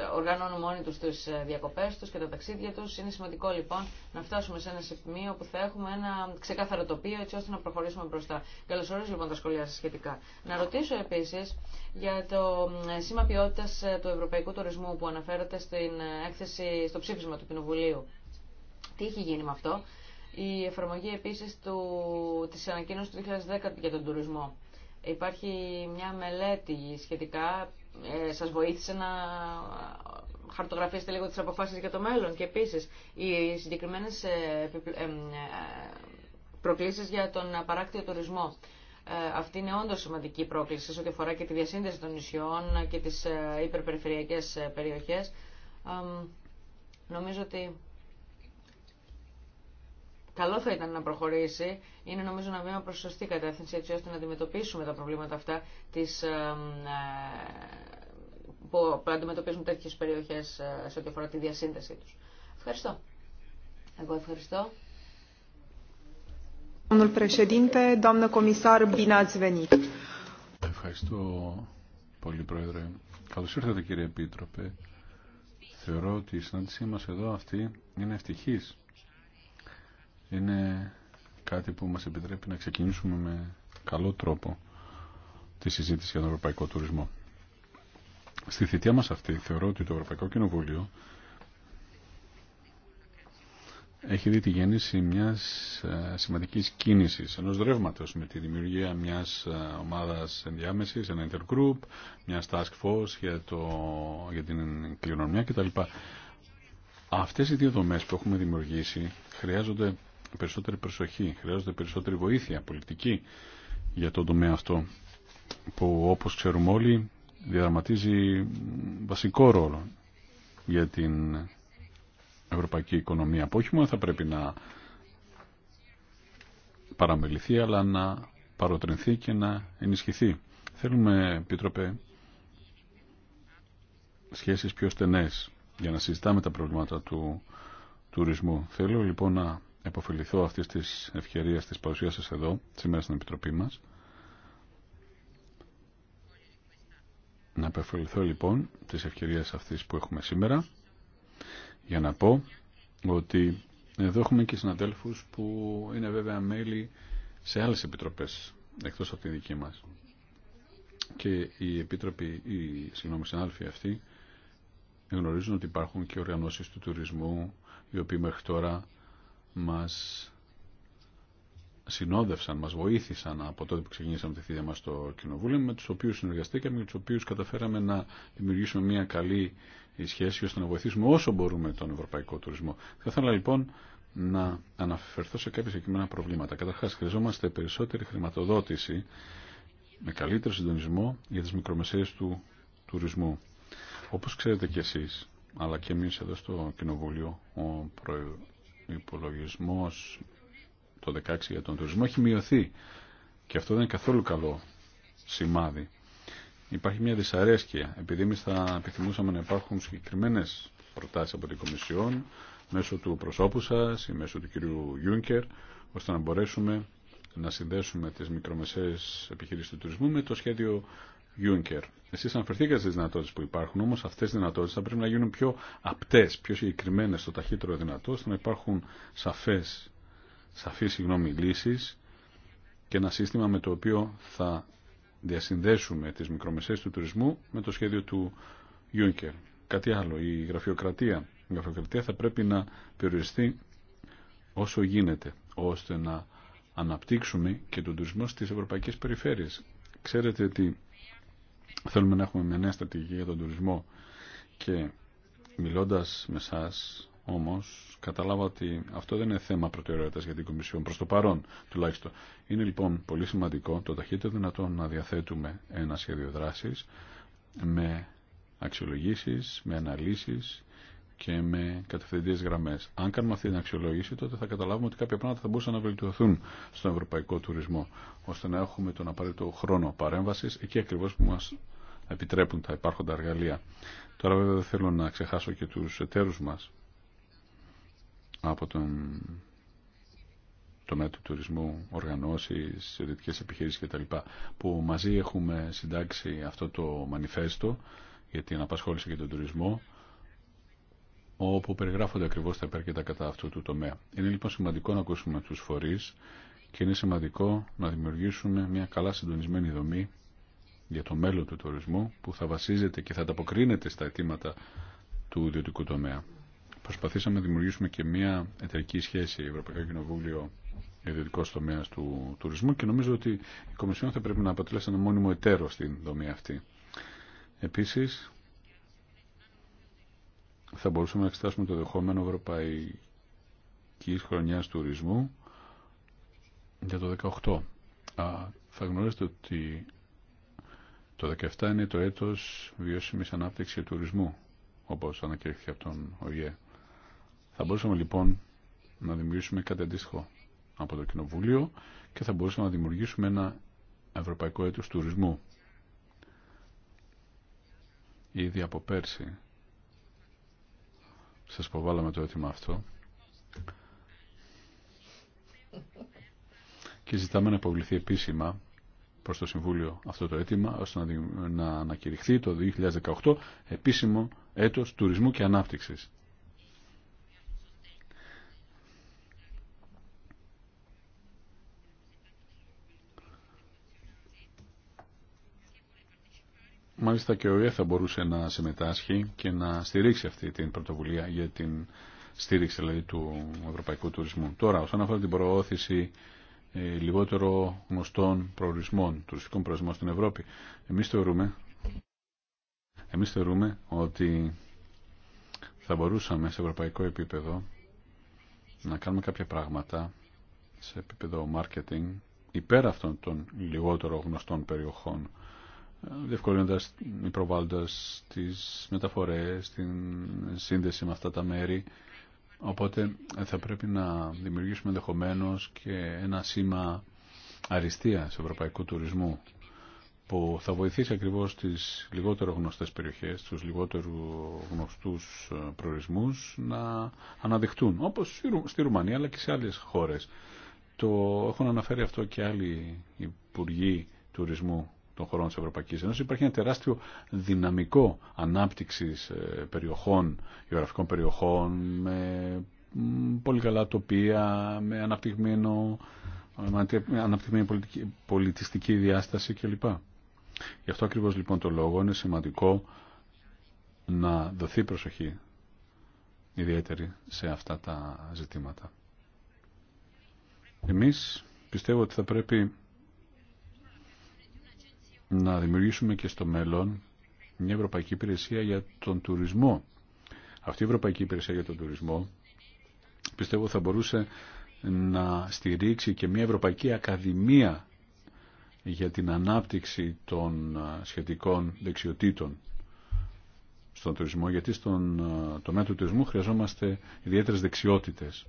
ε, οργανώνουν μόνοι τους τις ε, διακοπές τους και τα ταξίδια τους. Είναι σημαντικό λοιπόν να φτάσουμε σε ένα σημείο που θα έχουμε ένα ξεκάθαρο τοπίο έτσι ώστε να προχωρήσουμε μπροστά. ορίζω λοιπόν τα σχολεία σας σχετικά. Να ρωτήσω επίσης για το σήμα ποιότητας του ευρωπαϊκού τουρισμού που αναφέρεται στην έκθεση, στο ψήφισμα του Κοινοβουλίου. Τι έχει γίνει με αυτό η εφαρμογή επίσης του, της ανακοίνωσης του 2010 για τον τουρισμό. Υπάρχει μια μελέτη σχετικά, ε, σας βοήθησε να χαρτογραφήσετε λίγο τις αποφάσεις για το μέλλον και επίσης οι συγκεκριμένες ε, ε, ε, προκλήσεις για τον παράκτιο τουρισμό. Αυτή είναι όντως σημαντική πρόκληση σε ό,τι αφορά και τη διασύνδεση των νησιών και τις υπερπεριφερειακές περιοχές. Νομίζω ότι καλό θα ήταν να προχωρήσει. Είναι νομίζω ένα βήμα προς σωστή κατεύθυνση έτσι ώστε να αντιμετωπίσουμε τα προβλήματα αυτά της, ε, που αντιμετωπίζουν τέτοιες περιοχές ε, σε ό,τι αφορά τη διασύνδεσή τους. Ευχαριστώ. Εγώ ευχαριστώ. Ευχαριστώ πολύ, Πρόεδρε. Καλώς ήρθατε, κύριε Επίτροπε. Θεωρώ ότι η συνάντησή μας εδώ αυτή είναι ευτυχής είναι κάτι που μας επιτρέπει να ξεκινήσουμε με καλό τρόπο τη συζήτηση για τον ευρωπαϊκό τουρισμό. Στη θητεία μας αυτή θεωρώ ότι το Ευρωπαϊκό Κοινοβούλιο έχει δει τη γέννηση μιας ε, σημαντικής κίνησης, ενός ρεύματος με τη δημιουργία μιας ε, ομάδας ενδιάμεσης, ένα intergroup, μιας task force για, το, για την κληρονομιά κτλ. Αυτές οι δύο δομές που έχουμε δημιουργήσει χρειάζονται περισσότερη προσοχή, χρειάζονται περισσότερη βοήθεια πολιτική για τον τομέα αυτό που όπως ξέρουμε όλοι διαδραματίζει βασικό ρόλο για την ευρωπαϊκή οικονομία που όχι μόνο θα πρέπει να παραμεληθεί αλλά να παροτρινθεί και να ενισχυθεί. Θέλουμε, Επίτροπε, σχέσεις πιο στενές για να συζητάμε τα προβλήματα του τουρισμού. Θέλω λοιπόν να επωφεληθώ αυτή της ευκαιρία της παρουσίας σας εδώ, σήμερα στην Επιτροπή μας. Να επωφεληθώ λοιπόν της ευκαιρία αυτή που έχουμε σήμερα για να πω ότι εδώ έχουμε και συναδέλφους που είναι βέβαια μέλη σε άλλες επιτροπές εκτός από τη δική μας. Και οι επίτροποι, οι συγγνώμη συνάλφοι αυτοί γνωρίζουν ότι υπάρχουν και οργανώσει του τουρισμού οι οποίοι μέχρι τώρα μας συνόδευσαν, μας βοήθησαν από τότε που ξεκινήσαμε τη θητεία μας στο Κοινοβούλιο, με τους οποίους συνεργαστήκαμε με τους οποίους καταφέραμε να δημιουργήσουμε μια καλή σχέση ώστε να βοηθήσουμε όσο μπορούμε τον ευρωπαϊκό τουρισμό. Θα ήθελα λοιπόν να αναφερθώ σε κάποια συγκεκριμένα προβλήματα. Καταρχάς, χρειαζόμαστε περισσότερη χρηματοδότηση με καλύτερο συντονισμό για τις μικρομεσαίες του τουρισμού. Όπως ξέρετε κι εσείς, αλλά και εμείς εδώ στο Κοινοβούλιο, ο ο υπολογισμός το 16 για τον τουρισμό έχει μειωθεί και αυτό δεν είναι καθόλου καλό σημάδι. Υπάρχει μια δυσαρέσκεια επειδή εμεί θα επιθυμούσαμε να υπάρχουν συγκεκριμένε προτάσει από την Κομισιόν μέσω του προσώπου σα ή μέσω του κυρίου Γιούνκερ ώστε να μπορέσουμε να συνδέσουμε τις μικρομεσαίες επιχειρήσεις του τουρισμού με το σχέδιο Juncker. Εσείς αναφερθήκατε στι δυνατότητε που υπάρχουν, όμω, αυτέ οι δυνατότητε θα πρέπει να γίνουν πιο απτέ, πιο συγκεκριμένε στο ταχύτερο δυνατό, ώστε να υπάρχουν σαφές, λύσει και ένα σύστημα με το οποίο θα διασυνδέσουμε τι μικρομεσαίες του τουρισμού με το σχέδιο του Juncker. Κάτι άλλο, η γραφειοκρατία. Η γραφειοκρατία θα πρέπει να περιοριστεί όσο γίνεται, ώστε να αναπτύξουμε και τον τουρισμό στι ευρωπαϊκέ περιφέρειε. Ξέρετε ότι Θέλουμε να έχουμε μια νέα στρατηγική για τον τουρισμό και μιλώντας με εσά όμως κατάλαβα ότι αυτό δεν είναι θέμα προτεραιότητας για την Κομισιόν προς το παρόν τουλάχιστον. Είναι λοιπόν πολύ σημαντικό το ταχύτερο δυνατόν να διαθέτουμε ένα σχέδιο δράσης με αξιολογήσεις, με αναλύσεις και με κατευθυντήριε γραμμέ. Αν κάνουμε αυτή την αξιολόγηση, τότε θα καταλάβουμε ότι κάποια πράγματα θα μπορούσαν να βελτιωθούν στον ευρωπαϊκό τουρισμό, ώστε να έχουμε τον απαραίτητο χρόνο παρέμβαση εκεί ακριβώ που μα επιτρέπουν τα υπάρχοντα εργαλεία. Τώρα βέβαια δεν θέλω να ξεχάσω και του εταίρου μα από τον τομέα του τουρισμού, οργανώσεις, ιδιωτικέ επιχειρήσει κτλ. που μαζί έχουμε συντάξει αυτό το μανιφέστο για την απασχόληση και τον τουρισμό όπου περιγράφονται ακριβώ τα υπέρ κατά αυτού του τομέα. Είναι λοιπόν σημαντικό να ακούσουμε του φορεί και είναι σημαντικό να δημιουργήσουμε μια καλά συντονισμένη δομή για το μέλλον του τουρισμού που θα βασίζεται και θα ανταποκρίνεται στα αιτήματα του ιδιωτικού τομέα. Προσπαθήσαμε να δημιουργήσουμε και μια εταιρική σχέση Ευρωπαϊκό Κοινοβούλιο ιδιωτικό τομέα του τουρισμού και νομίζω ότι η Κομισιόν θα πρέπει να αποτελέσει ένα μόνιμο εταίρο στην δομή αυτή. Επίσης, θα μπορούσαμε να εξετάσουμε το δεχόμενο ευρωπαϊκής χρονιάς τουρισμού για το 2018. Α, θα γνωρίζετε ότι το 2017 είναι το έτος βιώσιμης ανάπτυξης τουρισμού, όπως ανακηρύχθηκε από τον ΟΙΕ. Θα μπορούσαμε λοιπόν να δημιουργήσουμε κάτι αντίστοιχο από το Κοινοβούλιο και θα μπορούσαμε να δημιουργήσουμε ένα ευρωπαϊκό έτος τουρισμού. Ήδη από πέρσι σας προβάλαμε το αίτημα αυτό και ζητάμε να υποβληθεί επίσημα προς το Συμβούλιο αυτό το αίτημα ώστε να ανακηρυχθεί το 2018 επίσημο έτος τουρισμού και ανάπτυξης. μάλιστα και ο ΙΕ θα μπορούσε να συμμετάσχει και να στηρίξει αυτή την πρωτοβουλία για την στήριξη δηλαδή, του ευρωπαϊκού τουρισμού. Τώρα, όσον αφορά την προώθηση ε, λιγότερο γνωστών προορισμών, τουριστικών προορισμών στην Ευρώπη, εμείς θεωρούμε, εμείς θεωρούμε ότι θα μπορούσαμε σε ευρωπαϊκό επίπεδο να κάνουμε κάποια πράγματα σε επίπεδο marketing υπέρ αυτών των λιγότερο γνωστών περιοχών διευκολύνοντας ή προβάλλοντας τις μεταφορές, την σύνδεση με αυτά τα μέρη. Οπότε ε, θα πρέπει να δημιουργήσουμε ενδεχομένω και ένα σήμα αριστείας ευρωπαϊκού τουρισμού που θα βοηθήσει ακριβώς τις λιγότερο γνωστές περιοχές, τους λιγότερο γνωστούς ε, προορισμούς να αναδειχτούν, όπως στη Ρουμανία αλλά και σε άλλες χώρες. Το έχουν αναφέρει αυτό και άλλοι υπουργοί τουρισμού των χωρών της Ευρωπαϊκής Ένωσης υπάρχει ένα τεράστιο δυναμικό ανάπτυξης ε, περιοχών, γεωγραφικών περιοχών με πολύ καλά τοπία, με αναπτυγμένο ε, με αναπτυγμένη πολιτιστική διάσταση κλπ. Γι' αυτό ακριβώς λοιπόν το λόγο είναι σημαντικό να δοθεί προσοχή ιδιαίτερη σε αυτά τα ζητήματα. Εμείς πιστεύω ότι θα πρέπει να δημιουργήσουμε και στο μέλλον μια Ευρωπαϊκή Υπηρεσία για τον τουρισμό. Αυτή η Ευρωπαϊκή Υπηρεσία για τον τουρισμό πιστεύω θα μπορούσε να στηρίξει και μια Ευρωπαϊκή Ακαδημία για την ανάπτυξη των σχετικών δεξιοτήτων στον τουρισμό, γιατί στον τομέα του τουρισμού χρειαζόμαστε ιδιαίτερες δεξιότητες,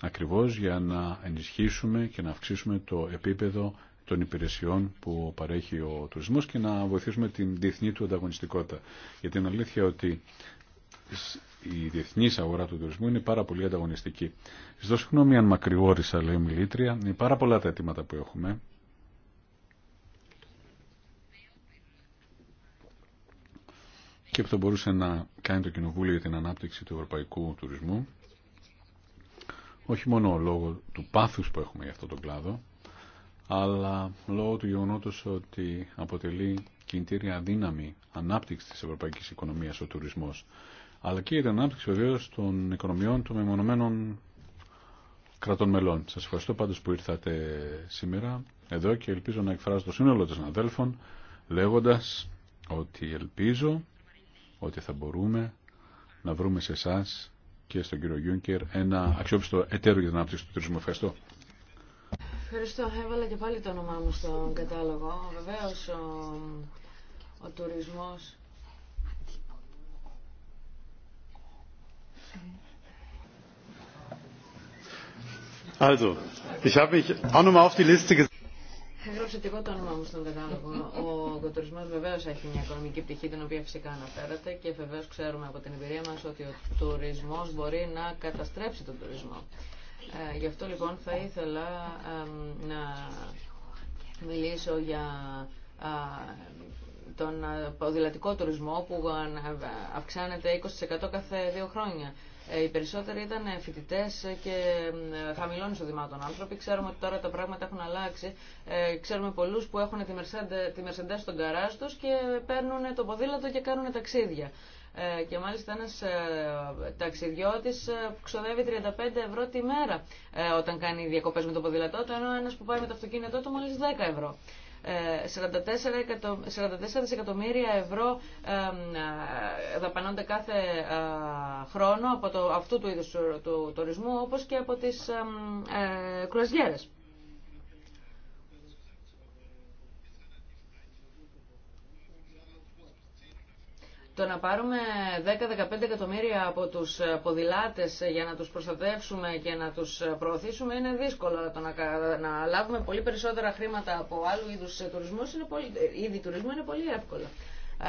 ακριβώς για να ενισχύσουμε και να αυξήσουμε το επίπεδο των υπηρεσιών που παρέχει ο τουρισμός και να βοηθήσουμε την διεθνή του ανταγωνιστικότητα. γιατί είναι αλήθεια ότι η διεθνής αγορά του τουρισμού είναι πάρα πολύ ανταγωνιστική. Ζητώ συγγνώμη αν μακριόρισα, λέει μιλήτρια. Είναι πάρα πολλά τα αιτήματα που έχουμε. και αυτό μπορούσε να κάνει το Κοινοβούλιο για την ανάπτυξη του ευρωπαϊκού τουρισμού. Όχι μόνο λόγω του πάθους που έχουμε για αυτό τον κλάδο, αλλά λόγω του γεγονότος ότι αποτελεί κινητήρια δύναμη ανάπτυξη της ευρωπαϊκής οικονομίας ο τουρισμός, αλλά και για την ανάπτυξη βεβαίω των οικονομιών των μεμονωμένων κρατών μελών. Σας ευχαριστώ πάντως που ήρθατε σήμερα εδώ και ελπίζω να εκφράσω το σύνολο των αδέλφων λέγοντας ότι ελπίζω ότι θα μπορούμε να βρούμε σε εσά και στον κύριο Γιούνκερ ένα αξιόπιστο εταίρο για την ανάπτυξη του τουρισμού. Ευχαριστώ. Ευχαριστώ. Έβαλα και πάλι το όνομά μου στον κατάλογο. Βεβαίω, ο, ο τουρισμός Also, ich Έγραψε το όνομά μου στον κατάλογο. Ο τουρισμό βεβαίω έχει μια οικονομική πτυχή, την οποία φυσικά αναφέρατε και βεβαίω ξέρουμε από την εμπειρία μα ότι ο τουρισμό μπορεί να καταστρέψει τον τουρισμό. Ε, γι' αυτό λοιπόν θα ήθελα να μιλήσω για τον ποδηλατικό τουρισμό που αυξάνεται 20% κάθε δύο χρόνια. Ε, οι περισσότεροι ήταν φοιτητέ και χαμηλών εισοδημάτων άνθρωποι. Ξέρουμε ότι τώρα τα πράγματα έχουν αλλάξει. Ε, ξέρουμε πολλού που έχουν τη Mercedes στον καράζ του και παίρνουν το ποδήλατο και κάνουν ταξίδια. Ε, και μάλιστα ένας ε, ταξιδιώτης ε, ξοδεύει 35 ευρώ τη μέρα όταν κάνει διακοπές με το ποδήλατό του, ενώ ένα που πάει με το αυτοκίνητό του μόλις 10 ευρώ. 44 δισεκατομμύρια ευρώ δαπανώνται κάθε χρόνο από το, αυτού του είδους του τουρισμού όπως και από τις κρουαζιέρες. Το να πάρουμε 10-15 εκατομμύρια από τους ποδηλάτες για να τους προστατεύσουμε και να τους προωθήσουμε είναι δύσκολο. το να, να λάβουμε πολύ περισσότερα χρήματα από άλλου είδους τουρισμού είναι πολύ, είδη τουρισμού είναι πολύ εύκολο.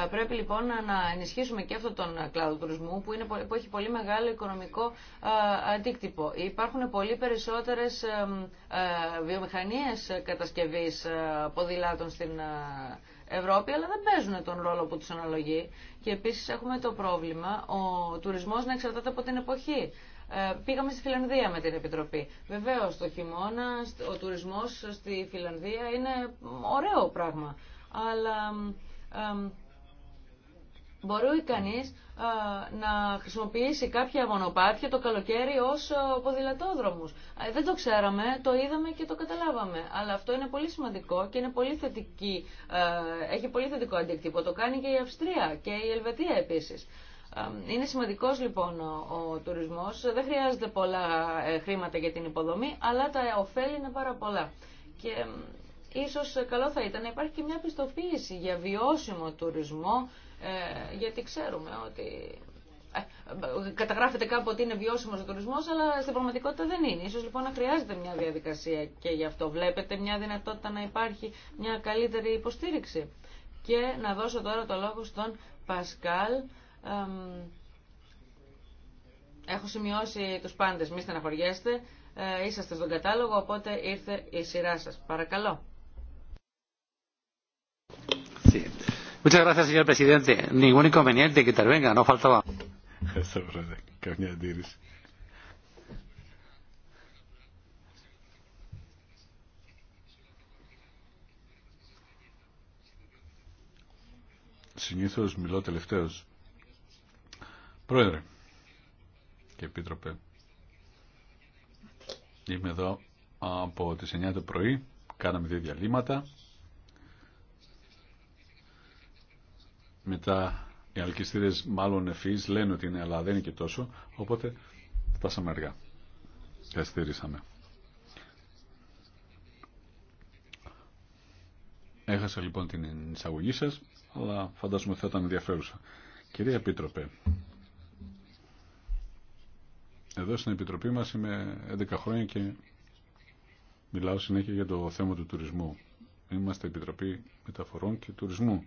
Ε, πρέπει λοιπόν να ενισχύσουμε και αυτόν τον κλάδο τουρισμού που, είναι, που έχει πολύ μεγάλο οικονομικό ε, αντίκτυπο. Υπάρχουν πολύ περισσότερες ε, βιομηχανίες κατασκευής ποδηλάτων στην Ευρώπη, αλλά δεν παίζουν τον ρόλο που του αναλογεί. Και επίσης έχουμε το πρόβλημα ο τουρισμός να εξαρτάται από την εποχή. Ε, πήγαμε στη Φιλανδία με την Επιτροπή. Βεβαίω, το χειμώνα, ο τουρισμός στη Φιλανδία είναι ωραίο πράγμα. Αλλά μπορεί κανείς να χρησιμοποιήσει κάποια μονοπάτια το καλοκαίρι ως ποδηλατόδρομους. Ε, δεν το ξέραμε, το είδαμε και το καταλάβαμε. Αλλά αυτό είναι πολύ σημαντικό και είναι πολύ θετική, έχει πολύ θετικό αντίκτυπο. Το κάνει και η Αυστρία και η Ελβετία επίσης. Είναι σημαντικός λοιπόν ο, ο τουρισμός. Δεν χρειάζεται πολλά ε, χρήματα για την υποδομή, αλλά τα ωφέλη είναι πάρα πολλά ίσως καλό θα ήταν να υπάρχει και μια πιστοποίηση για βιώσιμο τουρισμό, ε, γιατί ξέρουμε ότι ε, καταγράφεται κάπου ότι είναι βιώσιμο ο τουρισμό, αλλά στην πραγματικότητα δεν είναι. Ίσως λοιπόν να χρειάζεται μια διαδικασία και γι' αυτό βλέπετε μια δυνατότητα να υπάρχει μια καλύτερη υποστήριξη. Και να δώσω τώρα το λόγο στον Πασκάλ. Έχω σημειώσει τους πάντες, μη στεναχωριέστε. Ε, είσαστε στον κατάλογο, οπότε ήρθε η σειρά σας. Παρακαλώ. Ευχαριστώ, Συνήθως μιλώ τελευταίος. Πρόεδρε και Επίτροπε, είμαι εδώ από τις 9 το πρωί, κάναμε δύο διαλύματα Μετά οι αλκυστήρες μάλλον ευφύ λένε ότι είναι αλλά δεν είναι και τόσο, οπότε φτάσαμε αργά. Καστήρισαμε. Έχασα λοιπόν την εισαγωγή σας, αλλά φαντάζομαι ότι θα ήταν ενδιαφέρουσα. Κυρία Επίτροπε, εδώ στην Επιτροπή μας είμαι 11 χρόνια και μιλάω συνέχεια για το θέμα του τουρισμού. Είμαστε Επιτροπή Μεταφορών και Τουρισμού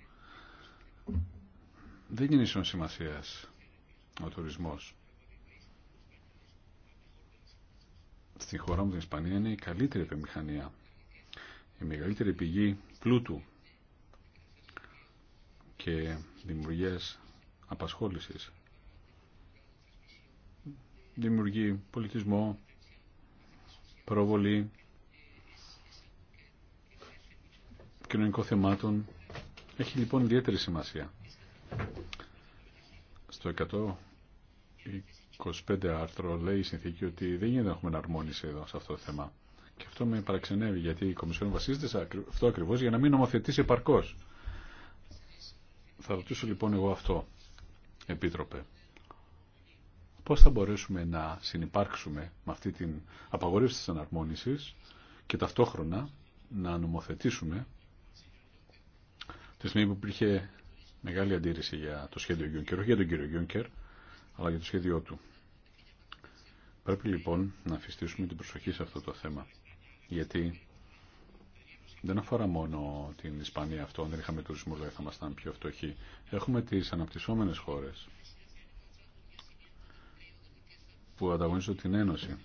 δεν είναι ίσον σημασία ο τουρισμός. Στην χώρα μου την Ισπανία είναι η καλύτερη επιμηχανία, η μεγαλύτερη πηγή πλούτου και δημιουργίας απασχόλησης. Δημιουργεί πολιτισμό, προβολή, κοινωνικών θεμάτων, έχει λοιπόν ιδιαίτερη σημασία. Στο 125 άρθρο λέει η συνθήκη ότι δεν γίνεται να έχουμε εναρμόνιση εδώ σε αυτό το θέμα. Και αυτό με παραξενεύει γιατί η Κομισιόν βασίζεται σε αυτό ακριβώς για να μην νομοθετήσει επαρκώς. Θα ρωτήσω λοιπόν εγώ αυτό, Επίτροπε. Πώς θα μπορέσουμε να συνεπάρξουμε με αυτή την απαγορεύση της αναρμόνισης και ταυτόχρονα να νομοθετήσουμε Τη στιγμή που υπήρχε μεγάλη αντίρρηση για το σχέδιο Γιούνκερ, όχι για τον κύριο Γιούνκερ, αλλά για το σχέδιό του. Πρέπει λοιπόν να αφιστήσουμε την προσοχή σε αυτό το θέμα. Γιατί δεν αφορά μόνο την Ισπανία αυτό. Αν δεν είχαμε τουρισμό, δεν δηλαδή θα ήμασταν πιο φτωχοί. Έχουμε τι αναπτυσσόμενε χώρε που ανταγωνίζονται την Ένωση.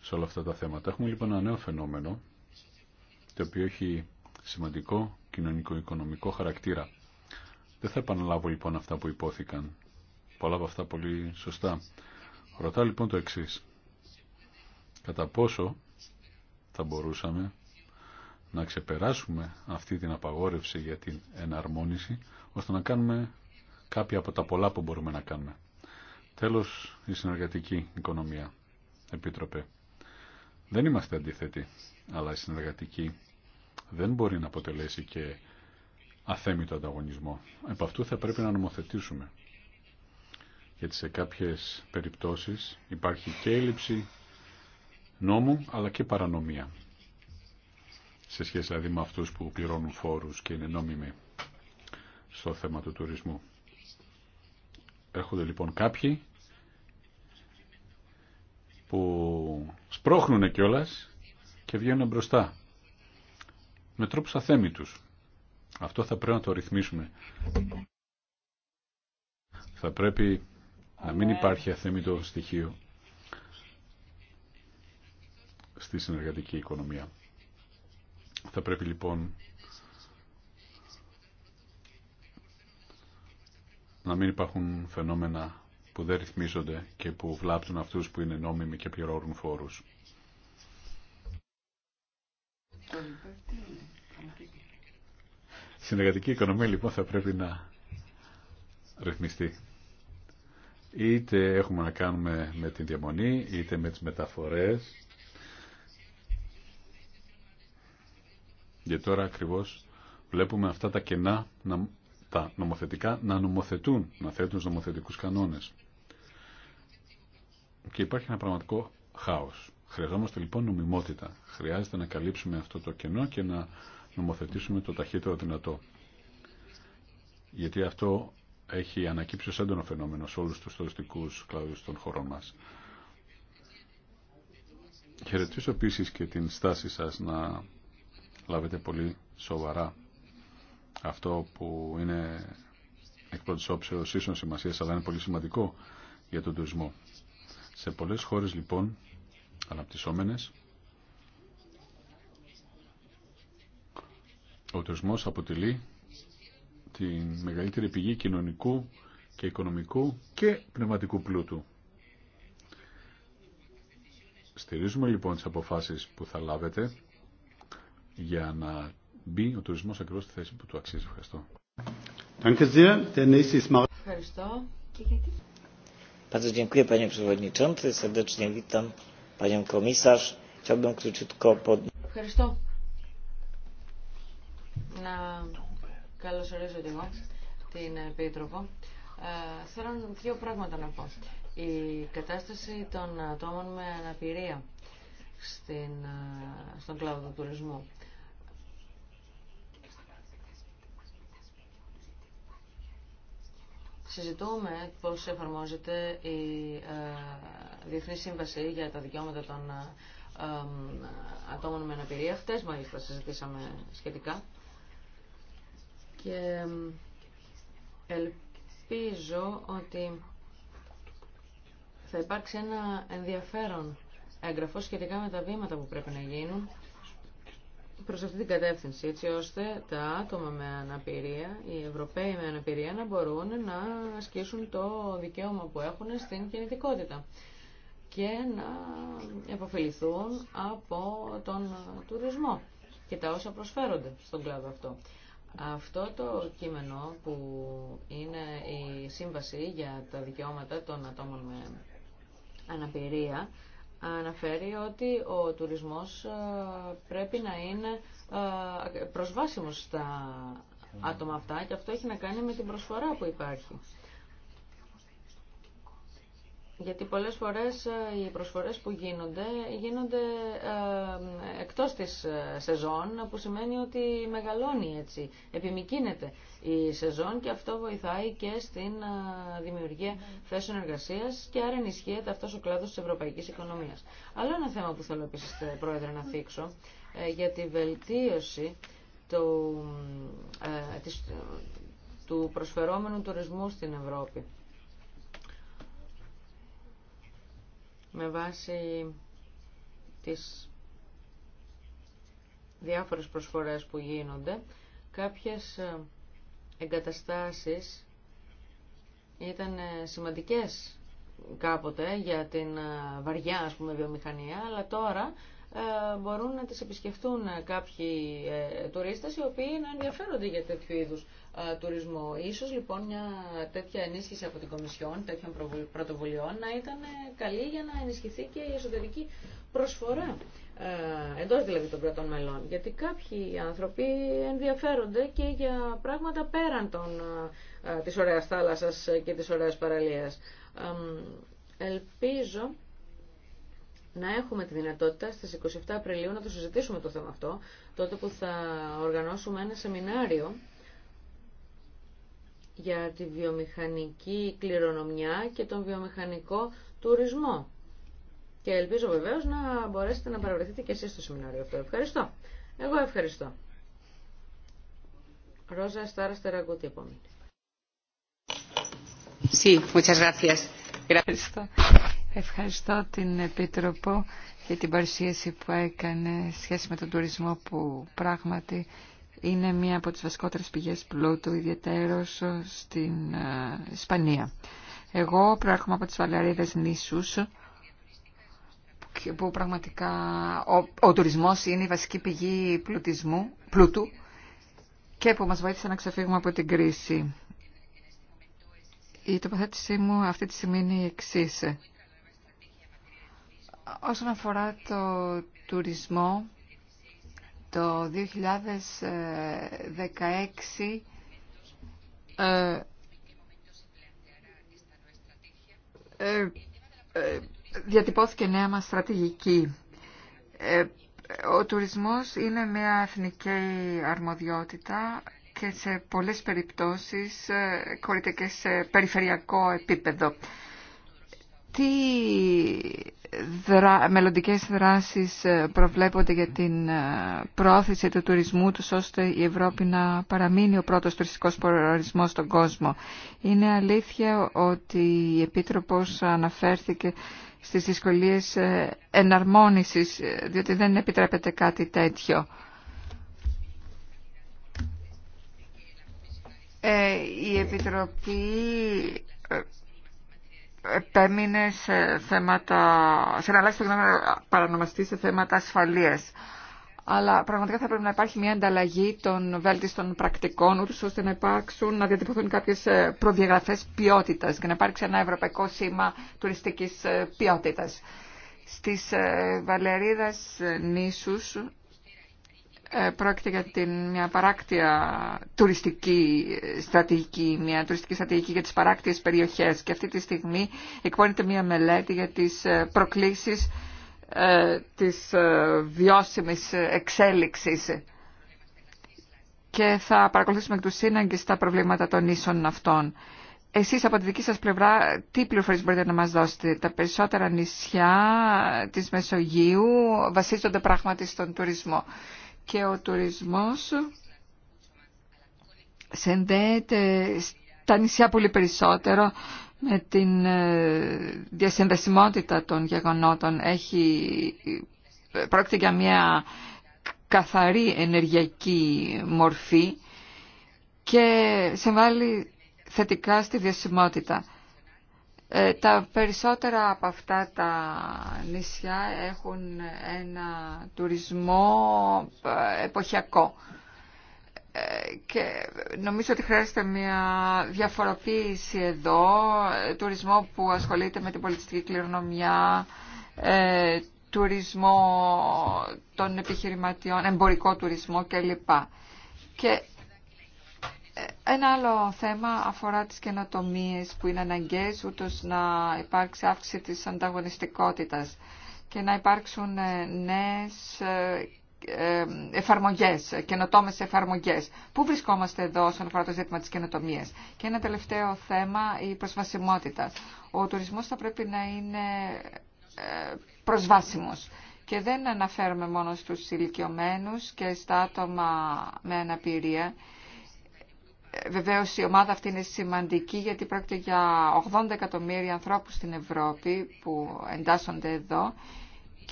Σε όλα αυτά τα θέματα. Έχουμε λοιπόν ένα νέο φαινόμενο το οποίο έχει σημαντικό κοινωνικο-οικονομικό χαρακτήρα. Δεν θα επαναλάβω λοιπόν αυτά που υπόθηκαν. Πολλά από αυτά πολύ σωστά. Ρωτά λοιπόν το εξή. Κατά πόσο θα μπορούσαμε να ξεπεράσουμε αυτή την απαγόρευση για την εναρμόνιση, ώστε να κάνουμε κάποια από τα πολλά που μπορούμε να κάνουμε. Τέλος, η συνεργατική οικονομία. Επίτροπε. Δεν είμαστε αντίθετοι, αλλά η συνεργατική δεν μπορεί να αποτελέσει και αθέμητο ανταγωνισμό. Επ' αυτού θα πρέπει να νομοθετήσουμε. Γιατί σε κάποιες περιπτώσεις υπάρχει και έλλειψη νόμου, αλλά και παρανομία. Σε σχέση δηλαδή με αυτούς που πληρώνουν φόρους και είναι νόμιμοι στο θέμα του τουρισμού. Έρχονται λοιπόν κάποιοι που σπρώχνουν κιόλα και βγαίνουν μπροστά με τρόπους αθέμητους. Αυτό θα πρέπει να το ρυθμίσουμε. Θα πρέπει να μην ναι. υπάρχει αθέμητο στοιχείο στη συνεργατική οικονομία. Θα πρέπει λοιπόν να μην υπάρχουν φαινόμενα που δεν ρυθμίζονται και που βλάπτουν αυτούς που είναι νόμιμοι και πληρώνουν φόρους. Η συνεργατική οικονομία λοιπόν θα πρέπει να ρυθμιστεί. Είτε έχουμε να κάνουμε με την διαμονή, είτε με τις μεταφορές. Και τώρα ακριβώς βλέπουμε αυτά τα κενά, τα νομοθετικά, να νομοθετούν, να θέτουν στους νομοθετικούς κανόνες και υπάρχει ένα πραγματικό χάος. Χρειαζόμαστε λοιπόν νομιμότητα. Χρειάζεται να καλύψουμε αυτό το κενό και να νομοθετήσουμε το ταχύτερο δυνατό. Γιατί αυτό έχει ανακύψει ως έντονο φαινόμενο σε όλους τους τοριστικούς κλάδους των χωρών μας. Χαιρετήσω επίση και την στάση σας να λάβετε πολύ σοβαρά αυτό που είναι εκ πρώτης όψεως ίσον σημασίας αλλά είναι πολύ σημαντικό για τον τουρισμό. Σε πολλές χώρες λοιπόν αναπτυσσόμενες ο τουρισμός αποτελεί τη μεγαλύτερη πηγή κοινωνικού και οικονομικού και πνευματικού πλούτου. Στηρίζουμε λοιπόν τις αποφάσεις που θα λάβετε για να μπει ο τουρισμός ακριβώς στη θέση που του αξίζει. Ευχαριστώ. Ευχαριστώ. Bardzo dziękuję panie przewodniczący. Serdecznie witam panią komisarz. Chciałbym króciutko Ευχαριστώ. Να καλωσορίσω και εγώ την Επίτροπο. Ε, θέλω δύο πράγματα να πω. Η κατάσταση των ατόμων με αναπηρία στην, ε, στον κλάδο του τουρισμού. συζητούμε πώς εφαρμόζεται η ε, Διεθνή Σύμβαση για τα Δικαιώματα των ε, Ατόμων με Αναπηρία. Χτες μάλιστα συζητήσαμε σχετικά και ελπίζω ότι θα υπάρξει ένα ενδιαφέρον έγγραφο σχετικά με τα βήματα που πρέπει να γίνουν προς αυτή την κατεύθυνση, έτσι ώστε τα άτομα με αναπηρία, οι Ευρωπαίοι με αναπηρία, να μπορούν να ασκήσουν το δικαίωμα που έχουν στην κινητικότητα και να επωφεληθούν από τον τουρισμό και τα όσα προσφέρονται στον κλάδο αυτό. Αυτό το κείμενο που είναι η σύμβαση για τα δικαιώματα των ατόμων με αναπηρία αναφέρει ότι ο τουρισμός ε, πρέπει να είναι ε, προσβάσιμος στα άτομα αυτά και αυτό έχει να κάνει με την προσφορά που υπάρχει. Γιατί πολλές φορές ε, οι προσφορές που γίνονται, γίνονται εκτός της σεζόν, που σημαίνει ότι μεγαλώνει έτσι, επιμικίνεται η σεζόν και αυτό βοηθάει και στην δημιουργία θέσεων εργασία και άρα ενισχύεται αυτό ο κλάδο τη ευρωπαϊκή οικονομία. Άλλο ένα θέμα που θέλω επίση, Πρόεδρε, να θίξω ε, για τη βελτίωση του, ε, του προσφερόμενου τουρισμού στην Ευρώπη. Με βάση τις διάφορες προσφορές που γίνονται, κάποιες ε, εγκαταστάσεις ήταν ε, σημαντικές κάποτε για την ε, βαριά ας πούμε, βιομηχανία, αλλά τώρα ε, μπορούν να τις επισκεφτούν κάποιοι τουρίστες οι οποίοι να ενδιαφέρονται για τέτοιου είδους τουρισμό. Ίσως λοιπόν μια τέτοια ενίσχυση από την Κομισιόν τέτοιων πρωτοβουλειών να ήταν καλή για να ενισχυθεί και η εσωτερική προσφορά ε, εντός δηλαδή των κρατών μελών. Γιατί κάποιοι άνθρωποι ενδιαφέρονται και για πράγματα πέραν των, ε, της ωραίας θάλασσας και της ωραίας παραλίας. Ελπίζω να έχουμε τη δυνατότητα στις 27 Απριλίου να το συζητήσουμε το θέμα αυτό, τότε που θα οργανώσουμε ένα σεμινάριο για τη βιομηχανική κληρονομιά και τον βιομηχανικό τουρισμό. Και ελπίζω βεβαίω να μπορέσετε να παραβρεθείτε και εσεί στο σεμινάριο αυτό. Ευχαριστώ. Εγώ ευχαριστώ. Ρόζα Στάρα Στεραγκούτη, επόμενη. Sí, muchas gracias. Ευχαριστώ. την Επίτροπο για την παρουσίαση που έκανε σχέση με τον τουρισμό που πράγματι είναι μία από τις βασικότερες πηγές πλούτου, ιδιαίτερος στην ε, Ισπανία. Εγώ προέρχομαι από τις Βαλαρίδες νήσους που πραγματικά ο, ο τουρισμός είναι η βασική πηγή πλουτισμού, πλούτου και που μας βοήθησε να ξεφύγουμε από την κρίση. Η τοποθέτησή μου αυτή τη στιγμή είναι η εξής. Όσον αφορά το τουρισμό, το 2016 ε, ε, ε διατυπώθηκε νέα μας στρατηγική. Ε, ο τουρισμός είναι μια εθνική αρμοδιότητα και σε πολλές περιπτώσεις χωρίται ε, και σε περιφερειακό επίπεδο. Τι δρα... μελλοντικές δράσεις ε, προβλέπονται για την πρόθεση του τουρισμού τους ώστε η Ευρώπη να παραμείνει ο πρώτος τουριστικός προορισμός στον κόσμο. Είναι αλήθεια ότι η Επίτροπος αναφέρθηκε στις δυσκολίες ε, εναρμόνισης, ε, διότι δεν επιτρέπεται κάτι τέτοιο. Ε, η Επιτροπή επέμεινε σε θέματα, σε να σε θέματα ασφαλείας αλλά πραγματικά θα πρέπει να υπάρχει μια ανταλλαγή των βέλτιστων πρακτικών, ούτως ώστε να υπάρξουν, να διατυπωθούν κάποιες ε, προδιαγραφές ποιότητας και να υπάρξει ένα ευρωπαϊκό σήμα τουριστικής ε, ποιότητας. Στις ε, Βαλερίδας νήσους πρόκειται για την, μια παράκτια τουριστική στρατηγική, μια τουριστική στρατηγική για τις παράκτιες περιοχές και αυτή τη στιγμή εκπώνεται μια μελέτη για τις προκλήσεις ε, της ε, βιώσιμης εξέλιξης και θα παρακολουθήσουμε εκ του σύναγκης τα προβλήματα των νήσων αυτών. Εσείς από τη δική σας πλευρά τι πληροφορίες μπορείτε να μας δώσετε. Τα περισσότερα νησιά της Μεσογείου βασίζονται πράγματι στον τουρισμό. Και ο τουρισμός συνδέεται στα νησιά πολύ περισσότερο με την ε, διασυνδεσιμότητα των γεγονότων. Έχει, ε, πρόκειται για μια καθαρή ενεργειακή μορφή και συμβάλλει θετικά στη Ε, τα περισσότερα από αυτά τα νησιά έχουν ένα τουρισμό ε, εποχιακό και νομίζω ότι χρειάζεται μια διαφοροποίηση εδώ, ε, τουρισμό που ασχολείται με την πολιτιστική κληρονομιά, ε, τουρισμό των επιχειρηματιών, εμπορικό τουρισμό κλπ. Και ε, ένα άλλο θέμα αφορά τις καινοτομίες που είναι αναγκαίες ούτως να υπάρξει αύξηση της ανταγωνιστικότητας και να υπάρξουν νέες εφαρμογές, καινοτόμες εφαρμογές. Πού βρισκόμαστε εδώ όσον αφορά το ζήτημα της καινοτομίας. Και ένα τελευταίο θέμα, η προσβασιμότητα. Ο τουρισμός θα πρέπει να είναι ε, προσβάσιμος. Και δεν αναφέρομαι μόνο στους ηλικιωμένου και στα άτομα με αναπηρία. Ε, Βεβαίω η ομάδα αυτή είναι σημαντική γιατί πρόκειται για 80 εκατομμύρια ανθρώπους στην Ευρώπη που εντάσσονται εδώ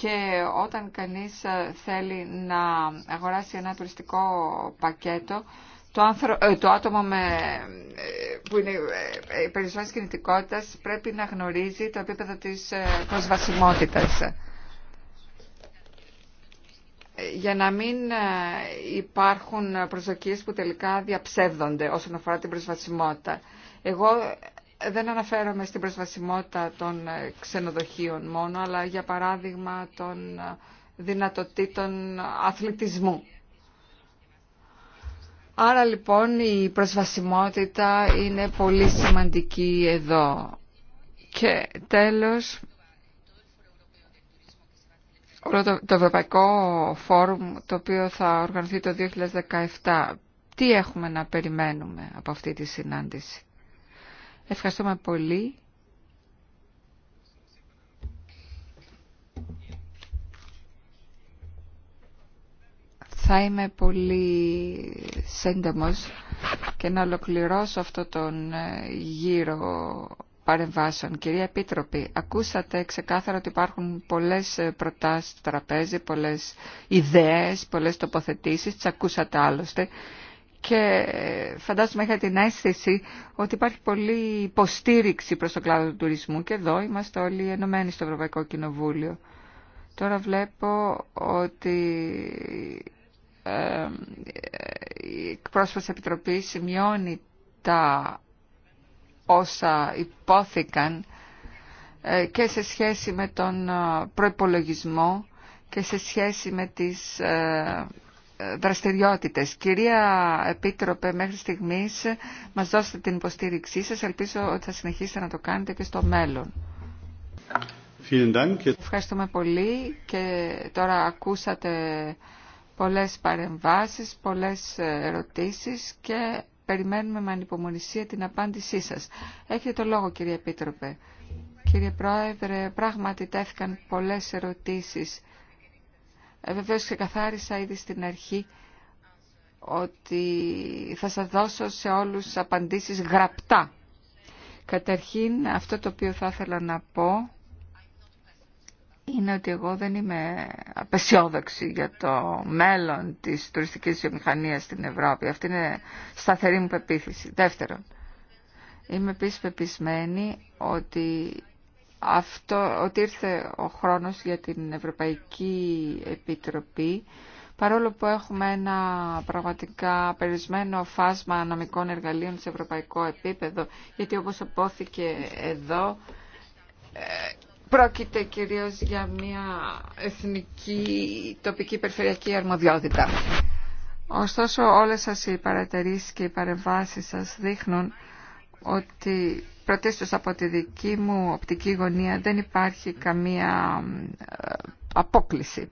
και όταν κανείς ε, θέλει να αγοράσει ένα τουριστικό πακέτο, το, ε, το άτομο με... Ε, που είναι περισσότερη κινητικότητα πρέπει να γνωρίζει το επίπεδο της προσβασιμότητας. Για να μην υπάρχουν προσδοκίες που τελικά διαψεύδονται όσον αφορά την προσβασιμότητα. Εγώ δεν αναφέρομαι στην προσβασιμότητα των ε, ξενοδοχείων μόνο, αλλά για παράδειγμα των ε, δυνατοτήτων αθλητισμού. Άρα λοιπόν η προσβασιμότητα είναι πολύ σημαντική εδώ. Και τέλος, όλο το, το Ευρωπαϊκό Φόρουμ το οποίο θα οργανωθεί το 2017. Τι έχουμε να περιμένουμε από αυτή τη συνάντηση. Ευχαριστούμε πολύ. Θα είμαι πολύ σύντομο και να ολοκληρώσω αυτό τον ε, γύρο παρεμβάσεων. Κυρία Επίτροπη, ακούσατε ξεκάθαρα ότι υπάρχουν πολλές ε, προτάσεις στο τραπέζι, πολλές ιδέες, πολλές τοποθετήσεις, τις ακούσατε άλλωστε και φαντάζομαι είχα την αίσθηση ότι υπάρχει πολλή υποστήριξη προς το κλάδο του τουρισμού και εδώ είμαστε όλοι ενωμένοι στο Ευρωπαϊκό Κοινοβούλιο. Τώρα βλέπω ότι ε, η πρόσφαση Επιτροπή σημειώνει τα όσα υπόθηκαν ε, και σε σχέση με τον ε, προϋπολογισμό και σε σχέση με τις ε, δραστηριότητες. Κυρία Επίτροπε, μέχρι στιγμής μας δώσετε την υποστήριξή σας. Ελπίζω ότι θα συνεχίσετε να το κάνετε και στο μέλλον. Ευχαριστούμε πολύ και τώρα ακούσατε πολλές παρεμβάσεις, πολλές ερωτήσεις και περιμένουμε με ανυπομονησία την απάντησή σας. Έχετε το λόγο κύριε Επίτροπε. Κύριε Πρόεδρε, πράγματι τέθηκαν πολλές ερωτήσεις ε, βεβαίως ξεκαθάρισα ήδη στην αρχή ότι θα σας δώσω σε όλους απαντήσεις γραπτά. Καταρχήν αυτό το οποίο θα ήθελα να πω είναι ότι εγώ δεν είμαι απεσιόδοξη για το μέλλον της τουριστικής βιομηχανίας στην Ευρώπη. Αυτή είναι σταθερή μου πεποίθηση. Δεύτερον, είμαι επίσης πεπισμένη ότι αυτό, ότι ήρθε ο χρόνος για την Ευρωπαϊκή Επιτροπή, παρόλο που έχουμε ένα πραγματικά περισμένο φάσμα νομικών εργαλείων σε ευρωπαϊκό επίπεδο, γιατί όπως απόθηκε εδώ, ε, πρόκειται κυρίως για μια εθνική τοπική περιφερειακή αρμοδιότητα. Ωστόσο, όλες σας οι παρατηρήσεις και οι παρεμβάσεις σας δείχνουν ότι πρωτίστως από τη δική μου οπτική γωνία δεν υπάρχει καμία ε, απόκληση.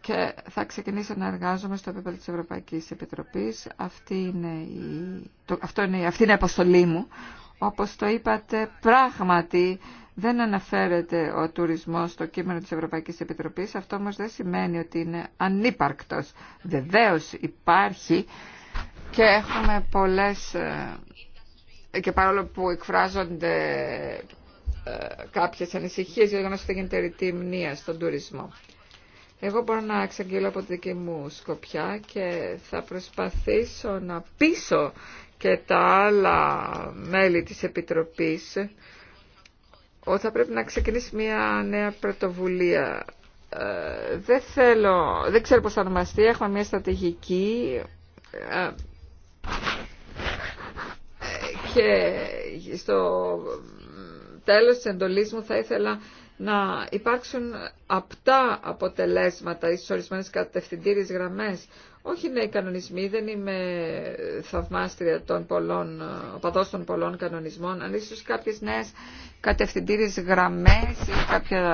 Και θα ξεκινήσω να εργάζομαι στο επίπεδο της Ευρωπαϊκής Επιτροπής. Αυτή είναι η, το, αυτό είναι, αυτή είναι η αποστολή μου. Όπως το είπατε, πράγματι δεν αναφέρεται ο τουρισμός στο κείμενο της Ευρωπαϊκής Επιτροπής. Αυτό όμως δεν σημαίνει ότι είναι ανύπαρκτος. Βεβαίως υπάρχει και έχουμε πολλές ε, και παρόλο που εκφράζονται ε, κάποιες ανησυχίες για το ότι γίνεται ρητή μνήμα στον τουρισμό. Εγώ μπορώ να εξαγγείλω από τη δική μου σκοπιά και θα προσπαθήσω να πείσω και τα άλλα μέλη της Επιτροπής ότι θα πρέπει να ξεκινήσει μια νέα πρωτοβουλία. Ε, δεν, θέλω, δεν ξέρω πώς θα ονομαστεί, έχουμε μια στρατηγική ε, και στο τέλος της εντολής μου θα ήθελα να υπάρξουν απτά αποτελέσματα, ίσως ορισμένες κατευθυντήριες γραμμές. Όχι νέοι κανονισμοί, δεν είμαι θαυμάστρια των πολλών, οπαδός των πολλών κανονισμών, αν ίσως κάποιες νέες κατευθυντήριες γραμμές ή κάποια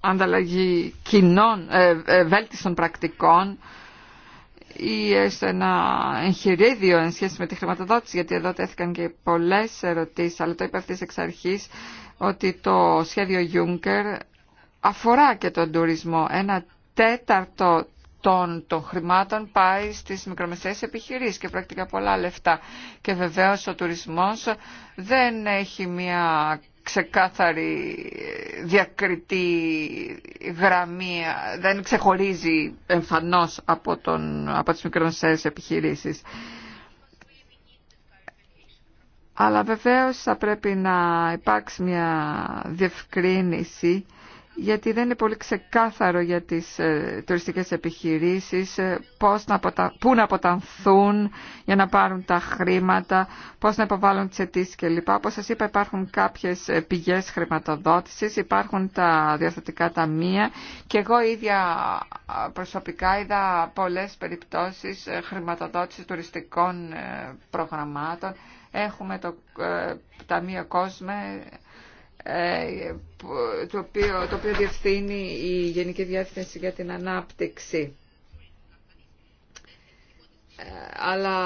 ανταλλαγή κοινών, ε, ε βέλτιστων πρακτικών, ή έστω ένα εγχειρίδιο εν σχέση με τη χρηματοδότηση, γιατί εδώ τέθηκαν και πολλές ερωτήσεις, αλλά το είπα αυτής εξ αρχής ότι το σχέδιο Juncker αφορά και τον τουρισμό. Ένα τέταρτο των, των χρημάτων πάει στις μικρομεσαίες επιχειρήσεις και πρακτικά πολλά λεφτά. Και βεβαίως ο τουρισμός δεν έχει μια ξεκάθαρη διακριτή γραμμή, δεν ξεχωρίζει εμφανώς από, τον, από τις επιχειρήσεις. Αλλά βεβαίως θα πρέπει να υπάρξει μια διευκρίνηση γιατί δεν είναι πολύ ξεκάθαρο για τις ε, τουριστικές επιχειρήσεις ε, πώς να αποτα... πού να αποτανθούν για να πάρουν τα χρήματα, πώς να υποβάλουν τις αιτήσεις κλπ. Όπως σας είπα υπάρχουν κάποιες ε, πηγές χρηματοδότησης, υπάρχουν τα διαστατικά ταμεία και εγώ ίδια προσωπικά είδα πολλές περιπτώσεις ε, χρηματοδότησης τουριστικών προγραμμάτων. Έχουμε το Ταμείο Κόσμε, ε, το οποίο, το οποίο διευθύνει η Γενική Διεύθυνση για την Ανάπτυξη. Ε, αλλά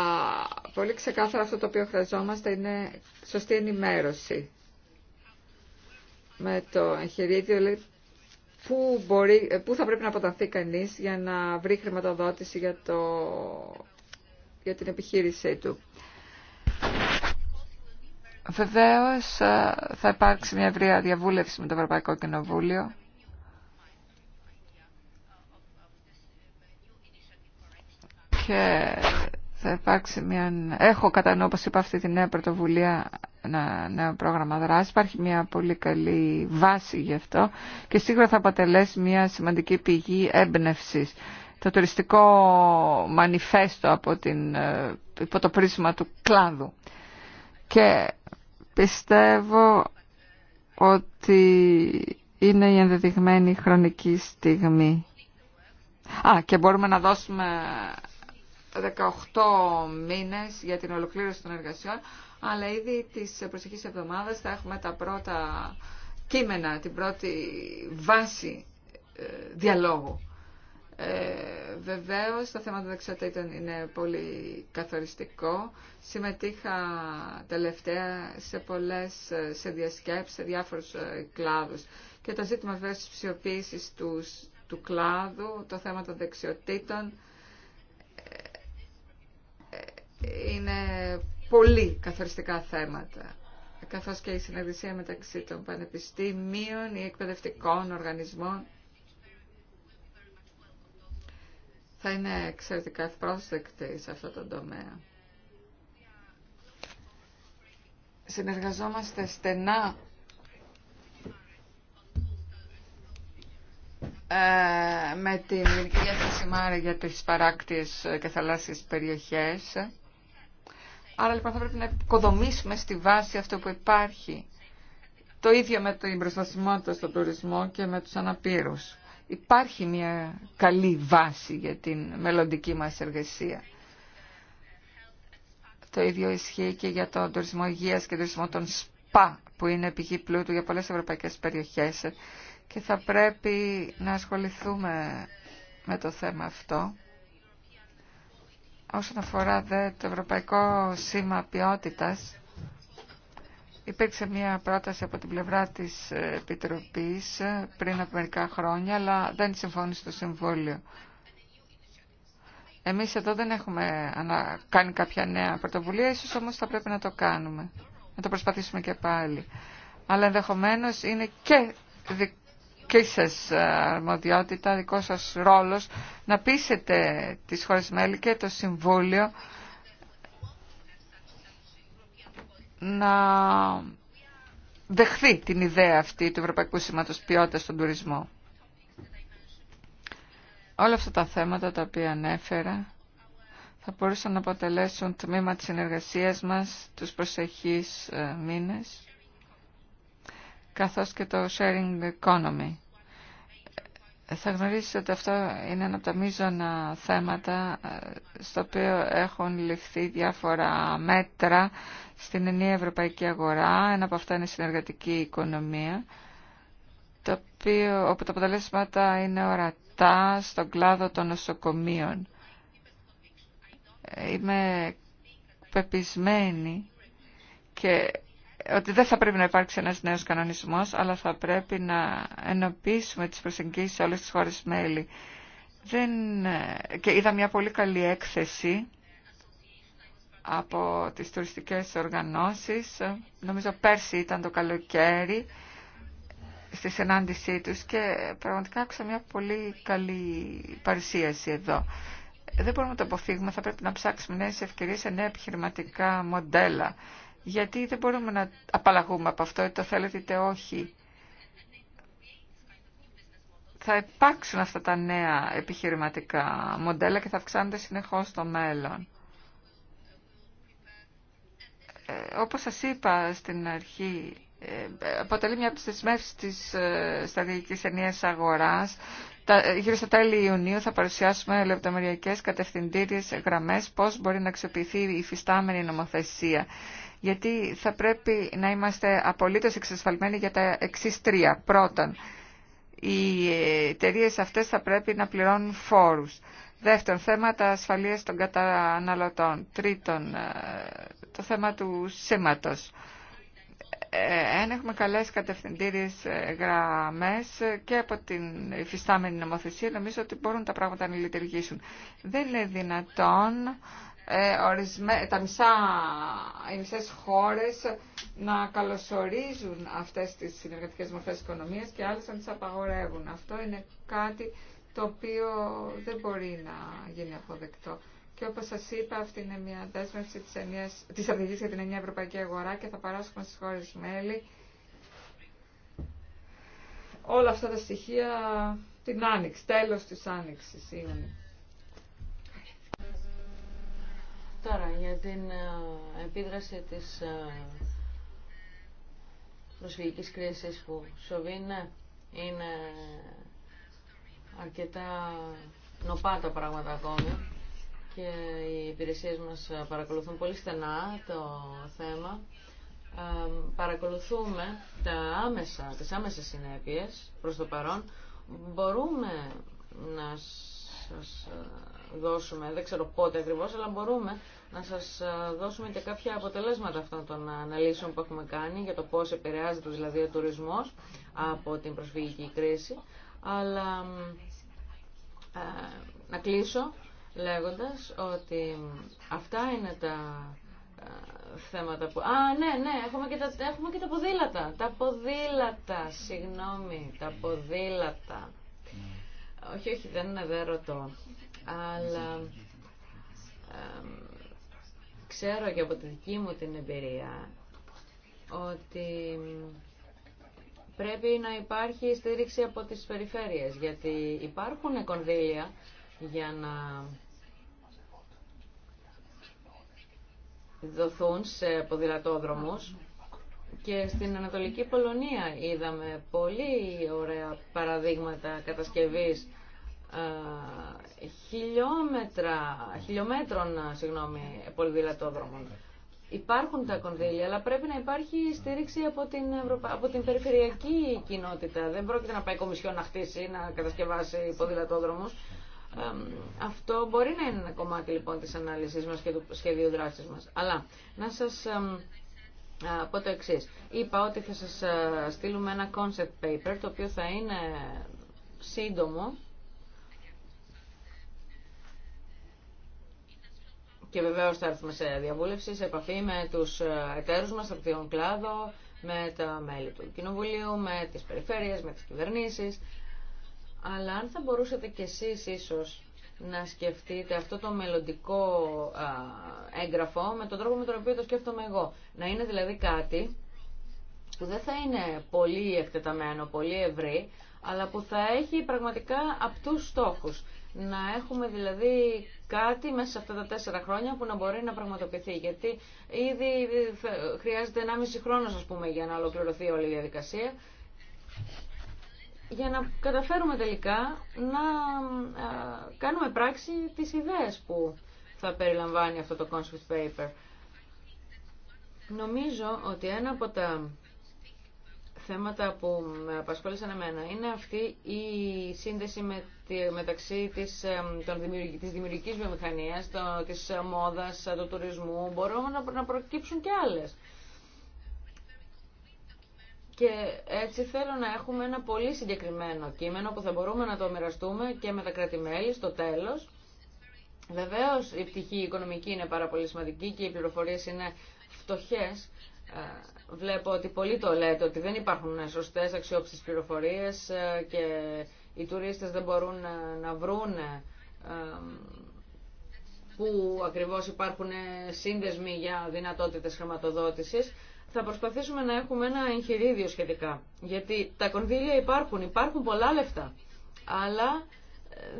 πολύ ξεκάθαρα αυτό το οποίο χρειαζόμαστε είναι σωστή ενημέρωση. Με το εγχειρίδιο πού, μπορεί, πού θα πρέπει να αποταθεί κανείς για να βρει χρηματοδότηση για, το, για την επιχείρησή του. Βεβαίω ε, θα υπάρξει μια ευρεία διαβούλευση με το Ευρωπαϊκό Κοινοβούλιο. Και θα υπάρξει μια... Έχω κατά νου, όπως είπα, αυτή τη νέα πρωτοβουλία, ένα νέο πρόγραμμα δράση. Υπάρχει μια πολύ καλή βάση γι' αυτό και σίγουρα θα αποτελέσει μια σημαντική πηγή έμπνευση. Το τουριστικό μανιφέστο από την... Ε, υπό το πρίσμα του κλάδου. Και Πιστεύω ότι είναι η ενδεδειγμένη χρονική στιγμή. Α, και μπορούμε να δώσουμε 18 μήνες για την ολοκλήρωση των εργασιών, αλλά ήδη τις προσεχείς εβδομάδες θα έχουμε τα πρώτα κείμενα, την πρώτη βάση ε, διαλόγου. Ε, βεβαίως το θέμα των δεξιοτήτων είναι πολύ καθοριστικό. Συμμετείχα τελευταία σε πολλές ε, σε διασκέψεις, σε διάφορους ε, κλάδους. Και το ζήτημα βέβαια της ψηφιοποίησης του, κλάδου, το θέμα των δεξιοτήτων ε, είναι πολύ καθοριστικά θέματα καθώς και η συνεργασία μεταξύ των πανεπιστήμιων, ή εκπαιδευτικών οργανισμών θα είναι εξαιρετικά ευπρόσδεκτη σε αυτό το τομέα. Συνεργαζόμαστε στενά ε, με την Γενική για τις παράκτιες και θαλάσσιες περιοχές. Άρα λοιπόν θα πρέπει να οικοδομήσουμε στη βάση αυτό που υπάρχει. Το ίδιο με την προσβασιμότητα στον τουρισμό και με τους αναπήρους υπάρχει μια καλή βάση για την μελλοντική μας εργασία. Το ίδιο ισχύει και για τον τουρισμό υγείας και τουρισμό των ΣΠΑ που είναι πηγή πλούτου για πολλές ευρωπαϊκές περιοχές και θα πρέπει να ασχοληθούμε με το θέμα αυτό. Όσον αφορά δε, το Ευρωπαϊκό Σήμα Ποιότητας, Υπήρξε μια πρόταση από την πλευρά της Επιτροπής πριν από μερικά χρόνια, αλλά δεν συμφώνησε το Συμβούλιο. Εμείς εδώ δεν έχουμε κάνει κάποια νέα πρωτοβουλία, ίσως όμως θα πρέπει να το κάνουμε, να το προσπαθήσουμε και πάλι. Αλλά ενδεχομένως είναι και δική σας ε, αρμοδιότητα, δικό σας ρόλος να πείσετε τις χώρες μέλη και το Συμβούλιο να δεχθεί την ιδέα αυτή του Ευρωπαϊκού Σήματος Ποιότητας στον τουρισμό. Όλα αυτά τα θέματα τα οποία ανέφερα θα μπορούσαν να αποτελέσουν τμήμα της συνεργασίας μας τους προσεχείς ε, μήνες καθώς και το sharing economy. Θα γνωρίζετε ότι αυτό είναι ένα από τα μείζωνα θέματα ε, στο οποίο έχουν ληφθεί διάφορα μέτρα στην ενία ευρωπαϊκή αγορά. Ένα από αυτά είναι η συνεργατική οικονομία, το όπου τα αποτελέσματα είναι ορατά στον κλάδο των νοσοκομείων. Ε, είμαι πεπισμένη και ότι δεν θα πρέπει να υπάρξει ένας νέος κανονισμός, αλλά θα πρέπει να ενοποιήσουμε τις προσεγγίσεις σε όλες τις χώρες μέλη. Δεν... Ε, και είδα μια πολύ καλή έκθεση από τις τουριστικές οργανώσεις. Νομίζω πέρσι ήταν το καλοκαίρι στη συνάντησή τους και πραγματικά άκουσα μια πολύ καλή παρουσίαση εδώ. Δεν μπορούμε να το αποφύγουμε, θα πρέπει να ψάξουμε νέες ευκαιρίες σε νέα επιχειρηματικά μοντέλα γιατί δεν μπορούμε να απαλλαγούμε από αυτό, είτε το θέλετε είτε όχι. Θα υπάρξουν αυτά τα νέα επιχειρηματικά μοντέλα και θα αυξάνονται συνεχώς στο μέλλον. Ε, όπως σας είπα στην αρχή, ε, αποτελεί μια από τις δεσμεύσεις της ε, στρατηγικής ενίας αγοράς. Τα, ε, γύρω στα τέλη Ιουνίου θα παρουσιάσουμε λεπτομεριακές κατευθυντήριες γραμμές πώς μπορεί να αξιοποιηθεί η φυστάμενη νομοθεσία γιατί θα πρέπει να είμαστε απολύτως εξασφαλμένοι για τα εξή τρία. Πρώτον, οι εταιρείε αυτές θα πρέπει να πληρώνουν φόρους. Δεύτερον, θέματα ασφαλείας των καταναλωτών. Τρίτον, ε, το θέμα του σήματος. Ε, εάν έχουμε καλές κατευθυντήριες ε, γραμμές και από την υφιστάμενη νομοθεσία, νομίζω ότι μπορούν τα πράγματα να λειτουργήσουν. Δεν είναι δυνατόν ε, τα μισά, οι μισές χώρες να καλωσορίζουν αυτές τις συνεργατικές μορφές οικονομίας και άλλες να τις απαγορεύουν. Αυτό είναι κάτι το οποίο δεν μπορεί να γίνει αποδεκτό. Και όπως σας είπα, αυτή είναι μια δέσμευση της, ενίας, για την ενιαία ευρωπαϊκή αγορά και θα παράσχουμε στις χώρες μέλη όλα αυτά τα στοιχεία την άνοιξη, τέλος της άνοιξης. Τώρα, για την ε, επίδραση της ε, προσφυγικής κρίσης που ναι, είναι αρκετά νοπά τα πράγματα ακόμη και οι υπηρεσίες μας παρακολουθούν πολύ στενά το θέμα. Ε, παρακολουθούμε τα άμεσα, τις άμεσες συνέπειες προς το παρόν. Μπορούμε να σας δώσουμε, δεν ξέρω πότε ακριβώς, αλλά μπορούμε να σας ε, δώσουμε και κάποια αποτελέσματα αυτών των αναλύσεων που έχουμε κάνει για το πώς επηρεάζεται δηλαδή ο τουρισμός από την προσφυγική κρίση. Αλλά ε, να κλείσω λέγοντας ότι αυτά είναι τα ε, θέματα που... Α, ναι, ναι, έχουμε και, τα, έχουμε και τα ποδήλατα. Τα ποδήλατα, συγγνώμη, τα ποδήλατα. Ναι. Όχι, όχι, δεν είναι ρωτώ αλλά ξέρω και από τη δική μου την εμπειρία ότι πρέπει να υπάρχει στήριξη από τις περιφέρειες, γιατί υπάρχουν κονδύλια για να δοθούν σε ποδηλατόδρομους και στην Ανατολική Πολωνία είδαμε πολύ ωραία παραδείγματα κατασκευής ε, χιλιόμετρα, χιλιόμετρων ε, συγγνώμη, πολυδηλατόδρομων. Υπάρχουν τα κονδύλια, αλλά πρέπει να υπάρχει στήριξη από την, από την περιφερειακή κοινότητα. Δεν πρόκειται να πάει η Κομισιόν να χτίσει, να κατασκευάσει ποδηλατόδρομους. αυτό μπορεί να είναι ένα κομμάτι λοιπόν της ανάλυσης μας και του σχεδίου δράσης μας. Αλλά να σας πω το εξή. Είπα ότι θα σας ε, στείλουμε ένα concept paper, το οποίο θα είναι σύντομο, Και βεβαίως θα έρθουμε σε διαβούλευση, σε επαφή με τους εταίρους μας τον κλάδο, με τα μέλη του Κοινοβουλίου, με τις περιφέρειες, με τις κυβερνήσεις. Αλλά αν θα μπορούσατε κι εσείς ίσως να σκεφτείτε αυτό το μελλοντικό έγγραφο με τον τρόπο με τον οποίο το σκέφτομαι εγώ. Να είναι δηλαδή κάτι που δεν θα είναι πολύ εκτεταμένο, πολύ ευρύ, αλλά που θα έχει πραγματικά απτούς στόχους. Να έχουμε δηλαδή κάτι μέσα σε αυτά τα τέσσερα χρόνια που να μπορεί να πραγματοποιηθεί. Γιατί ήδη χρειάζεται μισή χρόνο, α πούμε, για να ολοκληρωθεί όλη η διαδικασία. Για να καταφέρουμε τελικά να κάνουμε πράξη τις ιδέες που θα περιλαμβάνει αυτό το concept paper. Νομίζω ότι ένα από τα θέματα που με απασχόλησαν εμένα είναι αυτή η σύνδεση με τη, μεταξύ της, των δημιουργικής, της δημιουργικής βιομηχανίας, το, της μόδας, του τουρισμού. Μπορούμε να, να προκύψουν και άλλες. Και έτσι θέλω να έχουμε ένα πολύ συγκεκριμένο κείμενο που θα μπορούμε να το μοιραστούμε και με τα κράτη-μέλη στο τέλος. Βεβαίως η πτυχή η οικονομική είναι πάρα πολύ σημαντική και οι πληροφορίες είναι φτωχές ε, βλέπω ότι πολλοί το λέτε ότι δεν υπάρχουν σωστές αξιόπιστες πληροφορίες ε, και οι τουρίστες δεν μπορούν ε, να βρουν που ακριβώς υπάρχουν σύνδεσμοι για δυνατότητες χρηματοδότησης. Θα προσπαθήσουμε να έχουμε ένα εγχειρίδιο σχετικά. Γιατί τα κονδύλια υπάρχουν, υπάρχουν πολλά λεφτά. Αλλά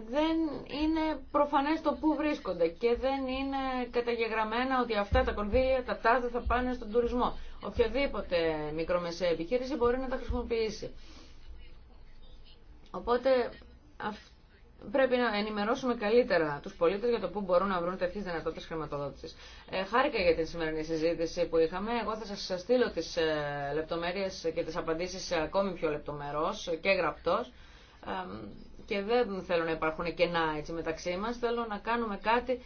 δεν είναι προφανές το πού βρίσκονται και δεν είναι καταγεγραμμένα ότι αυτά τα κονδύλια, τα τάδε θα πάνε στον τουρισμό. Οποιοδήποτε μικρομεσαία επιχείρηση μπορεί να τα χρησιμοποιήσει. Οπότε πρέπει να ενημερώσουμε καλύτερα τους πολίτες για το πού μπορούν να βρουν τέτοιες δυνατότητες χρηματοδότησης. Ε, χάρηκα για την σημερινή συζήτηση που είχαμε. Εγώ θα σας στείλω τις ε, λεπτομέρειες και τις απαντήσεις ακόμη πιο λεπτομερώς και γραπτός και δεν θέλω να υπάρχουν κενά έτσι μεταξύ μας, θέλω να κάνουμε κάτι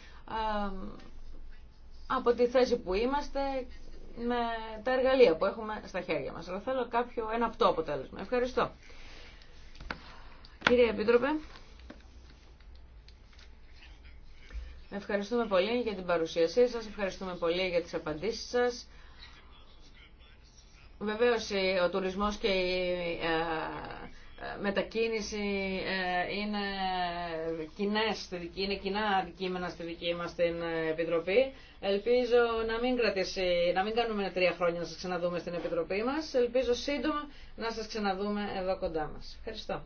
από τη θέση που είμαστε με τα εργαλεία που έχουμε στα χέρια μας. Αλλά θέλω κάποιο, ένα αυτό αποτέλεσμα. Ευχαριστώ. Κύριε Επίτροπε, ευχαριστούμε πολύ για την παρουσίασή σας, ευχαριστούμε πολύ για τις απαντήσεις σας. Βεβαίως ο τουρισμός και η ε, μετακίνηση ε, είναι, κοινές, είναι κοινά αντικείμενα στη δική μας την ε, Επιτροπή. Ελπίζω να μην, κρατήσει, να μην κάνουμε τρία χρόνια να σας ξαναδούμε στην Επιτροπή μας. Ελπίζω σύντομα να σας ξαναδούμε εδώ κοντά μας. Ευχαριστώ.